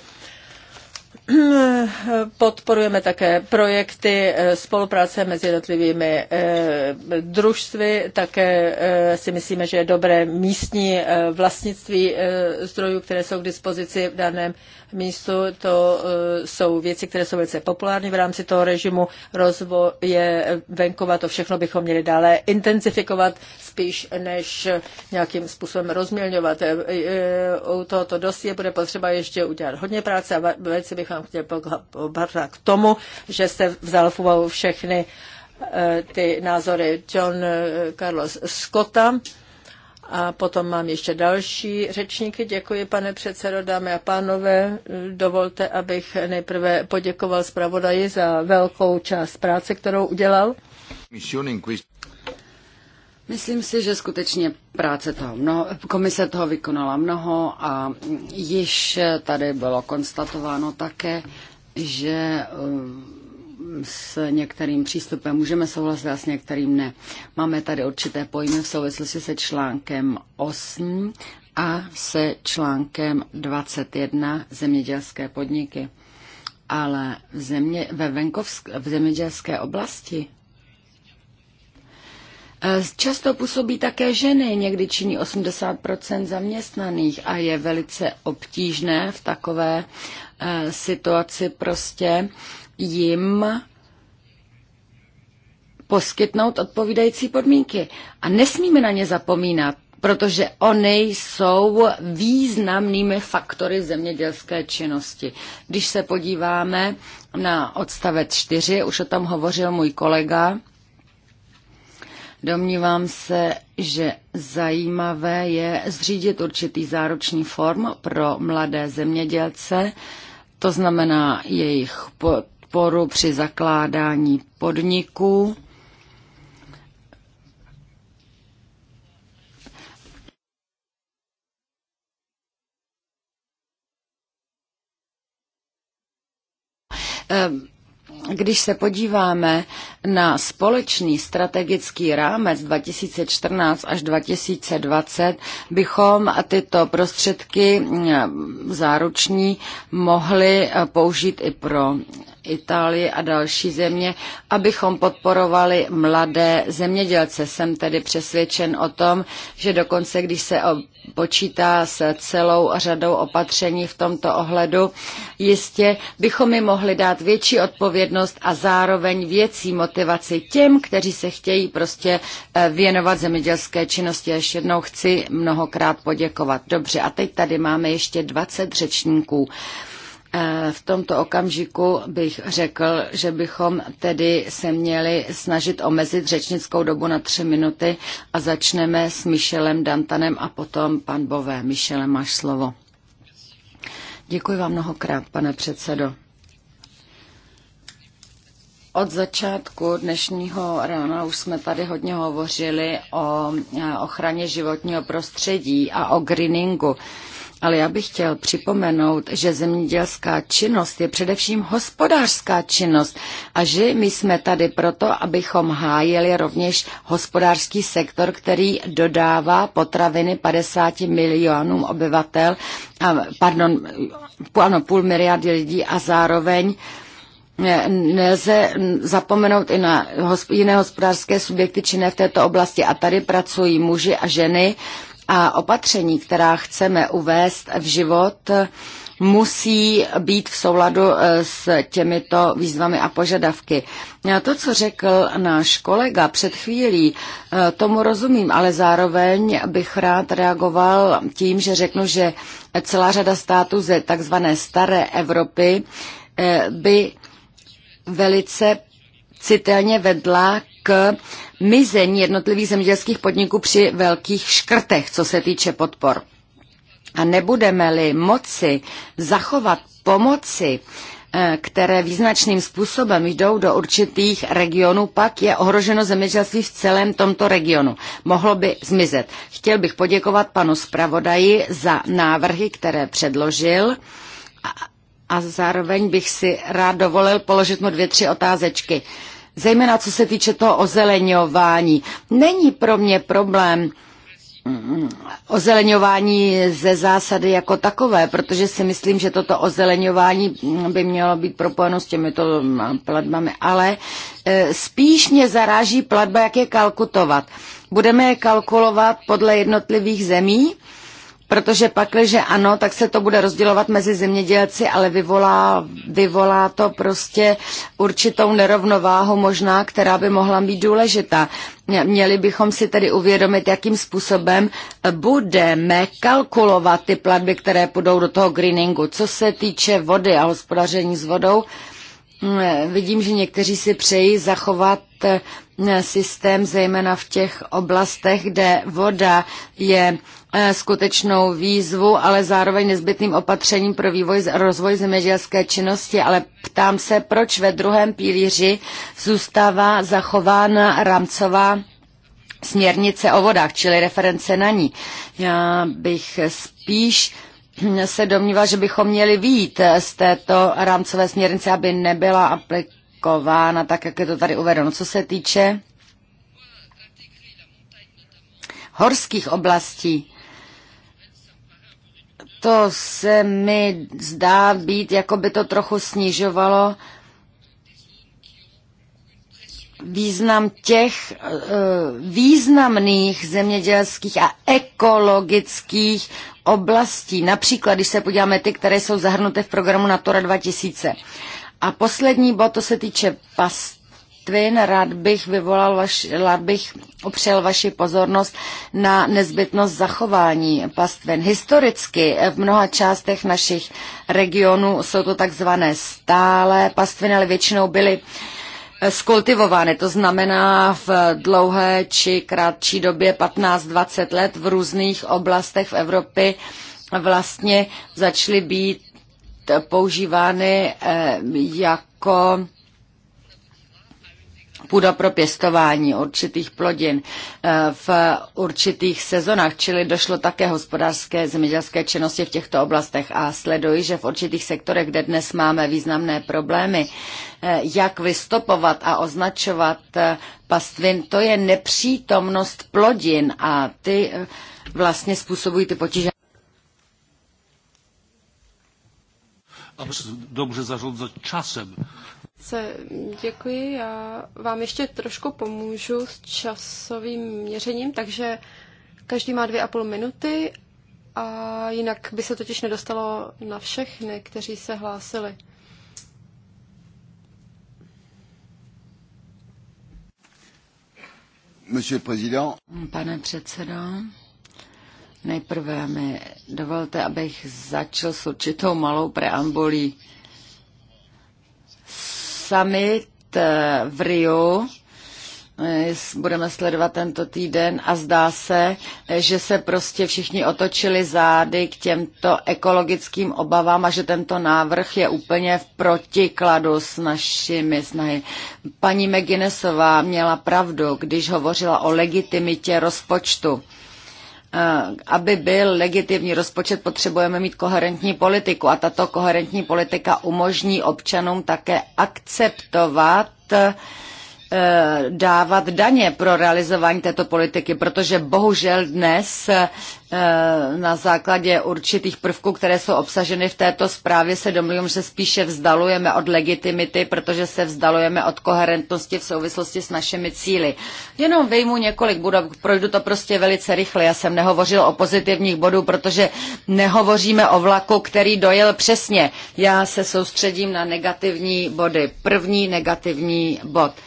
[clears throat] Podporujeme také projekty eh, spolupráce mezi jednotlivými eh, družstvy. Také eh, si myslíme, že je dobré místní vlastnictví zdrojů, které jsou k dispozici v daném místu. To eh, jsou věci, které jsou velice populární v rámci toho režimu rozvoje venkova. To všechno bychom měli dále intenzifikovat spíš než nějakým způsobem rozmělňovat. Eh, eh, u tohoto dosie bude potřeba ještě udělat hodně práce a velice bych vám chtěl poblahopřát k tomu, že jste vzal v úvahu všechny ty názory John Carlos Scotta a potom mám ještě další řečníky. Děkuji, pane předsedo, dámy a pánové. Dovolte, abych nejprve poděkoval zpravodaji za velkou část práce, kterou udělal. Myslím si, že skutečně práce toho mnoho, komise toho vykonala mnoho a již tady bylo konstatováno také, že s některým přístupem můžeme souhlasit a s některým ne. Máme tady určité pojmy v souvislosti se článkem 8 a se článkem 21 zemědělské podniky. Ale v, země, ve venkovsk, v zemědělské oblasti eh, Často působí také ženy, někdy činí 80 zaměstnaných a je velice obtížné v takové eh, situaci prostě jim poskytnout odpovídající podmínky. A nesmíme na ně zapomínat, protože oni jsou významnými faktory zemědělské činnosti. Když se podíváme na odstavec 4, už o tom hovořil můj kolega, Domnívám se, že zajímavé je zřídit určitý záruční form pro mladé zemědělce, to znamená jejich podporu při zakládání podniků. Eh, když se podíváme na společný strategický rámec 2014 až 2020, bychom tyto prostředky eh, záruční mohli eh, použít i pro Itálii a další země, abychom podporovali mladé zemědělce. Jsem tedy přesvědčen o tom, že dokonce, když se počítá s celou řadou opatření v tomto ohledu, jistě bychom mi mohli dát větší odpovědnost a zároveň věcí motivaci těm, kteří se chtějí prostě eh, věnovat zemědělské činnosti. A ještě jednou chci mnohokrát poděkovat. Dobře, a teď tady máme ještě 20 řečníků. Eh, v tomto okamžiku bych řekl, že bychom tedy se měli snažit omezit řečnickou dobu na tři minuty a začneme s Michelem Dantanem a potom pan Bové. Michele, máš slovo. Děkuji vám mnohokrát, pane předsedo. Od začátku dnešního rána už jsme tady hodně hovořili o eh, ochraně životního prostředí a o greeningu. Ale já bych chtěl připomenout, že zemědělská činnost je především hospodářská činnost a že my jsme tady proto, abychom hájili rovněž hospodářský sektor, který dodává potraviny 50 milionům obyvatel, a, pardon, ano, půl miliardy lidí a zároveň eh, Nelze zapomenout i na jiné hospodářské subjekty činné v této oblasti. A tady pracují muži a ženy, a opatření, která chceme uvést v život, musí být v souladu eh, s těmito výzvami a požadavky. Já to, co řekl náš kolega před chvílí, eh, tomu rozumím, ale zároveň bych rád reagoval tím, že řeknu, že celá řada států ze takzvané staré Evropy eh, by velice citelně vedla k mizení jednotlivých zemědělských podniků při velkých škrtech, co se týče podpor. A nebudeme-li moci zachovat pomoci, eh, které význačným způsobem jdou do určitých regionů, pak je ohroženo zemědělství v celém tomto regionu. Mohlo by zmizet. Chtěl bych poděkovat panu zpravodaji za návrhy, které předložil a, a zároveň bych si rád dovolil položit mu dvě, tři otázečky. Uh, zejména co se týče toho ozeleňování. Není pro mě problém mm, ozeleňování ze zásady jako takové, protože si myslím, že toto ozeleňování by mělo být propojeno s těmito platbami, ale e, spíš mě zaráží platba, jak je kalkutovat. Budeme je kalkulovat podle jednotlivých zemí, Protože pakliže ano, tak se to bude rozdělovat mezi zemědělci, ale vyvolá, vyvolá to prostě určitou nerovnováhu možná, která by mohla být důležitá. Měli bychom si tedy uvědomit, jakým způsobem budeme kalkulovat ty platby, které půjdou do toho greeningu. Co se týče vody a hospodaření s vodou, mm, Vidím, že někteří si přejí zachovat mm, systém zejména v těch oblastech, kde voda je E, skutečnou výzvu, ale zároveň nezbytným opatřením pro vývoj rozvoj zemědělské činnosti, ale ptám se, proč ve druhém pilíři zůstává zachována rámcová směrnice o vodách, čili reference na ní. Já bych spíš se domníval, že bychom měli výjít z této rámcové směrnice, aby nebyla aplikována tak, jak je to tady uvedeno. Co se týče horských oblastí, to se mi zdá být, jako by to trochu snižovalo význam těch eh, významných zemědělských a ekologických oblastí. Například, když se podíváme ty, které jsou zahrnuty v programu Natura 2000. A poslední bod, to se týče past lištvin. Rád bych, vyvolal vaš, rád bych opřel vaši pozornost na nezbytnost zachování pastvin. Historicky v mnoha částech našich regionů jsou to takzvané stále pastviny, ale většinou byly skultivovány, eh, to znamená v dlouhé či krátší době 15-20 let v různých oblastech v Evropě vlastně začaly být používány eh, jako půda pro pěstování určitých plodin eh, v určitých sezonách, čili došlo také hospodářské zemědělské činnosti v těchto oblastech a sleduji, že v určitých sektorech, kde dnes máme významné problémy, eh, jak vystopovat a označovat eh, pastvin, to je nepřítomnost plodin a ty vlastně způsobují ty potíže. dobře zařadzat časem. Velice děkuji. Já vám ještě trošku pomůžu s časovým měřením, takže každý má dvě a půl minuty a jinak by se totiž nedostalo na všechny, kteří se hlásili. Pane předsedo, nejprve mi dovolte, abych začal s určitou malou preambolí summit eh, v Rio. Eh, budeme sledovat tento týden a zdá se, eh, že se prostě všichni otočili zády k těmto ekologickým obavám a že tento návrh je úplně v protikladu s našimi snahy. Paní McGuinnessová měla pravdu, když hovořila o legitimitě rozpočtu Eh, aby byl legitimní rozpočet, potřebujeme mít koherentní politiku a tato koherentní politika umožní občanům také akceptovat eh, Eh, dávat daně pro realizování této politiky, protože bohužel dnes eh, na základě určitých prvků, které jsou obsaženy v této zprávě, se domluvím, že spíše vzdalujeme od legitimity, protože se vzdalujeme od koherentnosti v souvislosti s našimi cíly. Jenom vejmu několik bodů, projdu to prostě velice rychle. Já jsem nehovořil o pozitivních bodů, protože nehovoříme o vlaku, který dojel přesně. Já se soustředím na negativní body. První negativní bod –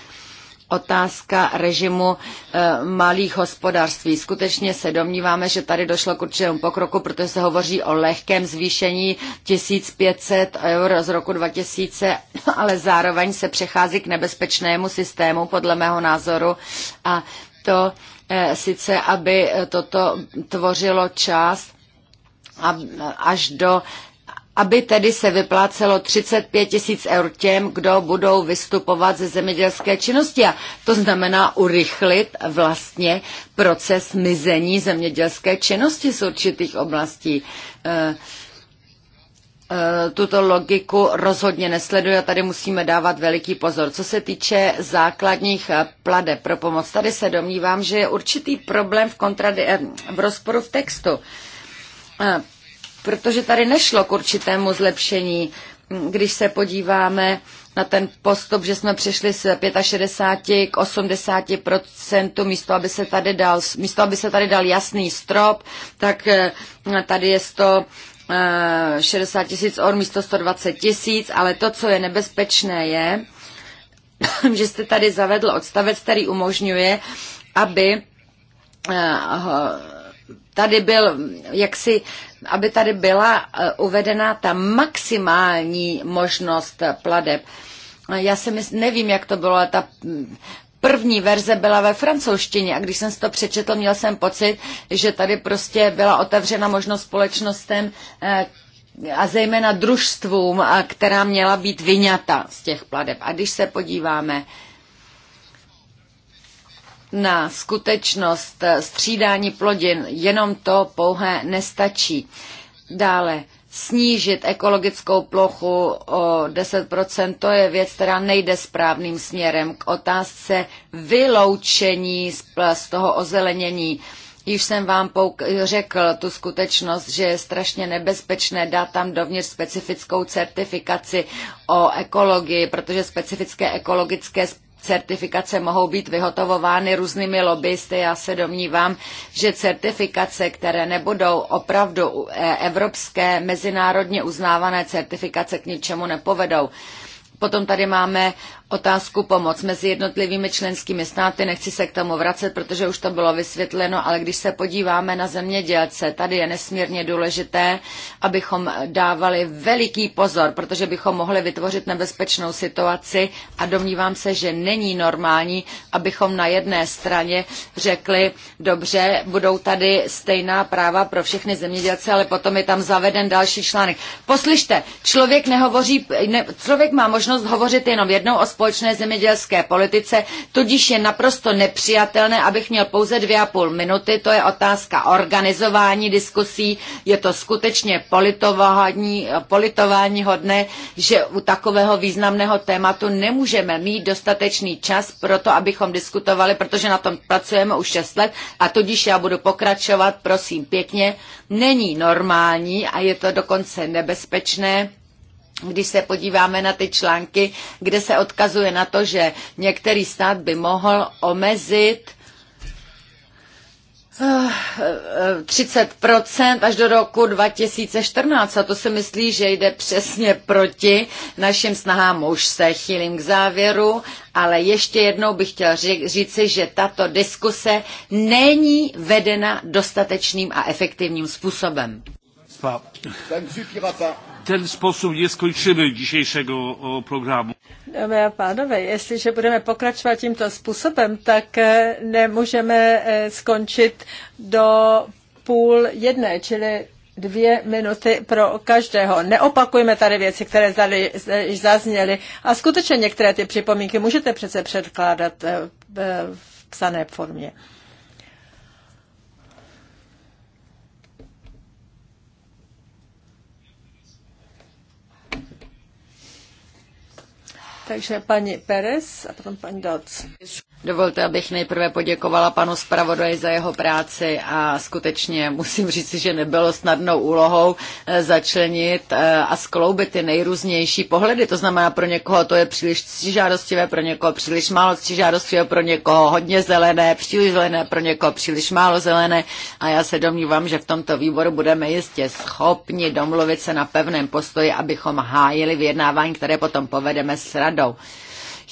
otázka režimu e, malých hospodářství. Skutečně se domníváme, že tady došlo k určitému pokroku, protože se hovoří o lehkém zvýšení 1500 eur z roku 2000, [laughs] ale zároveň se přechází k nebezpečnému systému, podle mého názoru, a to e, sice, aby toto tvořilo část až do aby tedy se vyplácelo 35 tisíc eur těm, kdo budou vystupovat ze zemědělské činnosti. A to znamená urychlit vlastně proces mizení zemědělské činnosti z určitých oblastí. Eh, eh, tuto logiku rozhodně nesleduje a tady musíme dávat veliký pozor. Co se týče základních eh, plade pro pomoc, tady se domnívám, že je určitý problém v, kontrady, v rozporu v textu protože tady nešlo k určitému zlepšení. Když se podíváme na ten postup, že jsme přišli z 65 k 80 místo aby, se tady dal, místo, aby se tady dal jasný strop, tak eh, tady je 160 eh, tisíc or místo 120 tisíc, ale to, co je nebezpečné, je, [coughs] že jste tady zavedl odstavec, který umožňuje, aby eh, tady byl, jak si, aby tady byla eh, uvedena ta maximální možnost pladeb. Já si mysl, nevím, jak to bylo, ale ta mm, první verze byla ve francouzštině a když jsem si to přečetl, měl jsem pocit, že tady prostě byla otevřena možnost společnostem eh, a zejména družstvům, která měla být vyňata z těch pladeb. A když se podíváme, na skutečnost střídání plodin, jenom to pouhé nestačí. Dále snížit ekologickou plochu o 10%, to je věc, která nejde správným směrem k otázce vyloučení z toho ozelenění. Již jsem vám pouk- řekl tu skutečnost, že je strašně nebezpečné dát tam dovnitř specifickou certifikaci o ekologii, protože specifické ekologické certifikace mohou být vyhotovovány různými lobbyisty. Já se domnívám, že certifikace, které nebudou opravdu e, evropské, mezinárodně uznávané certifikace, k ničemu nepovedou. Potom tady máme otázku pomoc mezi jednotlivými členskými státy. Nechci se k tomu vracet, protože už to bylo vysvětleno, ale když se podíváme na zemědělce, tady je nesmírně důležité, abychom dávali veliký pozor, protože bychom mohli vytvořit nebezpečnou situaci a domnívám se, že není normální, abychom na jedné straně řekli, dobře, budou tady stejná práva pro všechny zemědělce, ale potom je tam zaveden další článek. Poslyšte, člověk nehovoří, ne, člověk má možnost hovořit jenom jednou o společné zemědělské politice, tudíž je naprosto nepřijatelné, abych měl pouze dvě a půl minuty. To je otázka organizování diskusí. Je to skutečně politování, politování hodné, že u takového významného tématu nemůžeme mít dostatečný čas pro to, abychom diskutovali, protože na tom pracujeme už 6 let a tudíž já budu pokračovat, prosím pěkně. Není normální a je to dokonce nebezpečné, když se podíváme na ty články, kde se odkazuje na to, že některý stát by mohl omezit 30% eh, až do roku 2014 a to si myslí, že jde přesně proti našim snahám. Už se chýlím k závěru, ale ještě jednou bych chtěl říci, že tato diskuse není vedena dostatečným a efektivním způsobem ten sposób nie skończymy dzisiejszego programu. Dámy a pánové, jestliže budeme pokračovat tímto způsobem, tak eh, nemůžeme eh, skončit do půl jedné, čili dvě minuty pro každého. Neopakujme tady věci, které tady eh, zazněly. A skutečně některé ty připomínky můžete přece předkládat v psané formě. Takže paní Perez a potom paní Doc. Dovolte, abych nejprve poděkovala panu zpravodaji za jeho práci a skutečně musím říct, že nebylo snadnou úlohou eh, začlenit eh, a skloubit ty nejrůznější pohledy. To znamená, pro někoho to je příliš žádostivé, pro někoho příliš málo žádostivé, pro někoho hodně zelené, příliš zelené, pro někoho příliš málo zelené. A já se domnívám, že v tomto výboru budeme jistě schopni domluvit se na pevném postoji, abychom hájili vyjednávání, které potom povedeme s radou.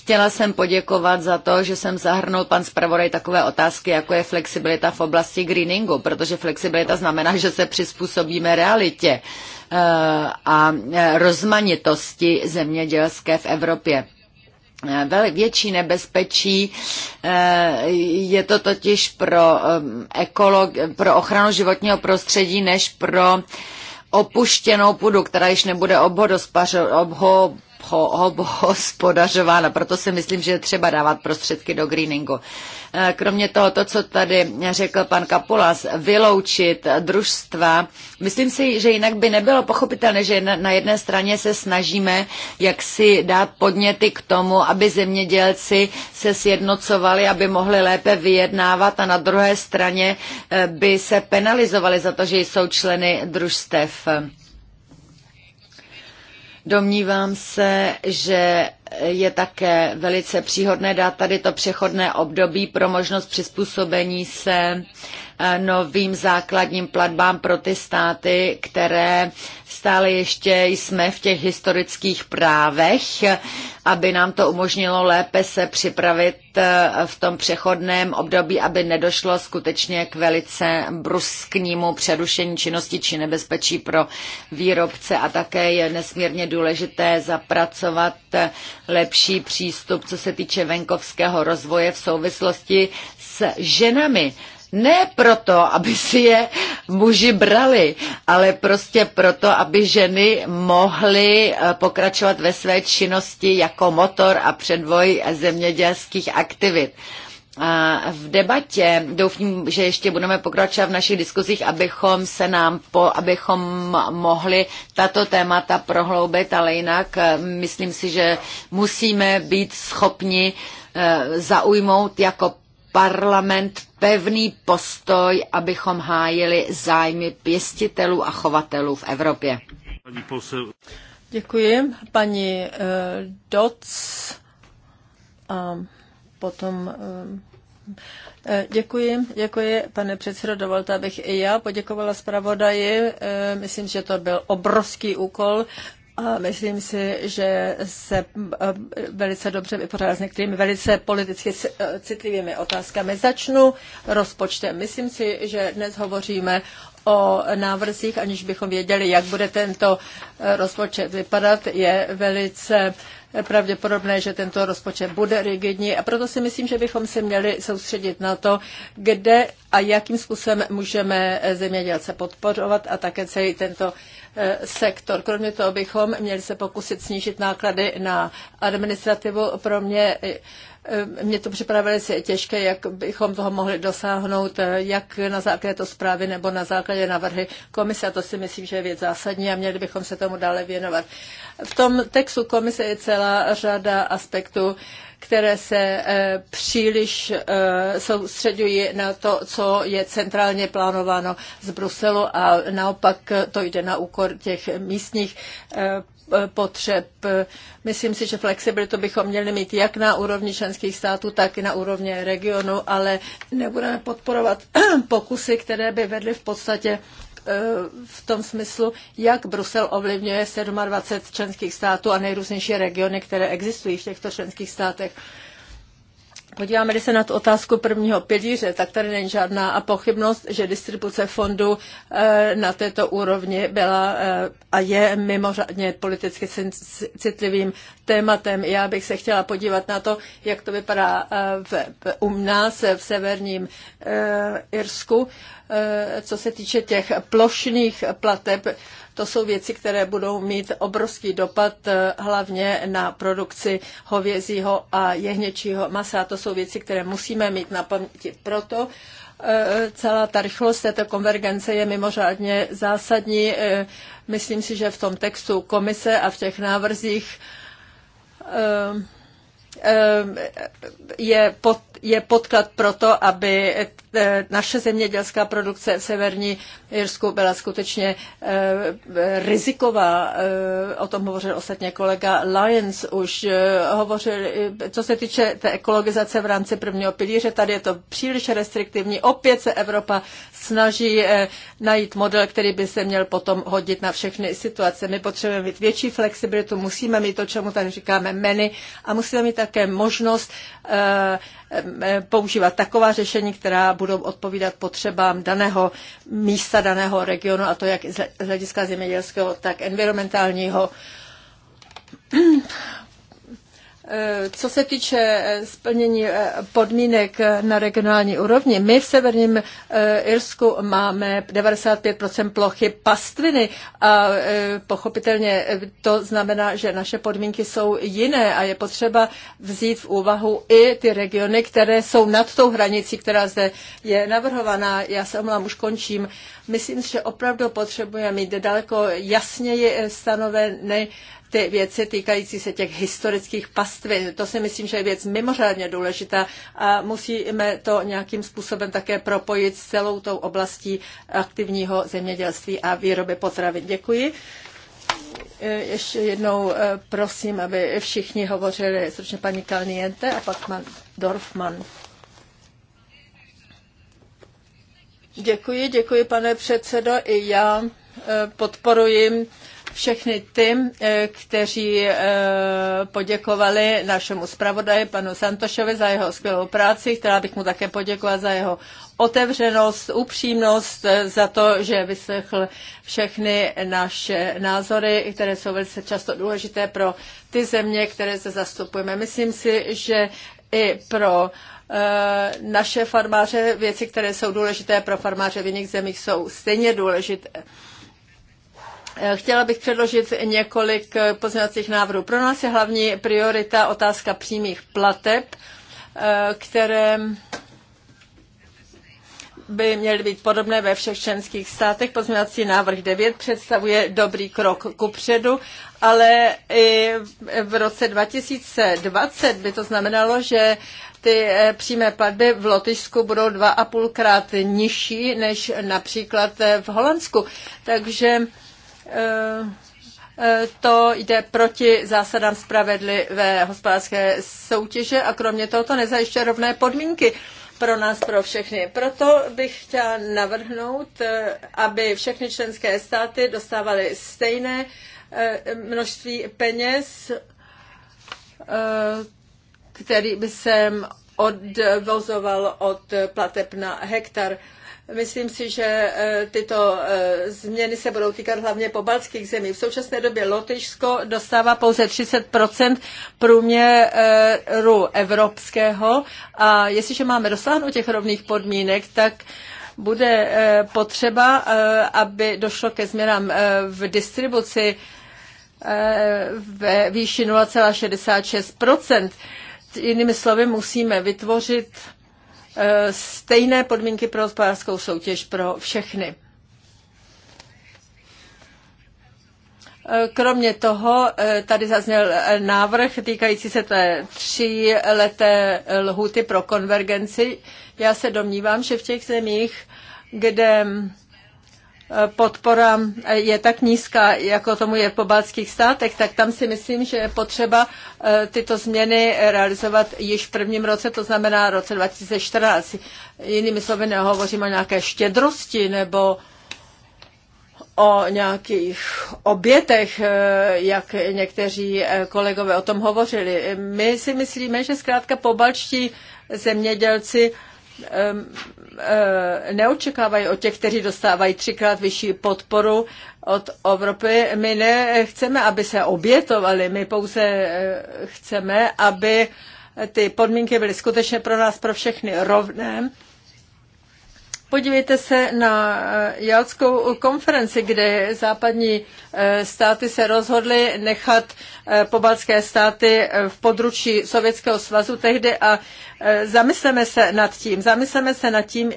Chtěla jsem poděkovat za to, že jsem zahrnul pan zpravodaj takové otázky, jako je flexibilita v oblasti greeningu, protože flexibilita znamená, že se přizpůsobíme realitě eh, a eh, rozmanitosti zemědělské v Evropě eh, větší nebezpečí. Je to totiž pro, ekolog, pro ochranu životního prostředí než pro opuštěnou půdu, která již nebude obhodospařo, obho, hospodařována. Proto si myslím, že je třeba dávat prostředky do greeningu. E, kromě toho, to, co tady řekl pan Kapulas, vyloučit družstva, myslím si, že jinak by nebylo pochopitelné, že na jedné straně se snažíme jak si dát podněty k tomu, aby zemědělci se sjednocovali, aby mohli lépe vyjednávat a na druhé straně e, by se penalizovali za to, že jsou členy družstev. Domnívám se, že je také velice příhodné dát tady to přechodné období pro možnost přizpůsobení se eh, novým základním platbám pro ty státy, které stále ještě jsme v těch historických právech, aby nám to umožnilo lépe se připravit eh, v tom přechodném období, aby nedošlo skutečně k velice brusknímu přerušení činnosti či nebezpečí pro výrobce a také je nesmírně důležité zapracovat eh, lepší přístup, co se týče venkovského rozvoje v souvislosti s ženami ne proto, aby si je muži brali, ale prostě proto, aby ženy mohly eh, pokračovat ve své činnosti jako motor a předvoj zemědělských aktivit. A v debatě doufím, že ještě budeme pokračovat v našich diskuzích, abychom se nám po, abychom mohli tato témata prohloubit, ale jinak eh, myslím si, že musíme být schopni eh, zaujmout jako parlament pevný postoj, abychom hájili zájmy pěstitelů a chovatelů v Evropě. Děkuji. Paní uh, Doc a potom uh, Děkuji, děkuji, pane předsedo. Dovolte, abych i já poděkovala zpravodaji. Myslím, že to byl obrovský úkol. A myslím si, že se eh, velice dobře vypořádá s některými velice politicky eh, citlivými otázkami. Začnu rozpočtem. Myslím si, že dnes hovoříme o návrzích, aniž bychom věděli, jak bude tento eh, rozpočet vypadat, je velice pravděpodobné, že tento rozpočet bude rigidní a proto si myslím, že bychom se měli soustředit na to, kde a jakým způsobem můžeme zemědělce podporovat a také celý tento Eh, sektor. Kromě toho bychom měli se pokusit snížit náklady na administrativu. Pro mě eh, mě to připravili si těžké, jak bychom toho mohli dosáhnout, eh, jak na základě to zprávy nebo na základě navrhy komise. A to si myslím, že je věc zásadní a měli bychom se tomu dále věnovat. V tom textu komise je celá řada aspektů, které se eh, příliš eh, soustředují na to, co je centrálně plánováno z Bruselu a naopak to jde na úkor těch místních eh, potřeb. Myslím si, že flexibilitu bychom měli mít jak na úrovni členských států, tak i na úrovni regionu, ale nebudeme podporovat [clears throat] pokusy, které by vedly v podstatě Eh, v tom smyslu, jak Brusel ovlivňuje 27 členských států a nejrůznější regiony, které existují v těchto členských státech. Podíváme-li se na tu otázku prvního pilíře, tak tady není žádná a pochybnost, že distribuce fondů eh, na této úrovni byla eh, a je mimořádně politicky citlivým tématem. Já bych se chtěla podívat na to, jak to vypadá v, v, u nás v severním Irsku. Eh, co se týče těch plošných plateb, to jsou věci, které budou mít obrovský dopad eh, hlavně na produkci hovězího a jehněčího masa. To jsou věci, které musíme mít na paměti. Proto eh, celá ta rychlost této konvergence je mimořádně zásadní. Myslím si, že v tom textu komise a v těch návrzích Eh, je, pod, je podklad pro to, aby eh, naše zemědělská produkce v Severní Jirsku byla skutečně eh, riziková. O tom hovořil ostatně kolega Lyons už hovořil, co se týče té ekologizace v rámci prvního pilíře, tady je to příliš restriktivní. Opět se Evropa snaží najít model, který by se měl potom hodit na všechny situace. My potřebujeme mít větší flexibilitu, musíme mít to, čemu tady říkáme meny a musíme mít tak také možnost eh, eh, používat taková řešení, která budou odpovídat potřebám daného místa, daného regionu, a to jak z hlediska zemědělského, tak environmentálního. Eh, co se týče eh, splnění eh, podmínek na regionální úrovni, my v severním Irsku máme 95 plochy pastviny a pochopitelně to znamená, že naše podmínky jsou jiné a je potřeba vzít v úvahu i ty regiony, které jsou nad tou hranicí, která zde je navrhovaná. Já se omlám, už končím. Myslím, že opravdu potřebujeme mít daleko jasněji stanoveny ty věci týkající se těch historických pastvin. To si myslím, že je věc mimořádně důležitá a musíme to nějakým způsobem také propojit s celou tou oblastí aktivního zemědělství a výroby potravin. Děkuji. E, ještě jednou e, prosím, aby všichni hovořili stručně paní Kalniente a pak pan Dorfman. Děkuji, děkuji pane předsedo. I já e, podporuji všechny ty, eh, kteří eh, poděkovali našemu zpravodaji, panu Santošovi, za jeho skvělou práci, která bych mu také poděkovala za jeho otevřenost, upřímnost, eh, za to, že vyslechl všechny naše názory, které jsou velice často důležité pro ty země, které se zastupujeme. Myslím si, že i pro naše farmáře věci, které jsou důležité pro farmáře v jiných zemích, jsou stejně důležité. Eh, chtěla bych předložit několik eh, pozměňovacích návrhů. Pro nás je hlavní priorita otázka přímých plateb, eh, které by měly být podobné ve všech členských státech. Pozměňovací návrh 9 představuje dobrý krok ku předu, ale i v roce 2020 by to znamenalo, že ty přímé platby v Lotyšsku budou dva a půlkrát nižší než například v Holandsku. Takže to jde proti zásadám spravedlivé hospodářské soutěže a kromě toho to nezajišťuje rovné podmínky pro nás, pro všechny. Proto bych chtěla navrhnout, aby všechny členské státy dostávaly stejné eh, množství peněz, eh, který by se odvozoval od plateb na hektar. Myslím si, že e, tyto e, změny se budou týkat hlavně po pobaltských zemích. V současné době Lotyšsko dostává pouze 30 průměru e, evropského a jestliže máme dosáhnout těch rovných podmínek, tak bude potřeba, aby došlo ke změnám v distribuci ve výši 0,66 Jinými slovy, musíme vytvořit stejné podmínky pro hospodářskou soutěž pro všechny. Kromě toho eh, tady zazněl návrh týkající se té tří leté lhuty pro konvergenci. Já se domnívám, že v těch zemích, kde podpora je tak nízká, jako tomu je v pobaltských státech, tak tam si myslím, že je potřeba eh, tyto změny realizovat již v prvním roce, to znamená roce 2014. Jinými slovy nehovořím o nějaké štědrosti nebo o nějakých obětech, eh, jak někteří eh, kolegové o tom hovořili. My si myslíme, že zkrátka pobalčtí zemědělci Ehm, eh, neočekávají od těch, kteří dostávají třikrát vyšší podporu od Evropy. My nechceme, aby se obětovali, my pouze eh, chceme, aby ty podmínky byly skutečně pro nás, pro všechny rovné Podívejte se na eh, Jalskou konferenci, kde západní eh, státy se rozhodly nechat eh, pobaltské státy v područí Sovětského svazu tehdy a zamysleme se nad tím. Zamysleme se nad tím,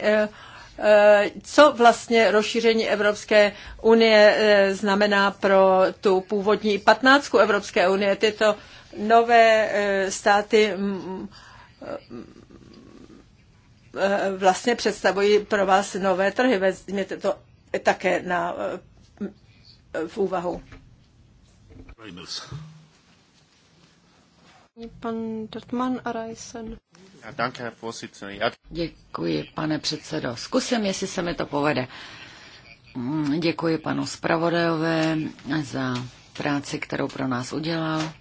co vlastně rozšíření Evropské unie znamená pro tu původní patnáctku Evropské unie. Tyto nové státy mm, Eh, vlastně představují pro vás nové trhy. Vezměte to také na, eh, v úvahu. Pan Dortman a Reisen. Děkuji, pane předsedo. Zkusím, jestli se mi to povede. Mm, děkuji panu zpravodajové za práci, kterou pro nás udělal.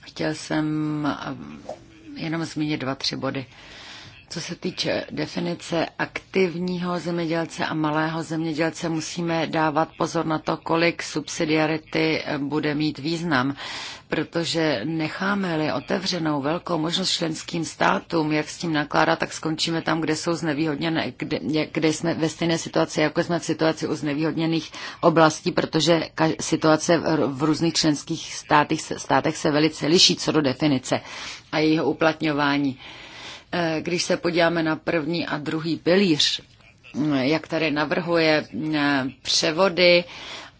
Chtěl jsem eh, jenom zmínit dva, tři body. Co se týče definice aktivního zemědělce a malého zemědělce, musíme dávat pozor na to, kolik subsidiarity bude mít význam, protože necháme-li otevřenou velkou možnost členským státům, jak s tím nakládat, tak skončíme tam, kde jsou znevýhodněné, kde, kde jsme ve stejné situaci, jako jsme v situaci u znevýhodněných oblastí, protože situace v různých členských státech, státech se velice liší co do definice a jejího uplatňování. Eh, když se podíváme na první a druhý pilíř, eh, jak tady navrhuje eh, převody,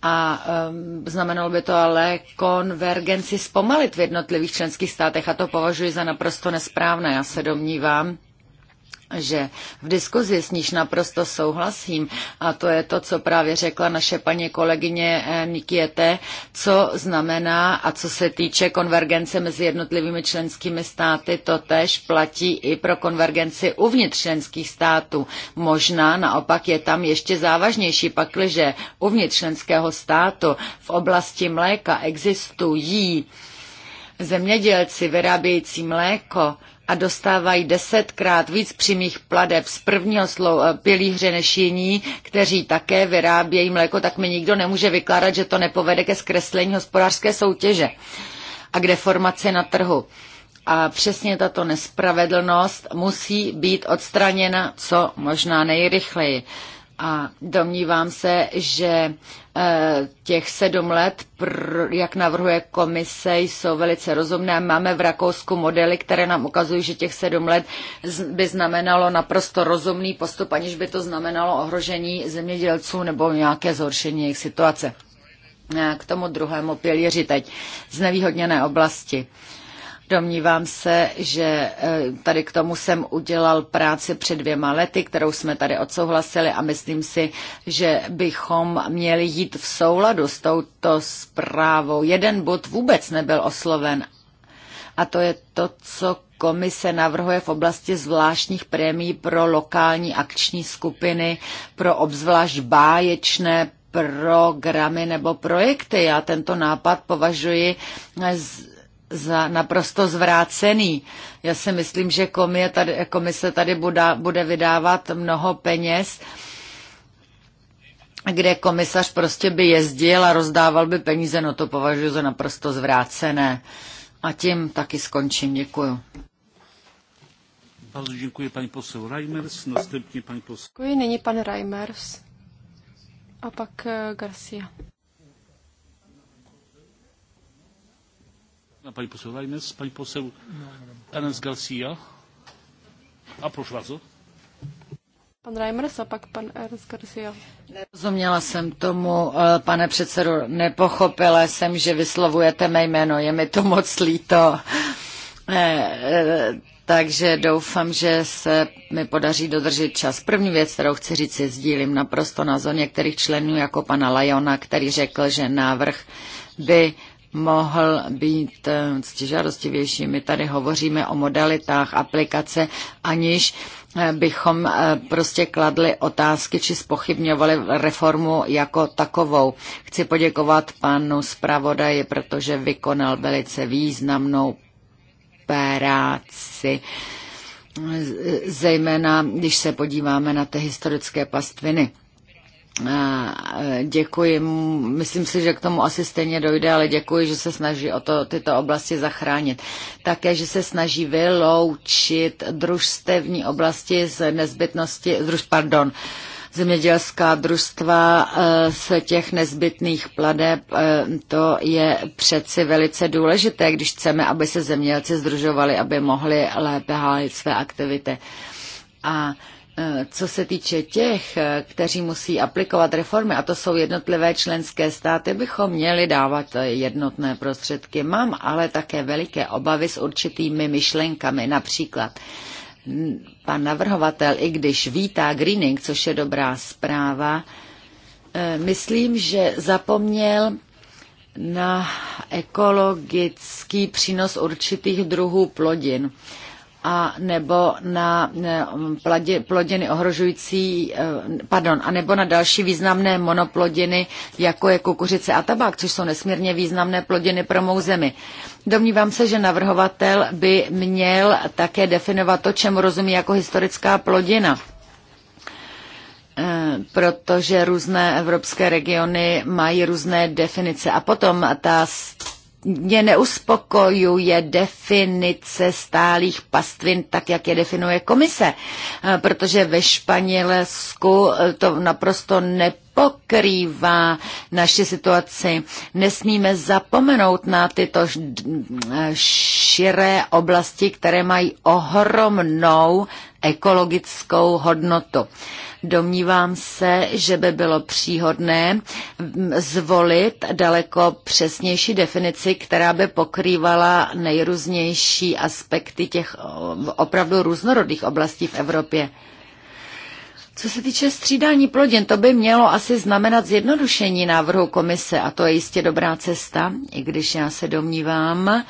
a um, znamenalo by to ale konvergenci zpomalit v jednotlivých členských státech a to považuji za naprosto nesprávné. Já se domnívám, že v diskuzi s níž naprosto souhlasím, a to je to, co právě řekla naše paní kolegyně eh, Nikiete, co znamená a co se týče konvergence mezi jednotlivými členskými státy, to tež platí i pro konvergenci uvnitř členských států. Možná naopak je tam ještě závažnější pakliže uvnitř členského státu v oblasti mléka existují zemědělci vyrábějící mléko, a dostávají desetkrát víc přímých pladeb z prvního slou- eh, pilíře než jiní, kteří také vyrábějí mléko, tak mi nikdo nemůže vykládat, že to nepovede ke zkreslení hospodářské soutěže a k deformaci na trhu. A přesně tato nespravedlnost musí být odstraněna co možná nejrychleji. A domnívám se, že eh, těch sedm let, jak navrhuje komise, jsou velice rozumné. Máme v Rakousku modely, které nám ukazují, že těch sedm let by znamenalo naprosto rozumný postup, aniž by to znamenalo ohrožení zemědělců nebo nějaké zhoršení jejich situace. Eh, k tomu druhému pilíři teď znevýhodněné oblasti. Domnívám se, že eh, tady k tomu jsem udělal práci před dvěma lety, kterou jsme tady odsouhlasili a myslím si, že bychom měli jít v souladu s touto zprávou. Jeden bod vůbec nebyl osloven a to je to, co komise navrhuje v oblasti zvláštních prémií pro lokální akční skupiny, pro obzvlášť báječné programy nebo projekty. Já tento nápad považuji za za naprosto zvrácený. Já si myslím, že tady, komise tady bude, bude vydávat mnoho peněz, kde komisař prostě by jezdil a rozdával by peníze, no to považuji za naprosto zvrácené. A tím taky skončím. Děkuju. Bardzo dziękuję pani poseł Reimers, następnie pani poseł. Dziękuję, nyní pan Reimers, a pak eh, Garcia. Pani poseł Reimers, pani poseł Enes Garcia. A proszę bardzo. Pan Reimers a pak pan Ernst Garcia. Rozuměla jsem tomu, eh, pane předsedo, nepochopila jsem, že vyslovujete mé jméno, je mi to [laughs] moc líto. Eh, eh, takže doufám, že se mi podaří dodržet čas. První věc, kterou chci říct, si sdílím naprosto názor některých členů, jako pana Lajona, který řekl, že návrh by mohl být eh, ctižadostivější. My tady hovoříme o modalitách aplikace, aniž eh, bychom eh, prostě kladli otázky či spochybňovali reformu jako takovou. Chci poděkovat panu zpravodaji, protože vykonal velice významnou práci. Zejména, když se podíváme na ty historické pastviny. E, děkuji. Myslím si, že k tomu asi stejně dojde, ale děkuji, že se snaží o to, tyto oblasti zachránit. Také, že se snaží vyloučit družstevní oblasti z nezbytnosti, druž, pardon, zemědělská družstva e, z těch nezbytných pladeb, e, to je přeci velice důležité, když chceme, aby se zemědělci združovali, aby mohli lépe hájit své aktivity. A Eh, co se týče těch, eh, kteří musí aplikovat reformy, a to jsou jednotlivé členské státy, bychom měli dávat eh, jednotné prostředky. Mám ale také veliké obavy s určitými myšlenkami, například mm, pan navrhovatel, i když vítá greening, což je dobrá zpráva, myslím, že zapomněl na ekologický přínos určitých druhů plodin a nebo na eh, pladě, plodiny ohrožující, eh, pardon, a nebo na další významné monoplodiny, jako je kukuřice a tabák, což jsou nesmírně významné plodiny pro mou zemi. Domnívám se, že navrhovatel by měl také definovat to, čemu rozumí jako historická plodina eh, protože různé evropské regiony mají různé definice. A potom ta mě neuspokojuje definice stálých pastvin, tak jak je definuje komise, eh, protože ve Španělsku eh, to naprosto ne Pokrývá naši situaci. Nesmíme zapomenout na tyto širé oblasti, které mají ohromnou ekologickou hodnotu. Domnívám se, že by bylo příhodné mm, zvolit daleko přesnější definici, která by pokrývala nejrůznější aspekty těch opravdu různorodých oblastí v Evropě. Co se týče střídání plodin, to by mělo asi znamenat zjednodušení návrhu komise a to je jistě dobrá cesta, i když já se domnívám,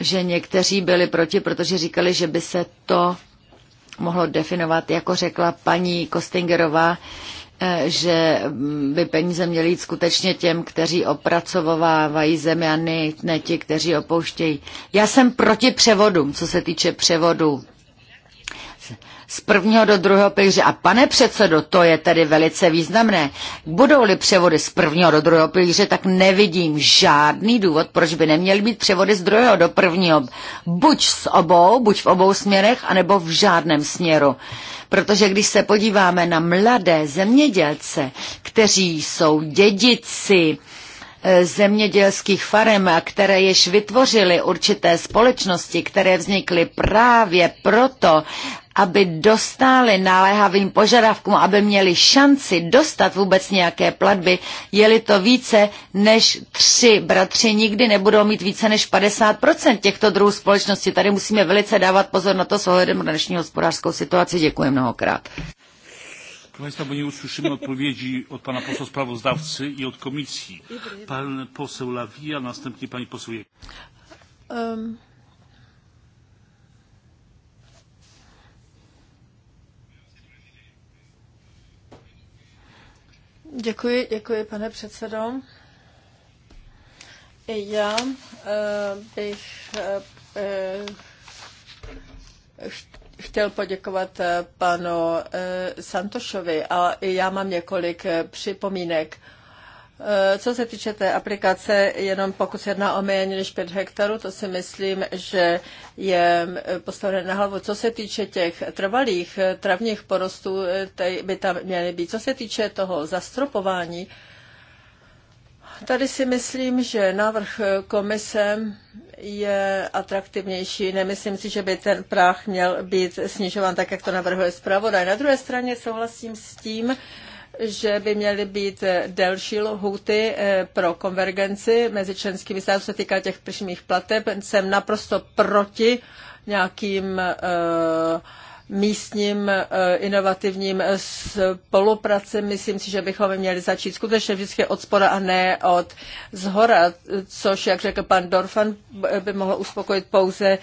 že někteří byli proti, protože říkali, že by se to mohlo definovat, jako řekla paní Kostingerová, eh, že by peníze měly jít skutečně těm, kteří opracovávají zemi a ne, ne ti, kteří opouštějí. Já jsem proti převodům, co se týče převodu z prvního do druhého pilíře. A pane předsedo, to je tedy velice významné. Budou-li převody z prvního do druhého pilíře, tak nevidím žádný důvod, proč by neměly být převody z druhého do prvního. Buď s obou, buď v obou směrech, anebo v žádném směru. Protože když se podíváme na mladé zemědělce, kteří jsou dědici, eh, zemědělských farem, které již vytvořily určité společnosti, které vznikly právě proto, aby dostáli naléhavým požadavkům, aby měli šanci dostat vůbec nějaké platby, je-li to více než tři bratři, nikdy nebudou mít více než 50% těchto druhů společnosti. Tady musíme velice dávat pozor na to s ohledem na dnešní hospodářskou situaci. Děkuji mnohokrát. Państwa, bo nie usłyszymy odpowiedzi od pana posła sprawozdawcy i od komisji. Pan poseł Lawija, następnie pani poseł. Um. Děkuji, děkuji, pane předsedo. Já eh, bych eh, eh, chtěl poděkovat panu Santošovi a já mám několik připomínek. Eh, co se týče té aplikace, jenom pokud jedná o méně než 5 hektarů, to si myslím, že je eh, postavené na hlavu. Co se týče těch trvalých eh, travních porostů, by tam měly být. Co se týče toho zastropování, tady si myslím, že návrh komise je atraktivnější. Nemyslím si, že by ten práh měl být snižován tak, jak to navrhuje zpravodaj. Na druhé straně souhlasím s tím, že by měly být eh, delší lhuty eh, pro konvergenci mezi členskými státy, co se týká těch přímých plateb. Jsem naprosto proti nějakým eh, místním inovativním spolupráci. Myslím si, že bychom měli začít skutečně vždycky od spora a ne od zhora, což, jak řekl pan Dorfan, by mohlo uspokojit pouze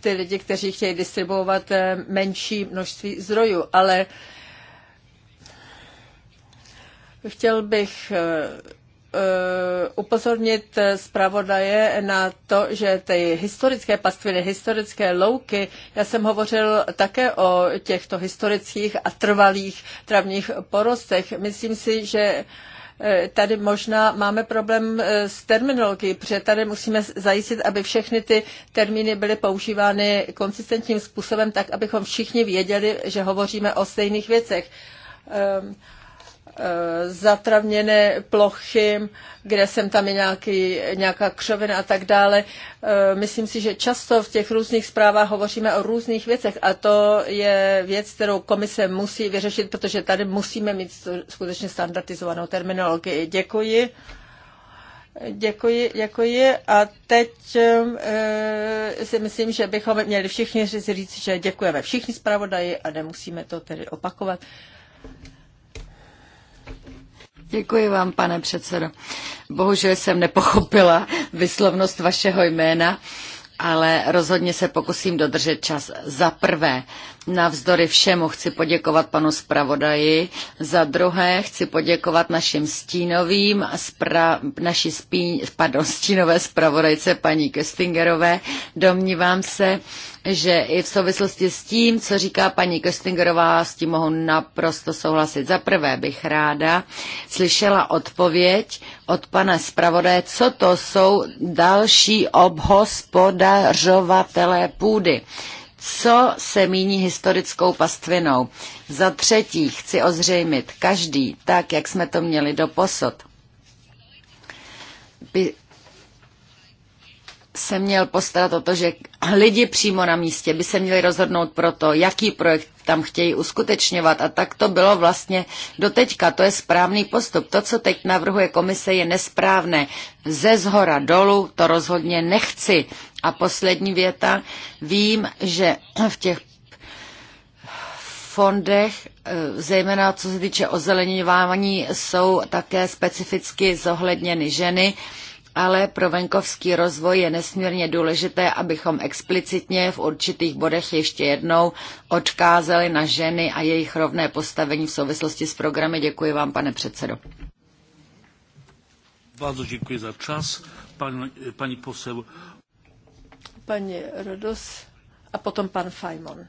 ty lidi, kteří chtějí distribuovat menší množství zdrojů. Ale Chtěl bych eh, eh, upozornit zpravodaje na to, že ty historické pastviny, historické louky, já jsem hovořil také o těchto historických a trvalých travních porostech. Myslím si, že eh, tady možná máme problém s terminologií, protože tady musíme zajistit, aby všechny ty termíny byly používány konsistentním způsobem, tak abychom všichni věděli, že hovoříme o stejných věcech. Ehm, Eh, zatravněné plochy, kde jsem tam je nějaký, nějaká křovina a tak dále. Eh, myslím si, že často v těch různých zprávách hovoříme o různých věcech a to je věc, kterou komise musí vyřešit, protože tady musíme mít skutečně standardizovanou terminologii. Děkuji. Děkuji, děkuji. A teď e, si myslím, že bychom měli všichni říct, že děkujeme všichni zpravodaji a nemusíme to tedy opakovat. Děkuji vám, pane předsedo. Bohužel jsem nepochopila vyslovnost vašeho jména ale rozhodně se pokusím dodržet čas. Za prvé, Navzdory všemu chci poděkovat panu zpravodaji. Za druhé chci poděkovat našim stínovým, spra, naší spí, pardon, [laughs] stínové zpravodajce paní Köstingerové. Domnívám se, že i v souvislosti s tím, co říká paní Köstingerová, s tím mohu naprosto souhlasit. Za prvé bych ráda slyšela odpověď od pana zpravodaje, co to jsou další obhospodařovatelé půdy co se míní historickou pastvinou. Za třetí chci ozřejmit každý, tak jak jsme to měli do posod. by se měl postarat o to, že lidi přímo na místě by se měli rozhodnout pro to, jaký projekt tam chtějí uskutečňovat. A tak to bylo vlastně doteďka. To je správný postup. To, co teď navrhuje komise, je nesprávné. Ze zhora dolů to rozhodně nechci. A poslední věta. Vím, že v těch fondech, eh, zejména co se týče ozeleňování, jsou také specificky zohledněny ženy, ale pro venkovský rozvoj je nesmírně důležité, abychom explicitně v určitých bodech ještě jednou odkázali na ženy a jejich rovné postavení v souvislosti s programy. Děkuji vám, pane předsedo. Bardzo děkuji za čas. pani paní posel paní Rodos a potom pan Fajmon.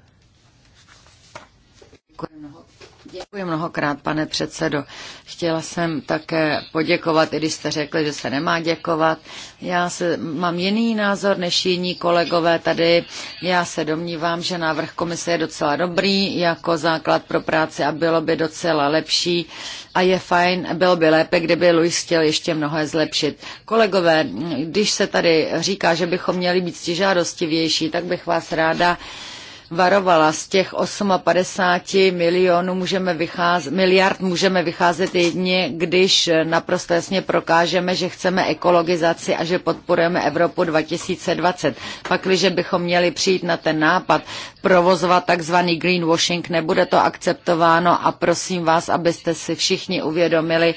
Děkuji mnohokrát. Děkuji mnohokrát, pane předsedo. Chtěla jsem také poděkovat, i když jste řekli, že se nemá děkovat. Já se, mám jiný názor než jiní kolegové tady. Já se domnívám, že návrh komise je docela dobrý jako základ pro práci a bylo by docela lepší. A je fajn, bylo by lépe, kdyby Luis chtěl ještě mnohé zlepšit. Kolegové, když se tady říká, že bychom měli být stižádostivější, tak bych vás ráda varovala. Z těch 58 milionů můžeme vycházet, miliard můžeme vycházet jedině, když naprosto jasně prokážeme, že chceme ekologizaci a že podporujeme Evropu 2020. že bychom měli přijít na ten nápad provozovat takzvaný greenwashing, nebude to akceptováno a prosím vás, abyste si všichni uvědomili,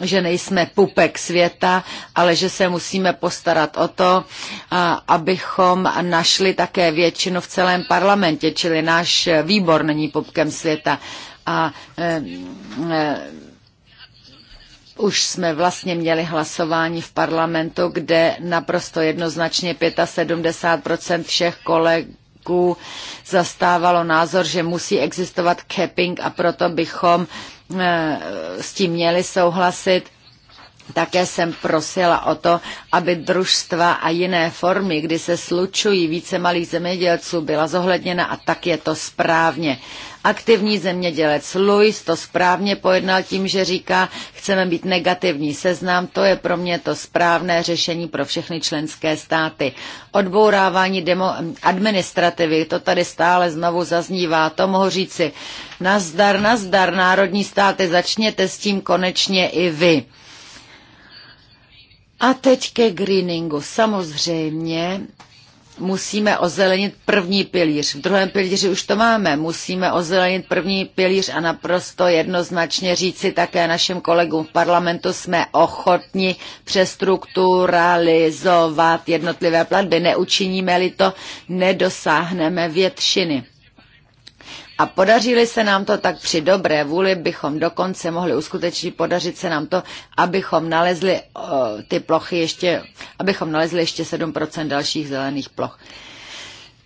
že nejsme pupek světa, ale že se musíme postarat o to, abychom našli také většinu v celém parlamentu parlamentě, čili náš výbor není popkem světa. A e, e, už jsme vlastně měli hlasování v parlamentu, kde naprosto jednoznačně 75% všech kolegů zastávalo názor, že musí existovat capping a proto bychom e, s tím měli souhlasit také jsem prosila o to, aby družstva a jiné formy, kdy se slučují více malých zemědělců, byla zohledněna a tak je to správně. Aktivní zemědělec Luis to správně pojednal tím, že říká, chceme být negativní seznam, to je pro mě to správné řešení pro všechny členské státy. Odbourávání demo, administrativy, to tady stále znovu zaznívá, to mohu říci. Nazdar, nazdar, národní státy, začněte s tím konečně i vy. A teď ke greeningu. Samozřejmě musíme ozelenit první pilíř. V druhém pilíři už to máme. Musíme ozelenit první pilíř a naprosto jednoznačně říci také našim kolegům v parlamentu, jsme ochotni přestrukturalizovat jednotlivé platby. Neučiníme-li to, nedosáhneme většiny. A podaří se nám to, tak při dobré vůli bychom dokonce mohli uskutečnit, podařit se nám to, abychom nalezli uh, ty plochy ještě, abychom nalezli ještě 7% dalších zelených ploch.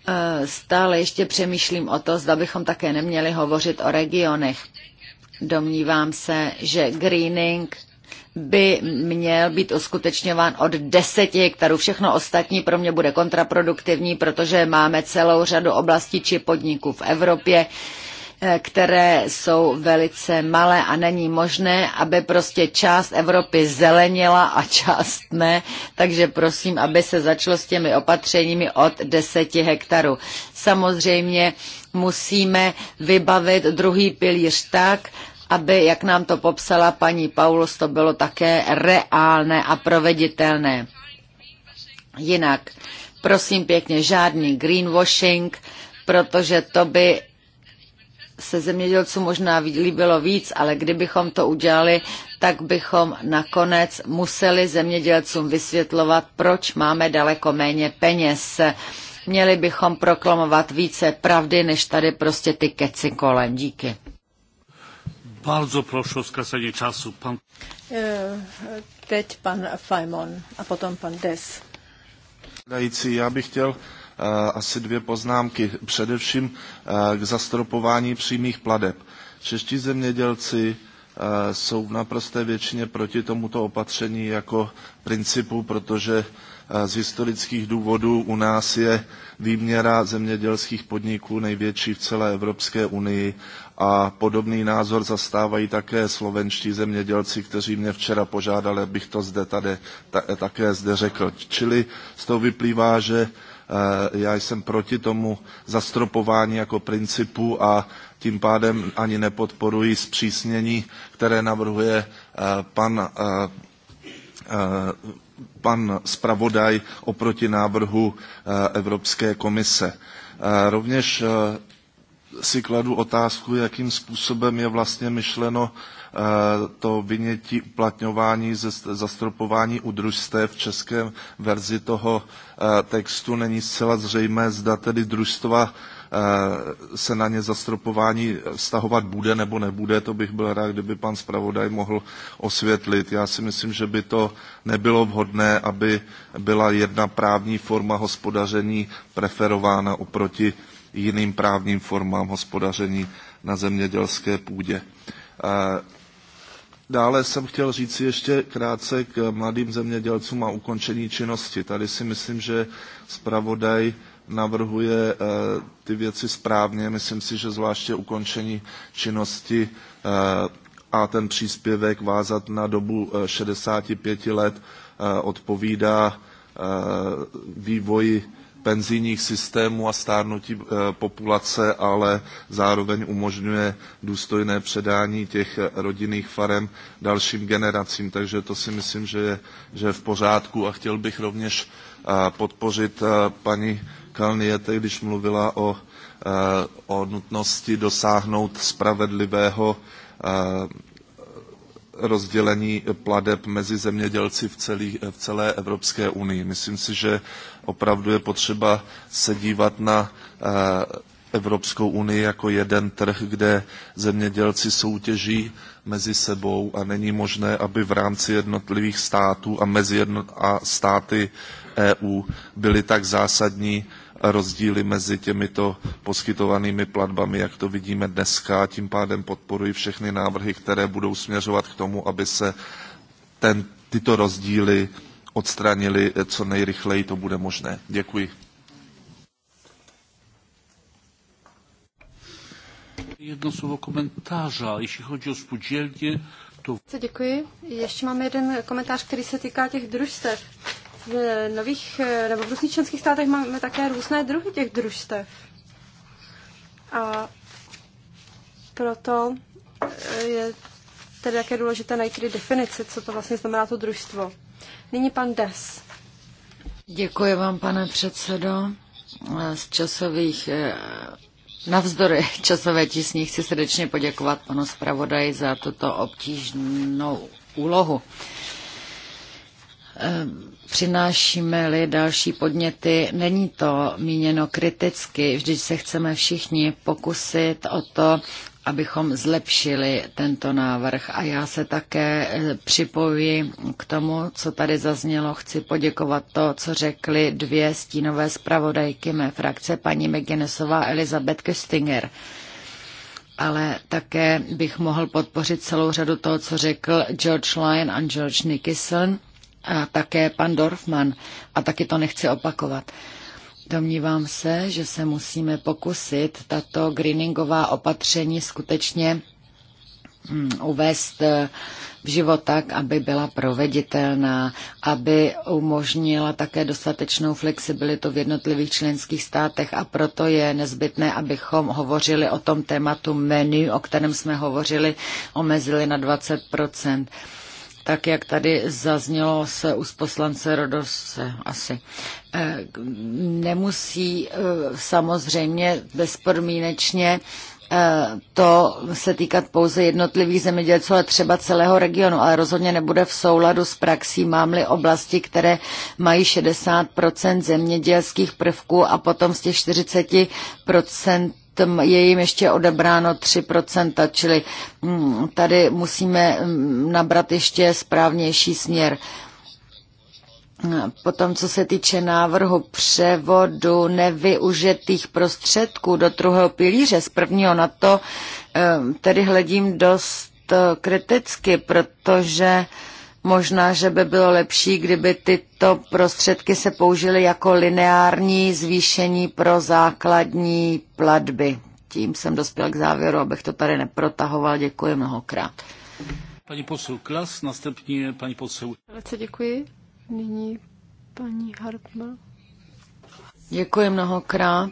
Eh, stále ještě přemýšlím o to, zda bychom také neměli hovořit o regionech. Domnívám se, že greening by měl být uskutečňován od 10 hektarů. Všechno ostatní pro mě bude kontraproduktivní, protože máme celou řadu oblastí či podniků v Evropě, eh, které jsou velice malé a není možné, aby prostě část Evropy zelenila a část ne, takže prosím, aby se začalo s těmi opatřeními od 10 hektarů. Samozřejmě musíme vybavit druhý pilíř tak, aby, jak nám to popsala paní Paulus, to bylo také reálné a proveditelné. Jinak, prosím pěkně, žádný greenwashing, protože to by se zemědělcům možná líbilo víc, ale kdybychom to udělali, tak bychom nakonec museli zemědělcům vysvětlovat, proč máme daleko méně peněz. Měli bychom proklamovat více pravdy, než tady prostě ty keci kolem. Díky. Bardzo proszę o zkracenie czasu. Pan... E, teď pan Fajmon a potom pan Des. já bych chtěl uh, asi dvě poznámky. Především uh, k zastropování přímých pladeb. Čeští zemědělci uh, jsou v naprosté většině proti tomuto opatření jako principu, protože z historických důvodů u nás je výměra zemědělských podniků největší v celé Evropské unii a podobný názor zastávají také slovenští zemědělci, kteří mě včera požádali, abych to zde tady ta, také zde řekl. Čili z toho vyplývá, že eh, já jsem proti tomu zastropování jako principu a tím pádem ani nepodporuji zpřísnění, které navrhuje eh, pan eh, pan spravodaj oproti návrhu Evropské komise. Rovněž si kladu otázku, jakým způsobem je vlastně myšleno eh, to vynětí uplatňování ze zastropování udružstev v české verzi toho eh, textu. Není zcela zřejmé, zda tedy družstva eh, se na ně zastropování vztahovat bude nebo nebude. To bych byl rád, kdyby pan zpravodaj mohl osvětlit. Já si myslím, že by to nebylo vhodné, aby byla jedna právní forma hospodaření preferována oproti jiným právním formám hospodaření na zemědělské půdě. Dále jsem chtěl říct ještě krátce k mladým zemědělcům a ukončení činnosti. Tady si myslím, že zpravodaj navrhuje eh, ty věci správně. Myslím si, že zvláště ukončení činnosti eh, a ten příspěvek vázat na dobu 65 eh, let odpovídá vývoji penzijních systémů a stárnutí eh, populace, ale zároveň umožňuje důstojné předání těch eh, rodinných farem dalším generacím. Takže to si myslím, že je, že je v pořádku a chtěl bych rovněž eh, podpořit paní Kalniete, když mluvila o, o nutnosti dosáhnout spravedlivého rozdělení pladeb mezi zemědělci v, celý, v celé Evropské unii. Myslím si, že opravdu je potřeba se dívat na eh, Evropskou unii jako jeden trh, kde zemědělci soutěží mezi sebou a není možné, aby v rámci jednotlivých států a mezi jedno, a státy EU byly tak zásadní rozdíly mezi těmito poskytovanými platbami, jak to vidíme dneska. Tím pádem podporuji všechny návrhy, které budou směřovat k tomu, aby se ten, tyto rozdíly odstranili co nejrychleji to bude možné. Děkuji. Jedno slovo komentáře. Jeśli chodí o spółdzielnie, to... Děkuji. Ještě máme jeden komentář, který se týká těch družstev v nových nebo v různých členských státech máme také různé druhy těch družstev. A proto eh, je tedy také důležité najít tedy definici, co to vlastně znamená to družstvo. Nyní pan Des. Děkuji vám, pane předsedo. Eh, z časových eh, Navzdory [laughs] časové tisní chci srdečně poděkovat panu zpravodaji za tuto obtížnou úlohu. Ehm, Přinášíme-li další podněty, není to míněno kriticky, vždyť se chceme všichni pokusit o to, abychom zlepšili tento návrh. A já se také eh, připojuji k tomu, co tady zaznělo. Chci poděkovat to, co řekly dvě stínové zpravodajky mé frakce, paní McGinnisová a Elizabeth Köstinger. Ale také bych mohl podpořit celou řadu toho, co řekl George Lyon a George Nicholson a také pan Dorfman a taky to nechci opakovat. Domnívám se, že se musíme pokusit tato greeningová opatření skutečně mm, uvést eh, v život tak, aby byla proveditelná, aby umožnila také dostatečnou flexibilitu v jednotlivých členských státech a proto je nezbytné, abychom hovořili o tom tématu menu, o kterém jsme hovořili, omezili na 20 tak jak tady zaznělo se u poslance Rodose asi. Eh, nemusí eh, samozřejmě bezpodmínečně eh, to se týkat pouze jednotlivých zemědělců, ale třeba celého regionu, ale rozhodně nebude v souladu s praxí, mám-li oblasti, které mají 60% zemědělských prvků a potom z těch 40% je jim ještě odebráno 3%, čili mm, tady musíme mm, nabrat ještě správnější směr. Potom, co se týče návrhu převodu nevyužitých prostředků do druhého pilíře z prvního na to, eh, tedy hledím dost eh, kriticky, protože Možná, že by bylo lepší, kdyby tyto prostředky se použily jako lineární zvýšení pro základní platby. Tím jsem dospěl k závěru, abych to tady neprotahoval. Děkuji mnohokrát. Paní posel Klas, następně paní posel. Velice děkuji. Nyní paní Hartmann. Děkuji mnohokrát.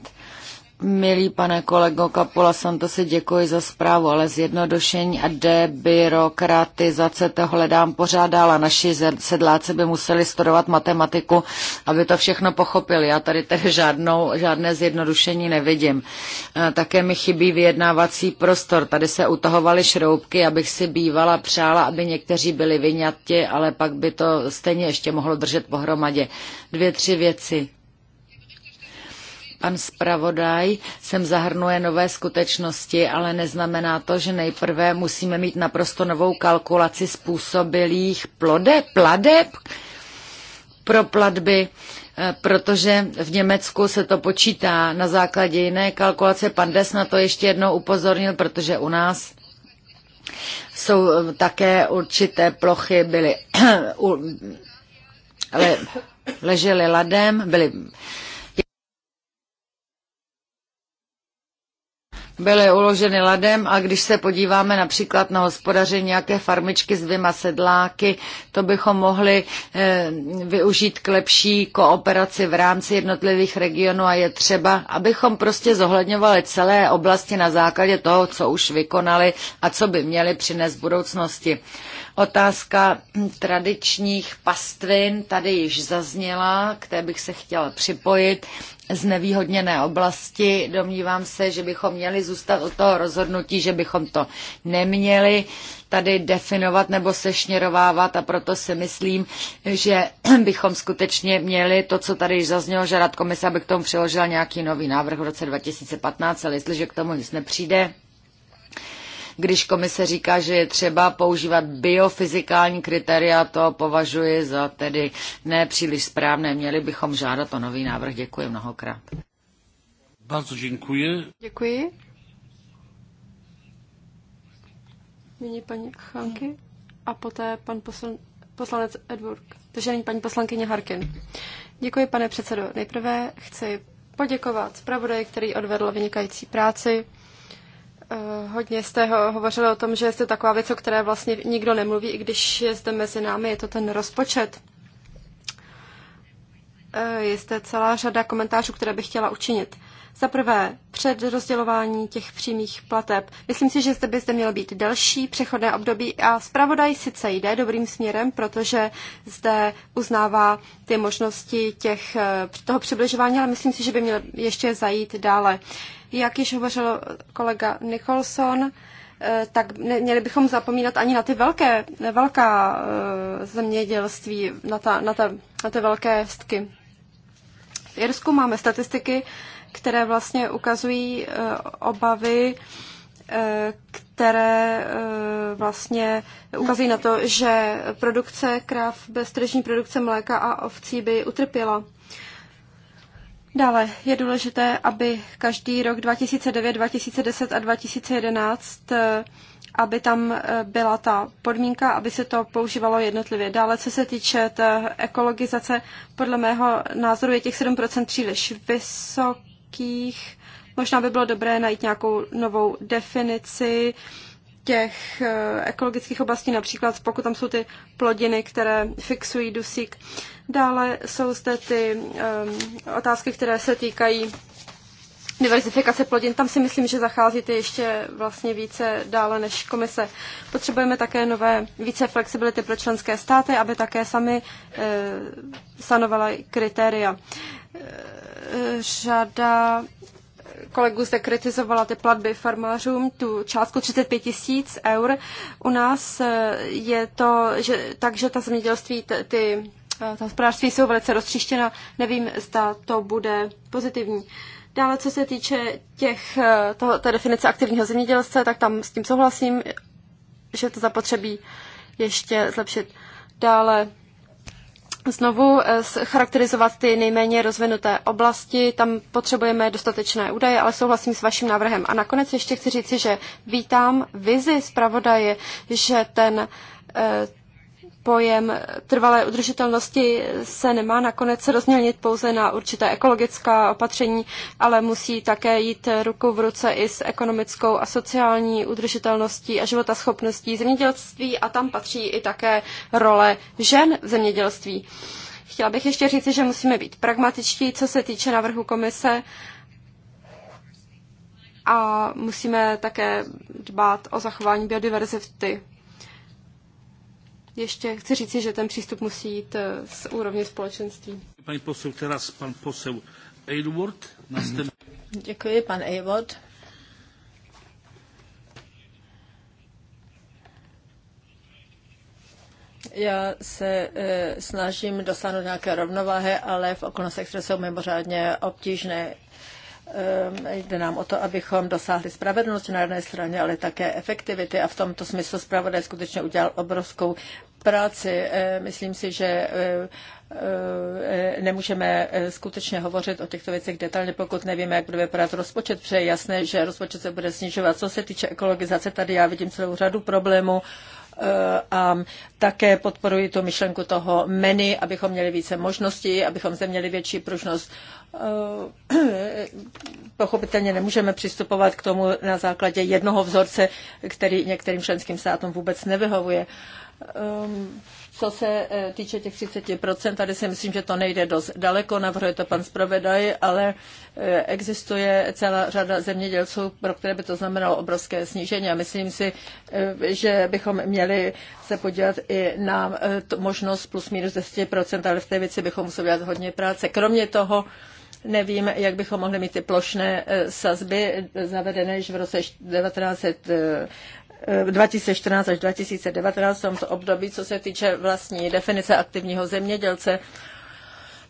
Milý pane kolego Kapola Santosi, děkuji za zprávu, ale zjednodušení a debirokratizace to hledám pořád dál a naši sedláci by museli studovat matematiku, aby to všechno pochopili. Já tady tedy žádnou, žádné zjednodušení nevidím. Eh, také mi chybí vyjednávací prostor. Tady se utahovaly šroubky, abych si bývala přála, aby někteří byli vyňati, ale pak by to stejně ještě mohlo držet pohromadě. Dvě, tři věci Pan zpravodaj sem zahrnuje nové skutečnosti, ale neznamená to, že nejprve musíme mít naprosto novou kalkulaci způsobilých plode, pladeb pro platby, eh, protože v Německu se to počítá na základě jiné kalkulace. Pan Des na to ještě jednou upozornil, protože u nás jsou eh, také určité plochy byly [clears throat] ale ležely ladem, byly byly uloženy ladem a když se podíváme například na hospodaření nějaké farmičky s dvěma sedláky, to bychom mohli eh, využít k lepší kooperaci v rámci jednotlivých regionů a je třeba, abychom prostě zohledňovali celé oblasti na základě toho, co už vykonali a co by měli přinést v budoucnosti. Otázka tradičních pastvin tady již zazněla, k té bych se chtěla připojit znevýhodněné oblasti. Domnívám se, že bychom měli zůstat od toho rozhodnutí, že bychom to neměli tady definovat nebo sešněrovávat a proto si myslím, že [clears throat] bychom skutečně měli to, co tady již zaznělo, že rad komise, aby k tomu přiložila nějaký nový návrh v roce 2015, ale jestliže k tomu nic nepřijde, když komise říká, že je třeba používat biofyzikální kritéria, to považuji za tedy nepříliš správné. Měli bychom žádat o nový návrh. Děkuji mnohokrát. Bardzo děkuji. Děkuji. Nyní paní Chanky a poté pan poslan, poslanec Edward. Takže nyní paní poslankyně Harkin. Děkuji, pane předsedo. Nejprve chci poděkovat zpravodaji, který odvedl vynikající práci. Eh, hodně jste ho, hovořili o tom, že je to taková věc, o které vlastně nikdo nemluví, i když je zde mezi námi, je to ten rozpočet. Eh, je zde celá řada komentářů, které bych chtěla učinit. Za prvé, před rozdělování těch přímých plateb. Myslím si, že zde by zde mělo být delší přechodné období a zpravodaj sice jde dobrým směrem, protože zde uznává ty možnosti těch, eh, toho přibližování, ale myslím si, že by měl ještě zajít dále. Jak již hovořil kolega Nicholson, eh, tak měli bychom zapomínat ani na ty velké, velká eh, zemědělství, na, ta, na, ta, na ty velké stky. V Irsku máme statistiky, které vlastně ukazují eh, obavy, eh, které eh, vlastně ukazují na to, že produkce kráv bez tržní produkce mléka a ovcí by utrpěla. Dále je důležité, aby každý rok 2009, 2010 a 2011 aby tam byla ta podmínka, aby se to používalo jednotlivě. Dále, co se týče té ekologizace, podle mého názoru je těch 7% příliš vysok, velkých. Možná by bylo dobré najít nějakou novou definici těch eh, ekologických oblastí, například pokud tam jsou ty plodiny, které fixují dusík. Dále jsou zde ty um, otázky, které se týkají diverzifikace plodin. Tam si myslím, že zacházíte ještě vlastně více dále než komise. Potřebujeme také nové více flexibility pro členské státy, aby také sami e, eh, stanovala kritéria. E, řada kolegů zde kritizovala ty platby farmářům, tu částku 35 tisíc eur. U nás eh, je to, že, takže ta zemědělství, ty, ty eh, ta hospodářství jsou velice roztříštěna. Nevím, zda to bude pozitivní. Dále, co se týče těch, eh, toho, té definice aktivního zemědělce, tak tam s tím souhlasím, že to zapotřebí ještě zlepšit. Dále znovu eh, charakterizovat ty nejméně rozvinuté oblasti. Tam potřebujeme dostatečné údaje, ale souhlasím s vaším návrhem. A nakonec ještě chci říci, že vítám vizi zpravodaje, že ten eh, pojem trvalé udržitelnosti se nemá nakonec rozmělnit pouze na určité ekologická opatření, ale musí také jít ruku v ruce i s ekonomickou a sociální udržitelností a životaschopností zemědělství a tam patří i také role žen v zemědělství. Chtěla bych ještě říci, že musíme být pragmatičtí, co se týče návrhu komise a musíme také dbát o zachování biodiverzity ještě chci říci, že ten přístup musí jít eh, z úrovně společenství. Pani posel, teraz pan posel Aylward. Następ... Děkuji, pan Aylward. Já se e, snažím dosáhnout nějaké rovnováhy, ale v okolnostech, které jsou mimořádně obtížné, e, jde nám o to, abychom dosáhli spravedlnosti na jedné straně, ale také efektivity a v tomto smyslu zpravodaj skutečně udělal obrovskou práci. Eh, myslím si, že eh, eh, nemůžeme skutečně hovořit o těchto věcech detailně, pokud nevíme, jak bude vypadat rozpočet, protože je jasné, že rozpočet se bude snižovat. Co se týče ekologizace, tady já vidím celou řadu problémů a také podporuji tu myšlenku toho menu, abychom měli více možností, abychom zde měli větší pružnost. Pochopitelně nemůžeme přistupovat k tomu na základě jednoho vzorce, který některým členským státům vůbec nevyhovuje. Ehm, co se e, týče těch 30%, tady si myslím, že to nejde dost daleko, navrhuje to pan zpravodaj, ale e, existuje celá řada zemědělců, pro které by to znamenalo obrovské snížení a myslím si, e, že bychom měli se podívat i na možnost plus minus 10%, ale v té věci bychom museli dělat hodně práce. Kromě toho, Nevím, jak bychom mohli mít ty plošné sazby zavedené již v roce 19 2014 eh, až 2019 v tomto období, co se týče vlastní definice aktivního zemědělce.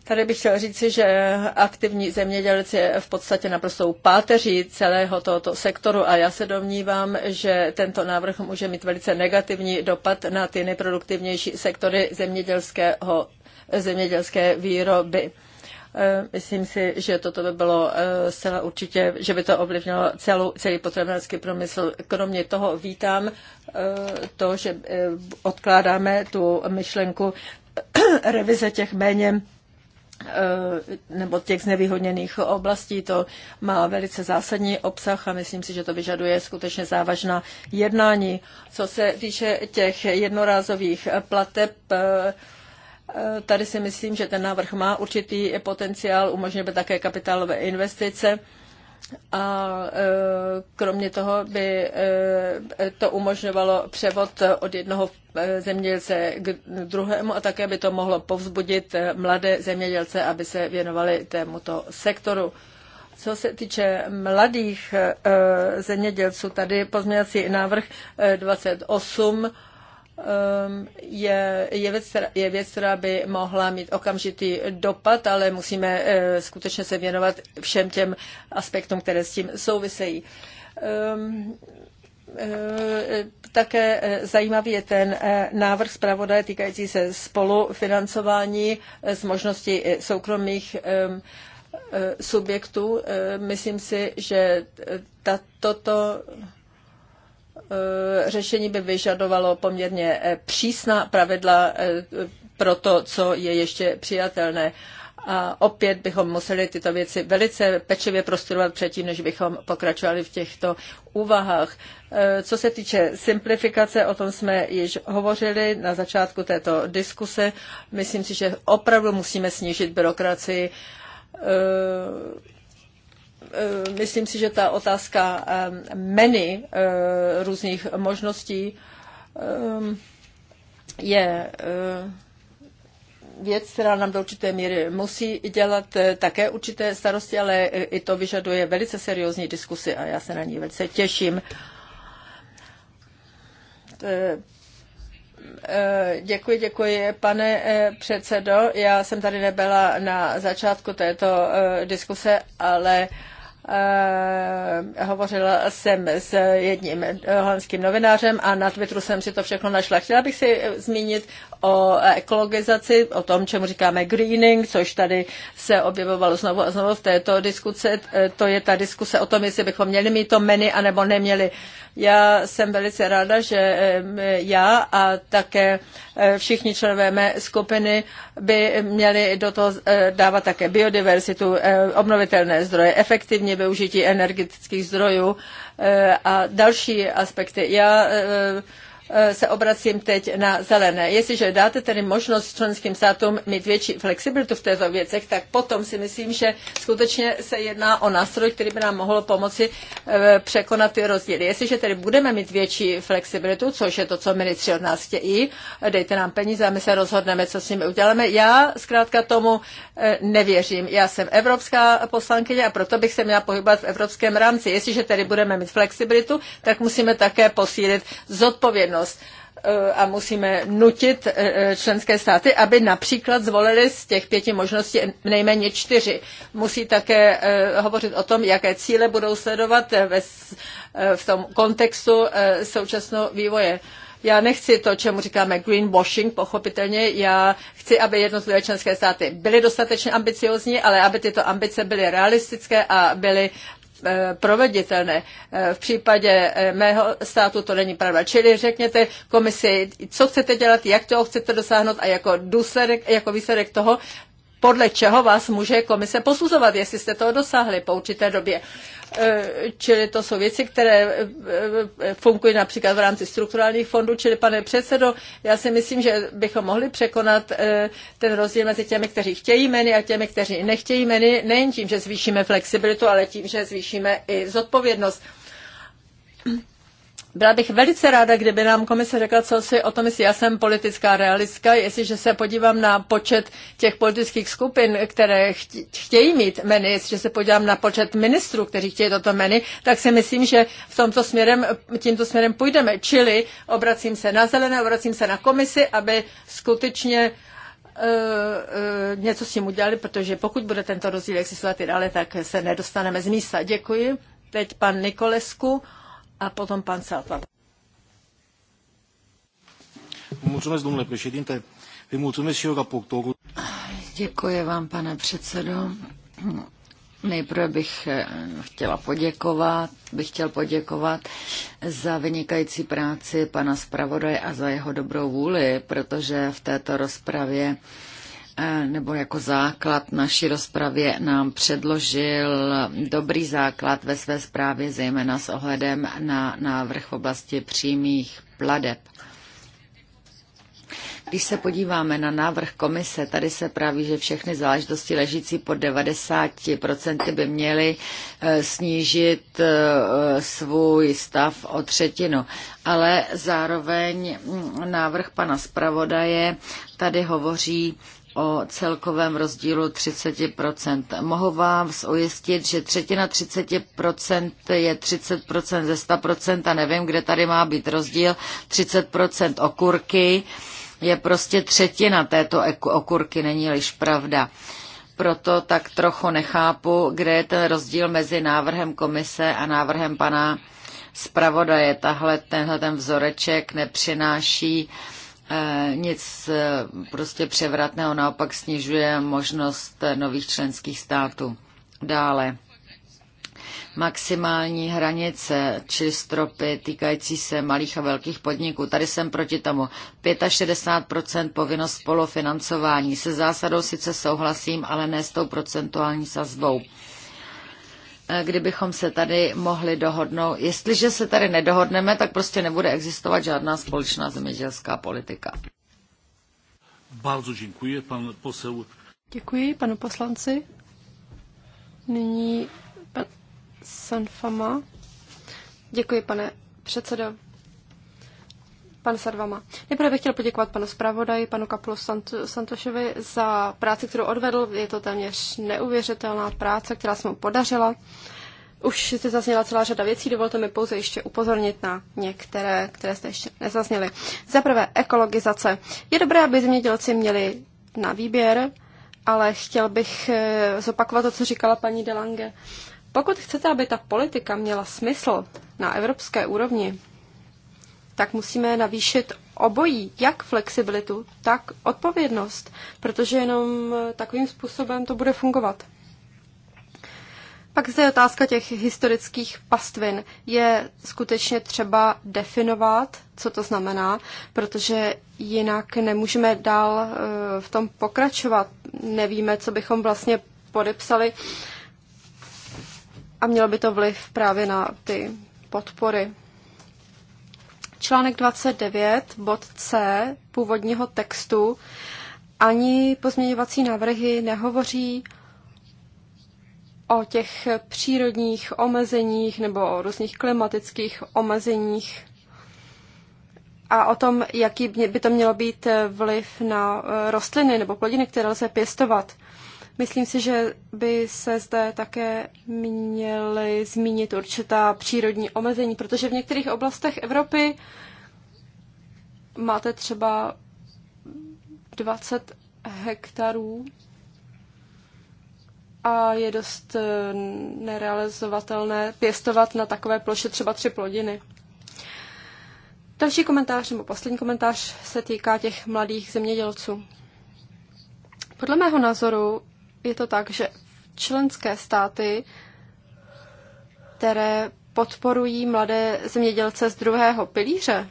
Tady bych chtěl říci, že aktivní zemědělec je v podstatě naprosto páteří celého tohoto sektoru a já se domnívám, že tento návrh může mít velice negativní dopad na ty nejproduktivnější sektory zemědělského, zemědělské výroby. Eh, myslím si, že toto by bylo eh, zcela určitě, že by to ovlivnilo celou, celý potravinářský průmysl. Kromě toho vítám eh, to, že odkládáme tu myšlenku [clears throat] revize těch méně nebo těch znevýhodněných oblastí. To má velice zásadní obsah a myslím si, že to vyžaduje skutečně závažná jednání. Co se týče těch jednorázových plateb, Eh, tady si myslím, že ten návrh má určitý potenciál, umožňuje by také kapitálové investice a eh, kromě toho by eh, to umožňovalo převod od jednoho zemědělce k druhému a také by to mohlo povzbudit mladé zemědělce, aby se věnovali tomuto sektoru. Co se týče mladých zemědělců, tady pozměňovací návrh 28 Ehm, je, je, věc, je věc, která by mohla mít okamžitý dopad, ale musíme eh, skutečně se věnovat všem těm aspektům, které s tím souvisejí. Ehm, eh, také eh, zajímavý je ten návrh zpravodaje týkající se spolufinancování s možností soukromých ehm, subjektů. Myslím si, že tato Eh, řešení by vyžadovalo poměrně eh, přísná pravidla eh, pro to, co je ještě přijatelné. A opět bychom museli tyto věci velice pečlivě prostudovat předtím, než bychom pokračovali v těchto úvahách. Co se týče simplifikace, o tom jsme již hovořili na začátku této diskuse. Myslím si, že opravdu musíme snížit byrokracii Eh, myslím si, že ta otázka eh, menu eh, různých možností je věc, která nám do určité míry musí dělat také určité starosti, ale i to vyžaduje velice seriózní diskusy a já se na ní velice těším. Děkuji, děkuji, pane předsedo. Já jsem tady nebyla na začátku této diskuse, ale Eh, hovořila jsem s jedním holandským novinářem a na Twitteru jsem si to všechno našla. Chtěla bych si zmínit o ekologizaci, o tom, čemu říkáme greening, což tady se objevovalo znovu a znovu v této diskuse. Eh, to je ta diskuse o tom, jestli bychom měli mít to menu anebo neměli. Uh, já jsem velice ráda, že já a také e, všichni členové mé skupiny by měli do toho e, dávat také biodiverzitu, e, obnovitelné zdroje, efektivní využití energetických zdrojů a další aspekty. Já Eh, se obracím teď na zelené. Jestliže dáte tedy možnost členským státům mít větší flexibilitu v této věcech, tak potom si myslím, že skutečně se jedná o nástroj, který by nám mohl pomoci eh, překonat ty rozdíly. Jestliže tedy budeme mít větší flexibilitu, což je to, co ministři od nás chtějí, eh, dejte nám peníze a my se rozhodneme, co s nimi uděláme. Já zkrátka tomu nevěřím. Já jsem evropská poslankyně a proto bych se měla pohybovat v evropském rámci. Jestliže tedy budeme mít flexibilitu, tak musíme také posílit zodpovědnost odpovědnost eh, a musíme nutit eh, eh, členské státy, aby například zvolili z těch pěti možností nejméně čtyři. Musí také hovořit o tom, jaké cíle budou sledovat ve, v tom kontextu současného vývoje. Já nechci to, čemu říkáme greenwashing, pochopitelně. Já chci, aby jednotlivé členské státy byly dostatečně ambiciozní, ale aby tyto ambice byly realistické a byly Eh, proveditelné. Eh, v případě eh, mého státu to není pravda. Čili řekněte komisi, co chcete dělat, jak toho chcete dosáhnout a jako, důsledek, jako výsledek toho podle čeho vás může komise posuzovat, jestli jste toho dosáhli po určité době. E, čili to jsou věci, které e, e, fungují například v rámci strukturálních fondů. Čili, pane předsedo, já si myslím, že bychom mohli překonat ten rozdíl mezi těmi, kteří chtějí meny, a těmi, kteří nechtějí meny. nejen tím, že zvýšíme flexibilitu, ale tím, že zvýšíme i zodpovědnost. Byla bych velice ráda, kdyby nám komise řekla, co si o tom myslí. Já jsem politická realistka. Jestliže se podívám na počet těch politických skupin, které chtějí mít meny, jestliže se podívám na počet ministrů, kteří chtějí toto meny, tak si myslím, že v tomto směrem, tímto směrem půjdeme. Čili obracím se na zelené, obracím se na komisi, aby skutečně uh, uh, něco s tím udělali, protože pokud bude tento rozdíl existovat i dále, tak se nedostaneme z místa. Děkuji. Teď pan Nikolesku a potom pan Salva. Mulțumesc, domnule președinte. Îi mulțumesc și eu raportorul. Děkuji vám, pane předsedo. Nejprve bych eh, chtěla poděkovat, bych chtěl poděkovat za vynikající práci pana zpravodaje a za jeho dobrou vůli, protože v této rozpravě Eh, nebo jako základ naší rozpravě nám předložil dobrý základ ve své zprávě, zejména s ohledem na návrh v oblasti přímých pladeb. Když se podíváme na návrh komise, tady se praví, že všechny záležitosti ležící pod 90% by měly eh, snížit eh, svůj stav o třetinu. Ale zároveň mm, návrh pana zpravodaje tady hovoří o celkovém rozdílu 30%. Mohu vám ujistit, že třetina 30% je 30% ze 100% a nevím, kde tady má být rozdíl. 30% okurky je prostě třetina této okurky, není-liž pravda. Proto tak trochu nechápu, kde je ten rozdíl mezi návrhem komise a návrhem pana zpravodaje. Tahle, tenhle ten vzoreček nepřináší uh, E, nic e, prostě převratného, naopak snižuje možnost e, nových členských států. Dále maximální hranice či stropy týkající se malých a velkých podniků. Tady jsem proti tomu. 65% povinnost spolufinancování. Se zásadou sice souhlasím, ale ne s tou procentuální sazbou. Eh, kdybychom se tady mohli dohodnout. Jestliže se tady nedohodneme, tak prostě nebude existovat žádná společná zemědělská politika. Bardzo děkuji, pan posel. Děkuji panu poslanci. Nyní pan Sanfama. Děkuji, pane předsedo. Pan Sarvama. Nejprve bych chtěl poděkovat panu zpravodaji, panu Kapulu Santo, Santošovi za práci, kterou odvedl. Je to téměř neuvěřitelná práce, která se mu podařila. Už se zazněla celá řada věcí, dovolte mi pouze ještě upozornit na některé, které jste ještě nezazněli. Za prvé, ekologizace. Je dobré, aby zemědělci měli na výběr, ale chtěl bych eh, zopakovat to, co říkala paní Delange. Pokud chcete, aby ta politika měla smysl na evropské úrovni, tak musíme navýšit obojí, jak flexibilitu, tak odpovědnost, protože jenom takovým způsobem to bude fungovat. Pak zde je otázka těch historických pastvin. Je skutečně třeba definovat, co to znamená, protože jinak nemůžeme dál eh, v tom pokračovat. Nevíme, co bychom vlastně podepsali a mělo by to vliv právě na ty podpory článek 29, bod C původního textu, ani pozměňovací návrhy nehovoří o těch přírodních omezeních nebo o různých klimatických omezeních a o tom, jaký by to mělo být vliv na eh, rostliny nebo plodiny, které lze pěstovat. Myslím si, že by se zde také měly zmínit určitá přírodní omezení, protože v některých oblastech Evropy máte třeba 20 hektarů a je dost eh, nerealizovatelné pěstovat na takové ploše třeba tři plodiny. Další komentář, nebo poslední komentář, se týká těch mladých zemědělců. Podle mého názoru je to tak, že členské státy, které podporují mladé zemědělce z druhého pilíře,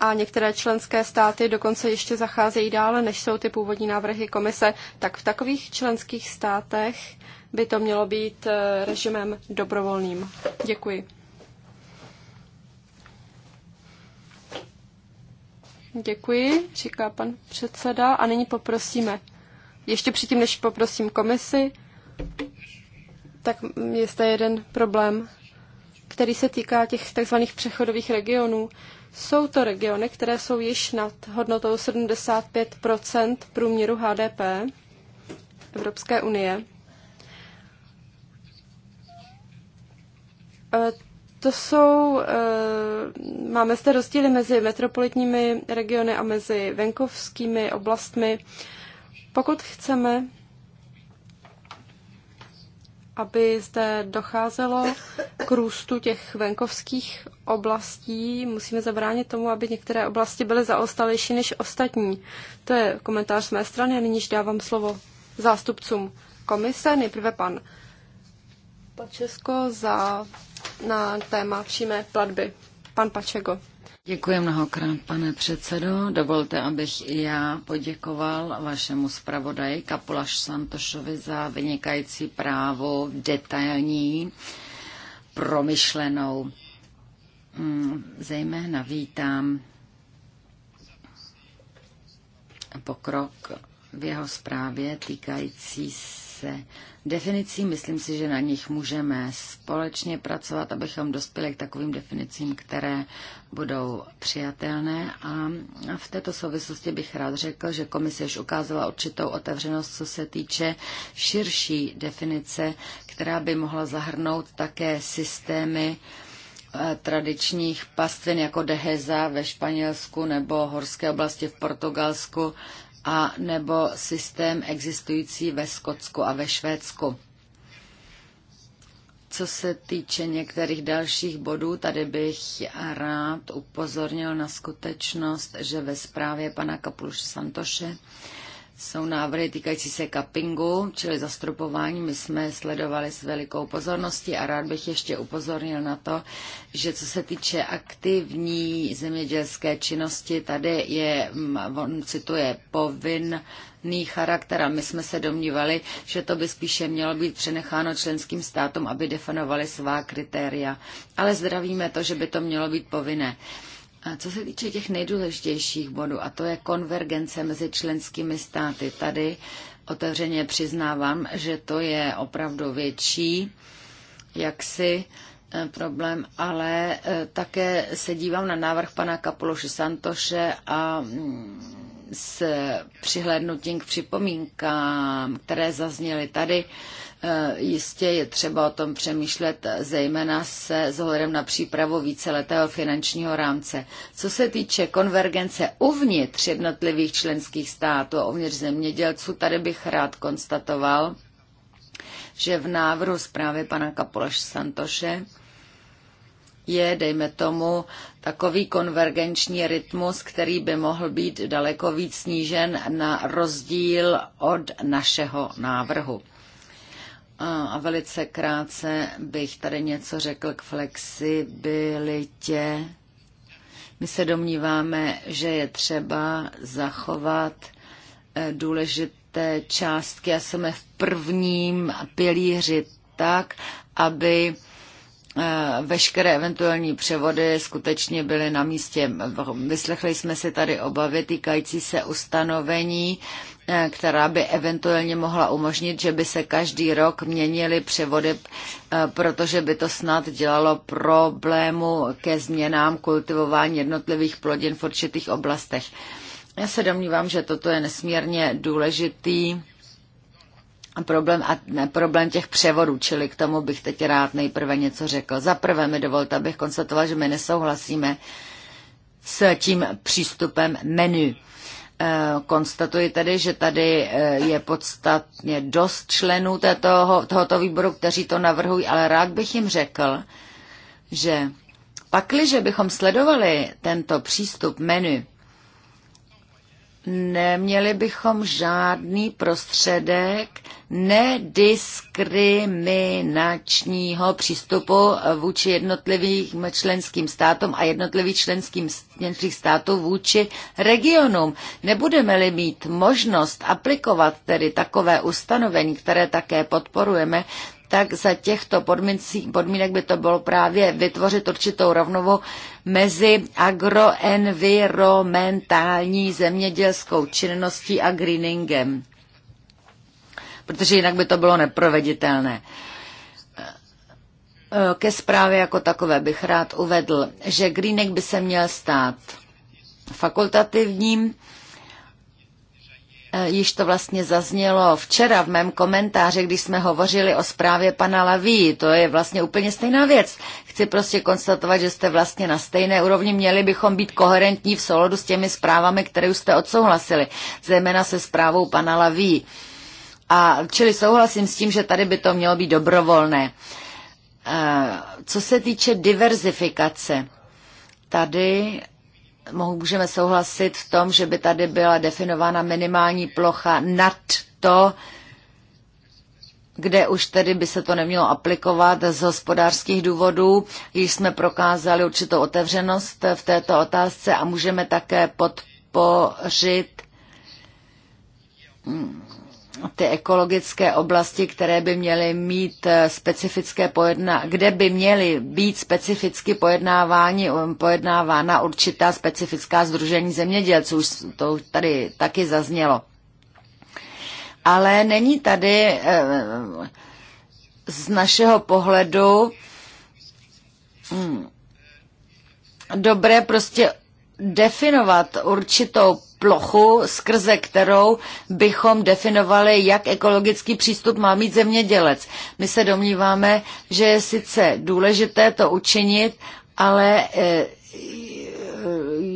a některé členské státy dokonce ještě zacházejí dále, než jsou ty původní návrhy komise, tak v takových členských státech by to mělo být eh, režimem dobrovolným. Děkuji. Děkuji, říká pan předseda. A nyní poprosíme ještě předtím, než poprosím komisi, tak je zde jeden problém, který se týká těch tzv. přechodových regionů. Jsou to regiony, které jsou již nad hodnotou 75 průměru HDP Evropské unie. E, to jsou, e, máme zde rozdíly mezi metropolitními regiony a mezi venkovskými oblastmi. Pokud chceme, aby zde docházelo k růstu těch venkovských oblastí, musíme zabránit tomu, aby některé oblasti byly zaostalejší než ostatní. To je komentář z mé strany a nyníž dávám slovo zástupcům komise. Nejprve pan Pačesko za, na téma přímé platby. Pan Pačego. Děkuji mnohokrát, pane předsedo. Dovolte, abych i já poděkoval vašemu zpravodaji Kapulaš Santošovi za vynikající právo detailní, promyšlenou. Mm, zejména vítám pokrok v jeho zprávě týkající se se definicí. Myslím si, že na nich můžeme společně pracovat, abychom dospěli k takovým definicím, které budou přijatelné. A v této souvislosti bych rád řekl, že komise už ukázala určitou otevřenost, co se týče širší definice, která by mohla zahrnout také systémy, eh, tradičních pastvin jako Deheza ve Španělsku nebo horské oblasti v Portugalsku, a nebo systém existující ve Skotsku a ve Švédsku. Co se týče některých dalších bodů, tady bych rád upozornil na skutečnost, že ve zprávě pana Kapuluše Santoše jsou návrhy týkající se cuppingu, čili zastropování. My jsme sledovali s velikou pozorností a rád bych ještě upozornil na to, že co se týče aktivní zemědělské činnosti, tady je, mm, on cituje, povin charakter a my jsme se domnívali, že to by spíše mělo být přenecháno členským státům, aby definovali svá kritéria. Ale zdravíme to, že by to mělo být povinné. A co se týče těch nejdůležitějších bodů, a to je konvergence mezi členskými státy, tady otevřeně přiznávám, že to je opravdu větší jaksi eh, problém, ale eh, také se dívám na návrh pana Kapološe Santoše a mm, s přihlednutím k připomínkám, které zazněly tady, Eh, jistě je třeba o tom přemýšlet, eh, zejména se zohledem na přípravu víceletého finančního rámce. Co se týče konvergence uvnitř jednotlivých členských států a uvnitř zemědělců, tady bych rád konstatoval, že v návrhu zprávy pana Kapoleš Santoše je, dejme tomu, takový konvergenční rytmus, který by mohl být daleko víc snížen na rozdíl od našeho návrhu. A velice krátce bych tady něco řekl k flexibilitě. My se domníváme, že je třeba zachovat eh, důležité částky a jsme v prvním pilíři tak, aby eh, veškeré eventuální převody skutečně byly na místě. Vyslechli jsme si tady obavy týkající se ustanovení, Eh, která by eventuálně mohla umožnit, že by se každý rok měnily převody, eh, protože by to snad dělalo problému ke změnám kultivování jednotlivých plodin v určitých oblastech. Já se domnívám, že toto je nesmírně důležitý problém, a ne, problém těch převodů, čili k tomu bych teď rád nejprve něco řekl. Za prvé mi dovolte, abych konstatoval, že my nesouhlasíme s tím přístupem menu Eh, konstatuji tedy, že tady eh, je podstatně dost členů této, tohoto výboru, kteří to navrhují, ale rád bych jim řekl, že pakliže bychom sledovali tento přístup menu, neměli bychom žádný prostředek, nediskriminačního přístupu vůči jednotlivým členským státům a jednotlivých členským států vůči regionům. Nebudeme-li mít možnost aplikovat tedy takové ustanovení, které také podporujeme, tak za těchto podmínek by to bylo právě vytvořit určitou rovnovu mezi agroenvironmentální zemědělskou činností a greeningem protože jinak by to bylo neproveditelné. Ke zprávě jako takové bych rád uvedl, že Greenek by se měl stát fakultativním. Již to vlastně zaznělo včera v mém komentáři, když jsme hovořili o zprávě pana Laví. To je vlastně úplně stejná věc. Chci prostě konstatovat, že jste vlastně na stejné úrovni. Měli bychom být koherentní v souladu s těmi zprávami, které už jste odsouhlasili, zejména se zprávou pana Laví. A čili souhlasím s tím, že tady by to mělo být dobrovolné. Eh, co se týče diverzifikace, tady můžeme souhlasit v tom, že by tady byla definována minimální plocha nad to, kde už tedy by se to nemělo aplikovat z hospodářských důvodů. Již jsme prokázali určitou otevřenost v této otázce a můžeme také podpořit ty ekologické oblasti, které by měly mít eh, specifické pojedna, kde by měly být specificky pojednávání, um, pojednávána určitá specifická združení zemědělců, už to tady taky zaznělo. Ale není tady eh, z našeho pohledu hm, dobré prostě definovat určitou plochu, skrze kterou bychom definovali, jak ekologický přístup má mít zemědělec. My se domníváme, že je sice důležité to učinit, ale e,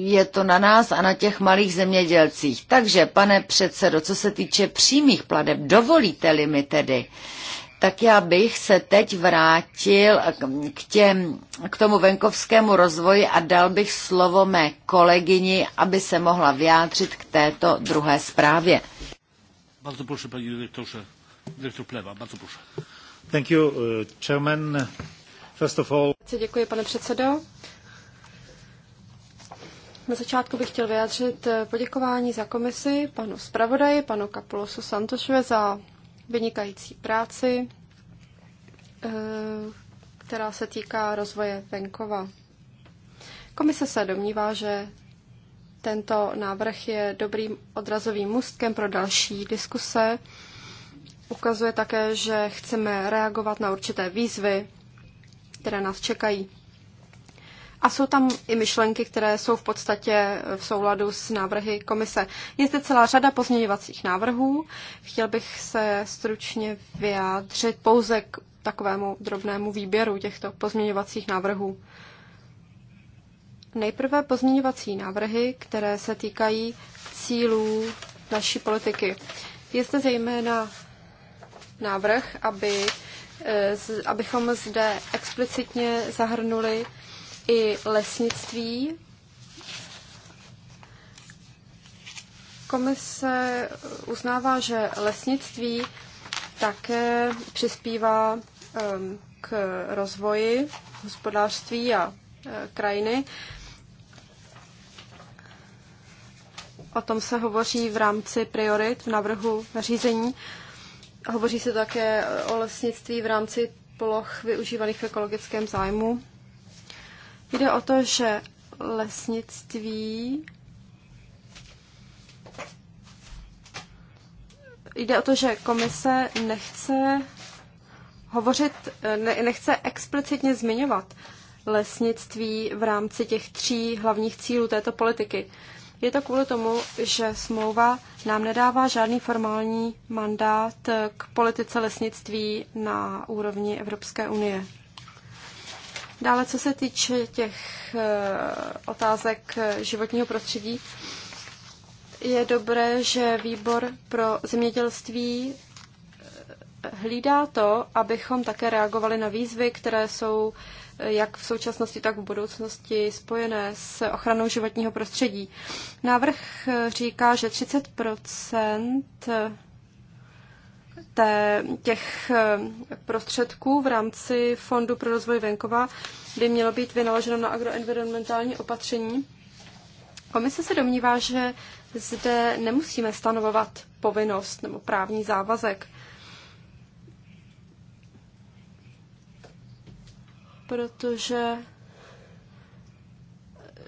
je to na nás a na těch malých zemědělcích. Takže, pane předsedo, co se týče přímých pladeb, dovolíte-li mi tedy, tak já bych se teď vrátil k, těm, k tomu venkovskému rozvoji a dal bych slovo mé kolegyni, aby se mohla vyjádřit k této druhé zprávě. Bardzo proszę, panie dyrektorze, dyrektor Pleva, bardzo proszę. Thank you, uh, chairman. First of all... Děkuji, pane předsedo. Na začátku bych chtěl vyjádřit eh, poděkování za komisi panu zpravodaji, panu Kapulosu Santošve za vynikající práci, eh, která se týká rozvoje venkova. Komise se domnívá, že tento návrh je dobrým odrazovým můstkem pro další diskuse. Ukazuje také, že chceme reagovat na určité výzvy, které nás čekají. A jsou tam i myšlenky, které jsou v podstatě v souladu s návrhy komise. Je zde celá řada pozměňovacích návrhů. Chtěl bych se stručně vyjádřit pouze k takovému drobnému výběru těchto pozměňovacích návrhů. Nejprve pozměňovací návrhy, které se týkají cílů naší politiky. Je zde zejména návrh, aby, e, abychom zde explicitně zahrnuli i lesnictví. Komise uznává, že lesnictví také přispívá um, k rozvoji hospodářství a uh, krajiny. O tom se hovoří v rámci priorit v návrhu nařízení. Hovoří se také o lesnictví v rámci poloh využívaných v ekologickém zájmu. Jde o to, že lesnictví jde o to, že komise nechce hovořit, ne, nechce explicitně zmiňovat lesnictví v rámci těch tří hlavních cílů této politiky. Je to kvůli tomu, že smlouva nám nedává žádný formální mandát k politice lesnictví na úrovni Evropské unie. Dále, co se týče těch eh, otázek eh, životního prostředí, je dobré, že výbor pro zemědělství eh, hlídá to, abychom také reagovali na výzvy, které jsou jak v současnosti, tak v budoucnosti spojené s ochranou životního prostředí. Návrh říká, že 30 té, těch eh, prostředků v rámci Fondu pro rozvoj venkova by mělo být vynaloženo na agroenvironmentální opatření. Komise se domnívá, že zde nemusíme stanovovat povinnost nebo právní závazek, protože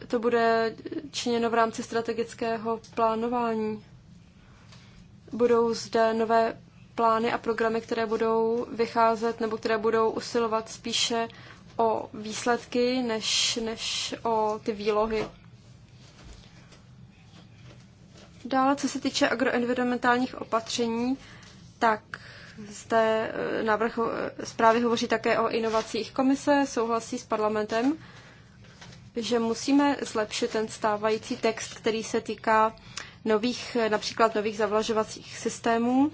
to bude činěno v rámci strategického plánování. Budou zde nové plány a programy, které budou vycházet nebo které budou usilovat spíše o výsledky než, než o ty výlohy. Dále, co se týče agroenvironmentálních opatření, tak zde eh, návrh eh, zprávy hovoří také o inovacích. Komise souhlasí s parlamentem, že musíme zlepšit ten stávající text, který se týká nových, eh, například nových zavlažovacích systémů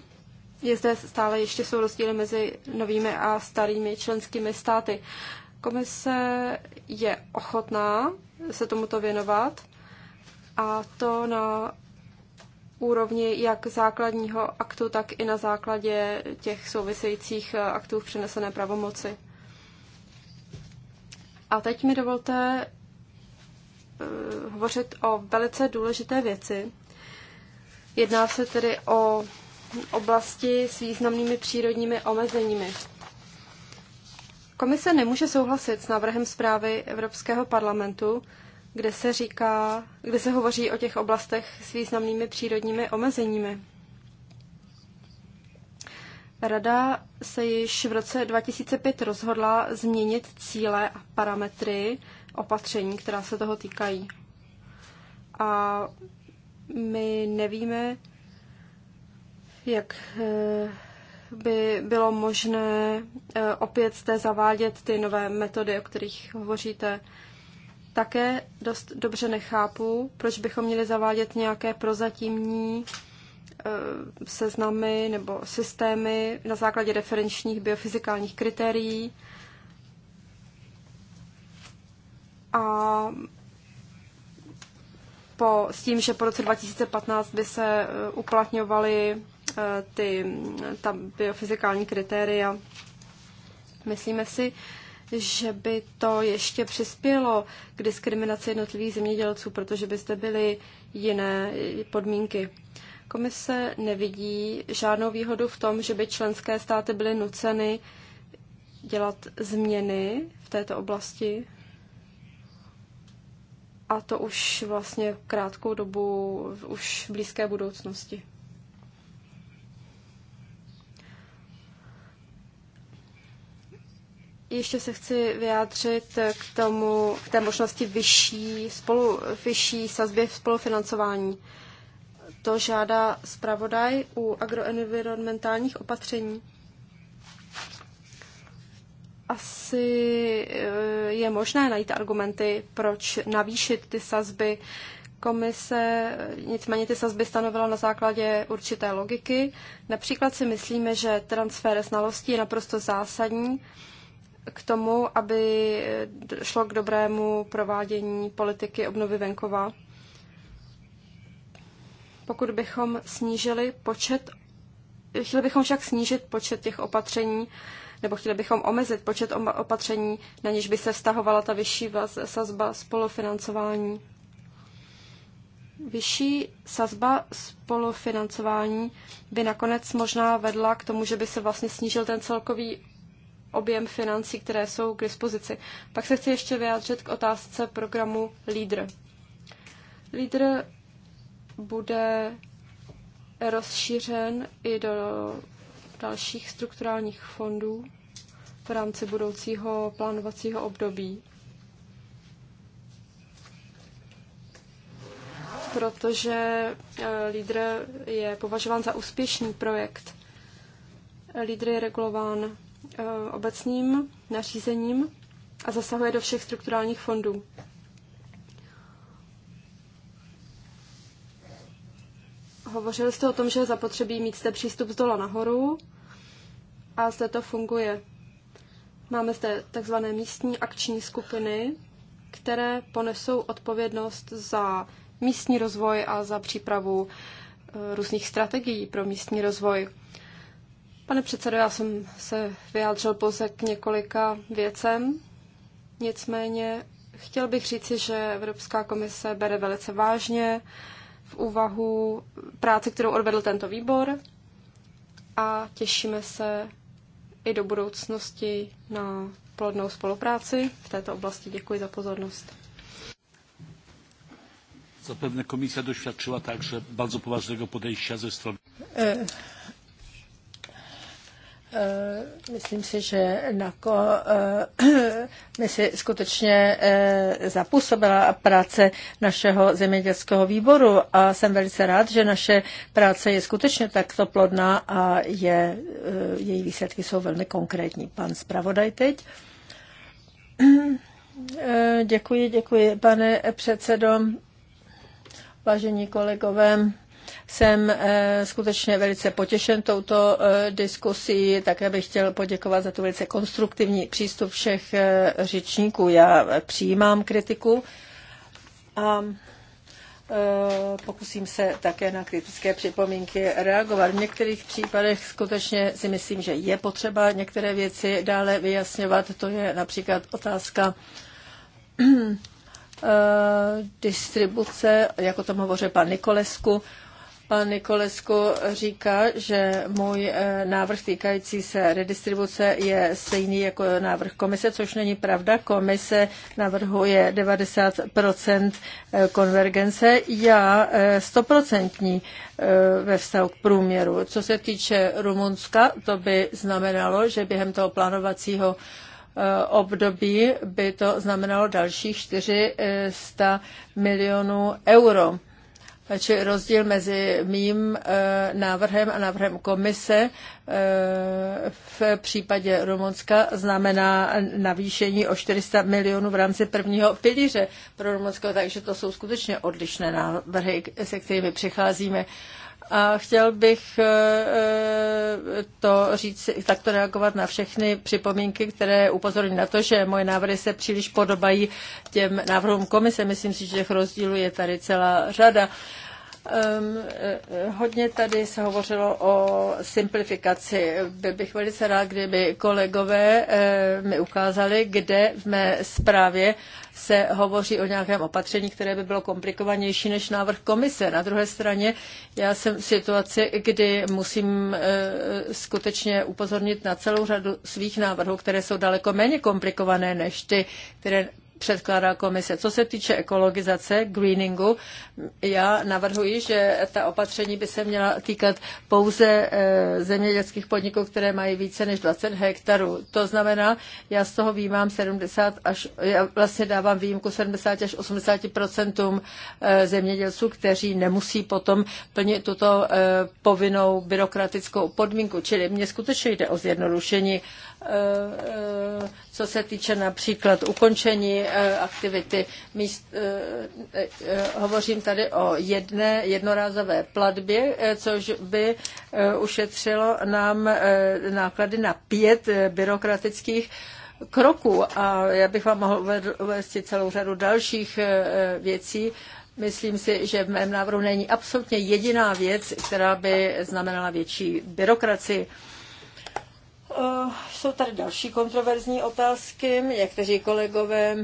je zde stále ještě jsou rozdíly mezi novými a starými členskými státy. Komise je ochotná se tomuto věnovat a to na úrovni jak základního aktu, tak i na základě těch souvisejících aktů v přenesené pravomoci. A teď mi dovolte eh, hovořit o velice důležité věci. Jedná se tedy o oblasti s významnými přírodními omezeními. Komise nemůže souhlasit s návrhem zprávy Evropského parlamentu, kde se říká, kde se hovoří o těch oblastech s významnými přírodními omezeními. Rada se již v roce 2005 rozhodla změnit cíle a parametry opatření, která se toho týkají. A my nevíme, jak eh, by bylo možné eh, opět zde zavádět ty nové metody, o kterých hovoříte. Také dost dobře nechápu, proč bychom měli zavádět nějaké prozatímní eh, seznamy nebo systémy na základě referenčních biofyzikálních kritérií. A po, s tím, že po roce 2015 by se uplatňovaly Eh, ty, ta biofyzikální kritéria. Myslíme si, že by to ještě přispělo k diskriminaci jednotlivých zemědělců, protože by zde byly jiné podmínky. Komise nevidí žádnou výhodu v tom, že by členské státy byly nuceny dělat změny v této oblasti. A to už vlastně krátkou dobu, už v blízké budoucnosti. Ještě se chci vyjádřit k tomu, k té možnosti vyšší, spolu, vyšší sazby v spolufinancování. To žádá zpravodaj u agroenvironmentálních opatření. Asi eh, je možné najít argumenty, proč navýšit ty sazby. Komise nicméně ty sazby stanovila na základě určité logiky. Například si myslíme, že transfer znalostí je naprosto zásadní k tomu, aby šlo k dobrému provádění politiky obnovy venkova. Pokud bychom snížili počet, chtěli bychom však snížit počet těch opatření, nebo chtěli bychom omezit počet opatření, na něž by se vztahovala ta vyšší sazba spolufinancování. Vyšší sazba spolufinancování by nakonec možná vedla k tomu, že by se vlastně snížil ten celkový objem financí, které jsou k dispozici. Pak se chci ještě vyjádřit k otázce programu LEADER. LEADER bude rozšířen i do dalších strukturálních fondů v rámci budoucího plánovacího období. Protože eh, LEADER je považován za úspěšný projekt. LEADER je regulován Eh, obecným nařízením a zasahuje do všech strukturálních fondů. Hovořili jste o tom, že je zapotřebí mít zde přístup z dola nahoru a zde to funguje. Máme zde takzvané místní akční skupiny, které ponesou odpovědnost za místní rozvoj a za přípravu eh, různých strategií pro místní rozvoj. Pane předsedo, já jsem se vyjádřil pouze k několika věcem. Nicméně chtěl bych říci, že Evropská komise bere velice vážně v úvahu práci, kterou odvedl tento výbor a těšíme se i do budoucnosti na plodnou spolupráci v této oblasti. Děkuji za pozornost. Zapevne komisja doświadczyła także bardzo poważnego podejścia ze strony. E, Eh, myslím si, že NAKO eh, [clears throat] my si skutečně eh, zapůsobila práce našeho zemědělského výboru a jsem velice rád, že naše práce je skutečně takto plodná a je, její výsledky jsou velmi konkrétní. Pan zpravodaj teď. Děkuji, děkuji, pane předsedo, vážení kolegové. Jsem eh, skutečně velice potěšen touto eh, diskusí, také bych chtěl poděkovat za tu velice konstruktivní přístup všech eh, řečníků. Já přijímám kritiku a pokusím se také na kritické připomínky reagovat. V některých případech skutečně si myslím, že je potřeba některé věci dále vyjasňovat. To je například otázka distribuce, jako tam hovořil pan Nikolesku. Pan Nikolesku říká, že můj eh, návrh týkající se redistribuce je stejný jako návrh komise, což není pravda. Komise navrhuje 90 eh, konvergence, já 100 eh, ve vztahu k průměru. Co se týče Rumunska, to by znamenalo, že během toho plánovacího období by to znamenalo dalších 400 milionů euro či rozdíl mezi mým e, návrhem a návrhem komise e, v případě Rumunska znamená navýšení o 400 milionů v rámci prvního pilíře pro Rumunsko, takže to jsou skutečně odlišné návrhy, se kterými přicházíme. A chtěl bych eh, eh, to říct, takto reagovat na všechny připomínky, které upozorňují na to, že moje návrhy se příliš podobají těm návrhům komise. Myslím si, že těch rozdílů je tady celá řada. Um, hodně tady se hovořilo o simplifikaci. Byl bych velice rád, kdyby kolegové uh, mi ukázali, kde v mé zprávě se hovoří o nějakém opatření, které by bylo komplikovanější než návrh komise. Na druhé straně já jsem v situaci, kdy musím uh, skutečně upozornit na celou řadu svých návrhů, které jsou daleko méně komplikované než ty, které předkládá komise. Co se týče ekologizace, greeningu, já navrhuji, že ta opatření by se měla týkat pouze eh, zemědělských podniků, které mají více než 20 hektarů. To znamená, já z toho výjímám 70 až, já vlastně dávám výjimku 70 až 80 procentům eh, zemědělců, kteří nemusí potom plnit tuto eh, povinnou byrokratickou podmínku. Čili mně skutečně jde o zjednodušení Eh, eh, co se týče například ukončení eh, aktivity míst, hovořím tady o jedné jednorázové platbě, což by ušetřilo nám náklady na pět byrokratických kroků a já bych vám mohl uvést celou řadu dalších věcí. Myslím si, že v mém návrhu není absolutně jediná věc, která by znamenala větší byrokracii. Eh, jsou tady další kontroverzní otázky. Někteří kolegové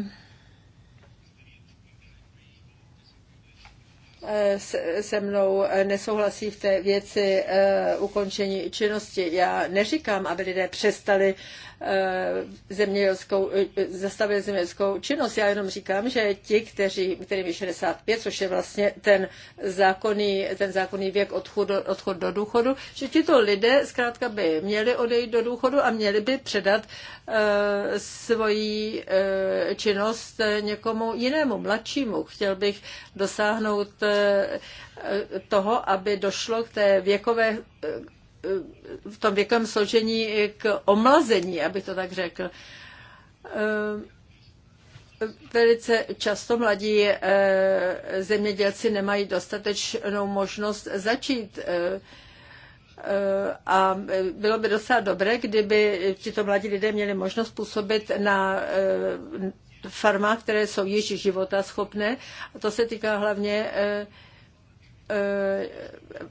eh, se mnou nesouhlasí v té věci eh, ukončení činnosti. Já neříkám, aby lidé přestali Eh, zemědělskou, eh, zastavili zemědělskou činnost. Já jenom říkám, že ti, kteří, kterým je 65, což je vlastně ten zákonný, ten zákonný věk odchod, odchod do důchodu, že tito lidé zkrátka by měli odejít do důchodu a měli by předat uh, svoji činnost někomu jinému, mladšímu. Chtěl bych dosáhnout toho, aby došlo k té věkové v tom věkovém složení k omlazení, abych to tak řekl. Eh, velice často mladí eh, zemědělci nemají dostatečnou možnost začít eh, a bylo by docela dobré, kdyby tito mladí lidé měli možnost působit na farmách, které jsou již života schopné. A to se týká hlavně Eh,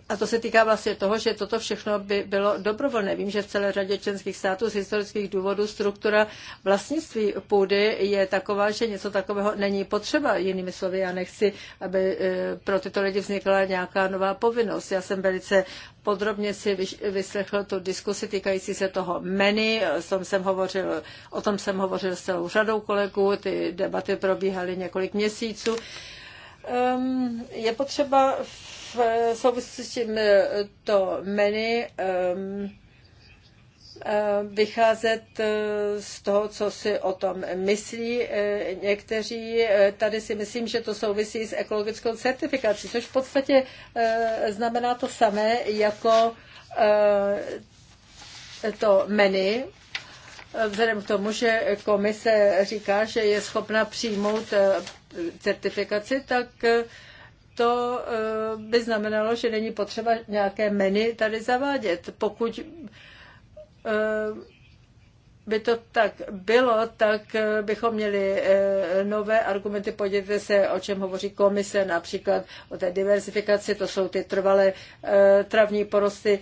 a to se týká vlastně toho, že toto všechno by bylo dobrovolné. Vím, že v celé řadě členských států z historických důvodů struktura vlastnictví půdy je taková, že něco takového není potřeba. Jinými slovy, já nechci, aby eh, pro tyto lidi vznikla nějaká nová povinnost. Já jsem velice podrobně si vyslechl tu diskusi týkající se toho menu. O tom jsem hovořil, o tom jsem hovořil s celou řadou kolegů. Ty debaty probíhaly několik měsíců. Ehm, je potřeba v souvislosti s tím eh, to menu ehm, eh, vycházet eh, z toho, co si o tom myslí někteří. Tady si myslím, že to souvisí s ekologickou certifikací, což v podstatě znamená to samé jako to menu, vzhledem k tomu, že komise říká, že je schopna přijmout certifikaci, tak eh, to eh, by znamenalo, že není potřeba nějaké meny tady zavádět. Pokud eh, by to tak bylo, tak eh, bychom měli eh, nové argumenty. Podívejte se, o čem hovoří komise, například o té diversifikaci, to jsou ty trvalé eh, travní porosty,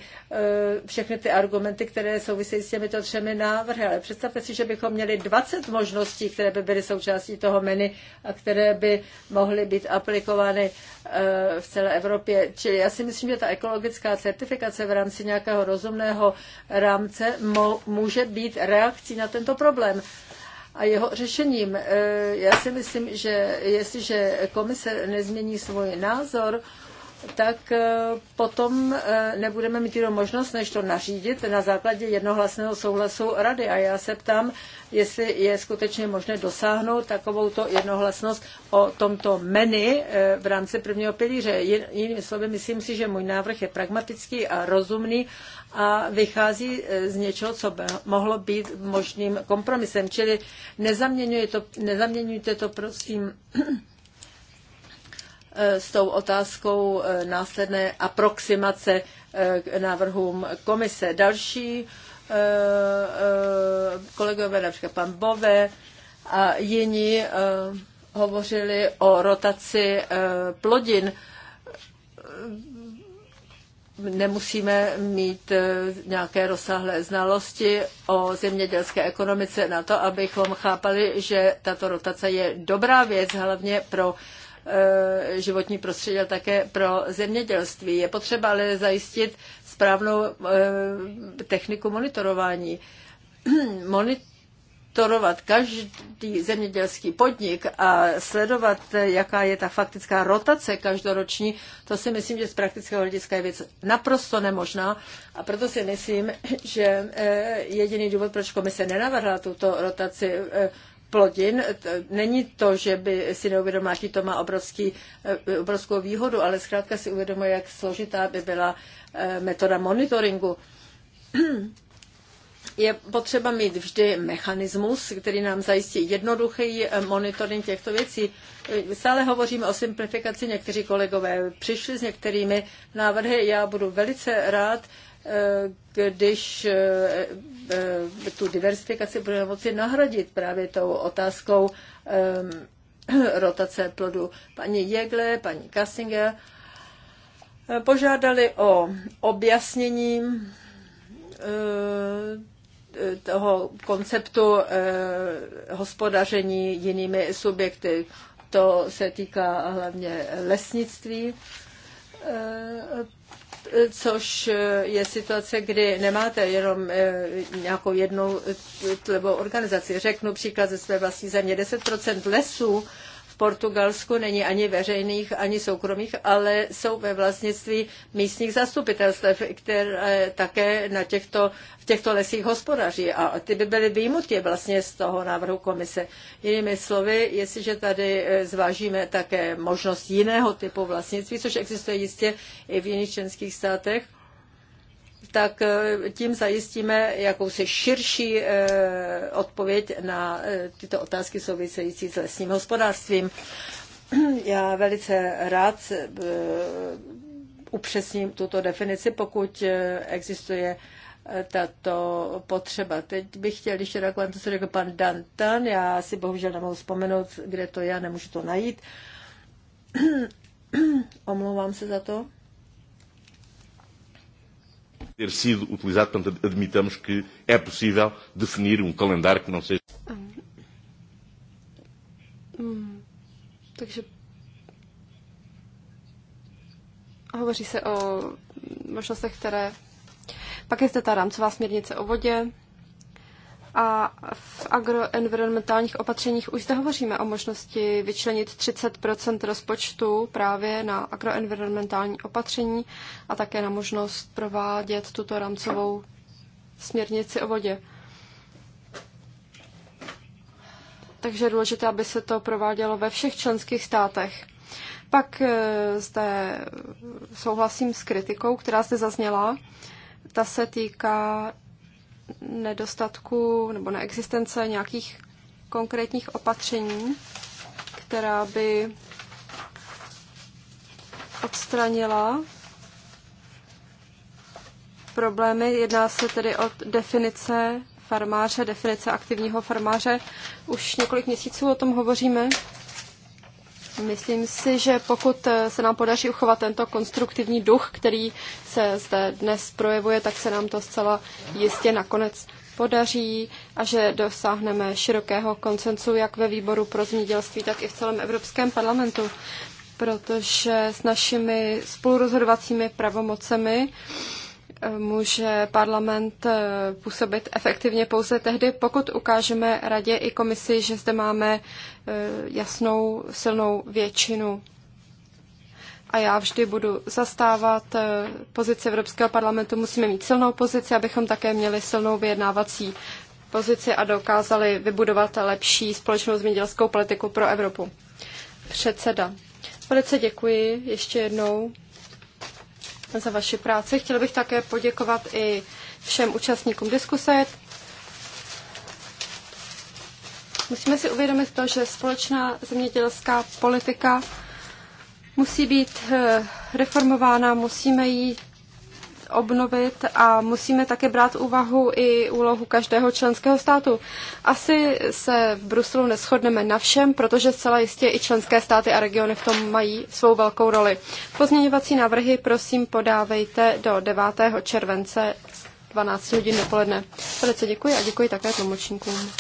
všechny ty argumenty, které souvisí s těmito třemi návrhy. Ale představte si, že bychom měli 20 možností, které by byly součástí toho menu a které by mohly být aplikovány v celé Evropě. Čili já si myslím, že ta ekologická certifikace v rámci nějakého rozumného rámce může být reakce reakcí na tento problém a jeho řešením. Eh, já si myslím, že jestliže komise nezmění svůj názor, tak eh, potom eh, nebudeme mít jenom možnost, než to nařídit na základě jednohlasného souhlasu rady. A já se ptám, jestli je skutečně možné dosáhnout takovouto jednohlasnost o tomto menu v rámci prvního pilíře. Jinými slovy, myslím si, že můj návrh je pragmatický a rozumný a vychází e, z něčeho, co by mohlo být možným kompromisem. Čili nezaměňujte to, nezaměňujte to prosím e, s tou otázkou e, následné aproximace k návrhům komise. Další kolegové, například pan Bove a jiní, hovořili o rotaci plodin nemusíme mít eh, nějaké rozsáhlé znalosti o zemědělské ekonomice na to, abychom chápali, že tato rotace je dobrá věc, hlavně pro eh, životní prostředí a také pro zemědělství. Je potřeba ale zajistit správnou eh, techniku monitorování. [clears throat] Monit monitorovat každý zemědělský podnik a sledovat, jaká je ta faktická rotace každoroční, to si myslím, že z praktického hlediska je věc naprosto nemožná. A proto si myslím, že eh, jediný důvod, proč komise nenavrhla tuto rotaci eh, plodin, není to, že by si neuvědomila, že to má obrovský, eh, obrovskou výhodu, ale zkrátka si uvědomuje, jak složitá by byla metoda monitoringu je potřeba mít vždy mechanismus, který nám zajistí jednoduchý eh, monitoring těchto věcí. Stále hovoříme o simplifikaci, někteří kolegové přišli s některými návrhy. Já budu velice rád, eh, když eh, tu diversifikaci budeme moci nahradit právě tou otázkou ehm, [clears throat] rotace plodu. Paní Jegle, paní Kassinger požádali o objasnění toho konceptu eh, hospodaření jinými subjekty. To se týká hlavně lesnictví, eh, což je situace, kdy nemáte jenom eh, nějakou jednou tlevou organizaci. Řeknu příklad ze své vlastní země. 10% lesů v Portugalsku není ani veřejných, ani soukromých, ale jsou ve vlastnictví místních zastupitelstv, které také na těchto, v těchto lesích hospodaří. A ty by byly výjimutě vlastně z toho návrhu komise. Jinými slovy, jestliže tady eh, zvážíme také možnost jiného typu vlastnictví, což existuje jistě i v jiných členských státech, tak eh, tím zajistíme jakousi širší eh, odpověď na eh, tyto otázky související s lesním hospodářstvím. [clears throat] Já velice rád upřesním tuto definici, pokud existuje tato potřeba. Teď bych chtěl ještě reagovat to, se řekl pan Dantan. Já si bohužel nemohu vzpomenout, kde to já nemůžu to najít. [clears throat] Omlouvám se za to ter sido utilizado, portanto, admitamos que é possível definir um calendário que não seja. Takže hovoří se o možnostech, které. Pak je zde ta rámcová směrnice o vodě, a v agroenvironmentálních opatřeních už zde hovoříme o možnosti vyčlenit 30 rozpočtu právě na agroenvironmentální opatření a také na možnost provádět tuto rámcovou směrnici o vodě. Takže je důležité, aby se to provádělo ve všech členských státech. Pak eh, zde souhlasím s kritikou, která zde zazněla. Ta se týká nedostatku nebo neexistence nějakých konkrétních opatření, která by odstranila problémy. Jedná se tedy o definice farmáře, definice aktivního farmáře. Už několik měsíců o tom hovoříme Myslím si, že pokud eh, se nám podaří uchovat tento konstruktivní duch, který se zde dnes projevuje, tak se nám to zcela jistě nakonec podaří a že dosáhneme širokého koncensu jak ve výboru pro zemědělství, tak i v celém Evropském parlamentu, protože s našimi spolurozhodovacími pravomocemi může parlament eh, působit efektivně pouze tehdy, pokud ukážeme radě i komisi, že zde máme eh, jasnou, silnou většinu. A já vždy budu zastávat eh, pozici Evropského parlamentu. Musíme mít silnou pozici, abychom také měli silnou vyjednávací pozici a dokázali vybudovat lepší společnou zemědělskou politiku pro Evropu. Předseda. Velice děkuji ještě jednou za vaši práci. Chtěla bych také poděkovat i všem účastníkům diskuse. Musíme si uvědomit to, že společná zemědělská politika musí být eh, reformována, musíme ji obnovit a musíme také brát úvahu i úlohu každého členského státu. Asi se v Bruselu neschodneme na všem, protože zcela jistě i členské státy a regiony v tom mají svou velkou roli. Pozměňovací návrhy prosím podávejte do 9. července 12 hodin dopoledne. Velice děkuji a děkuji také tlumočníkům.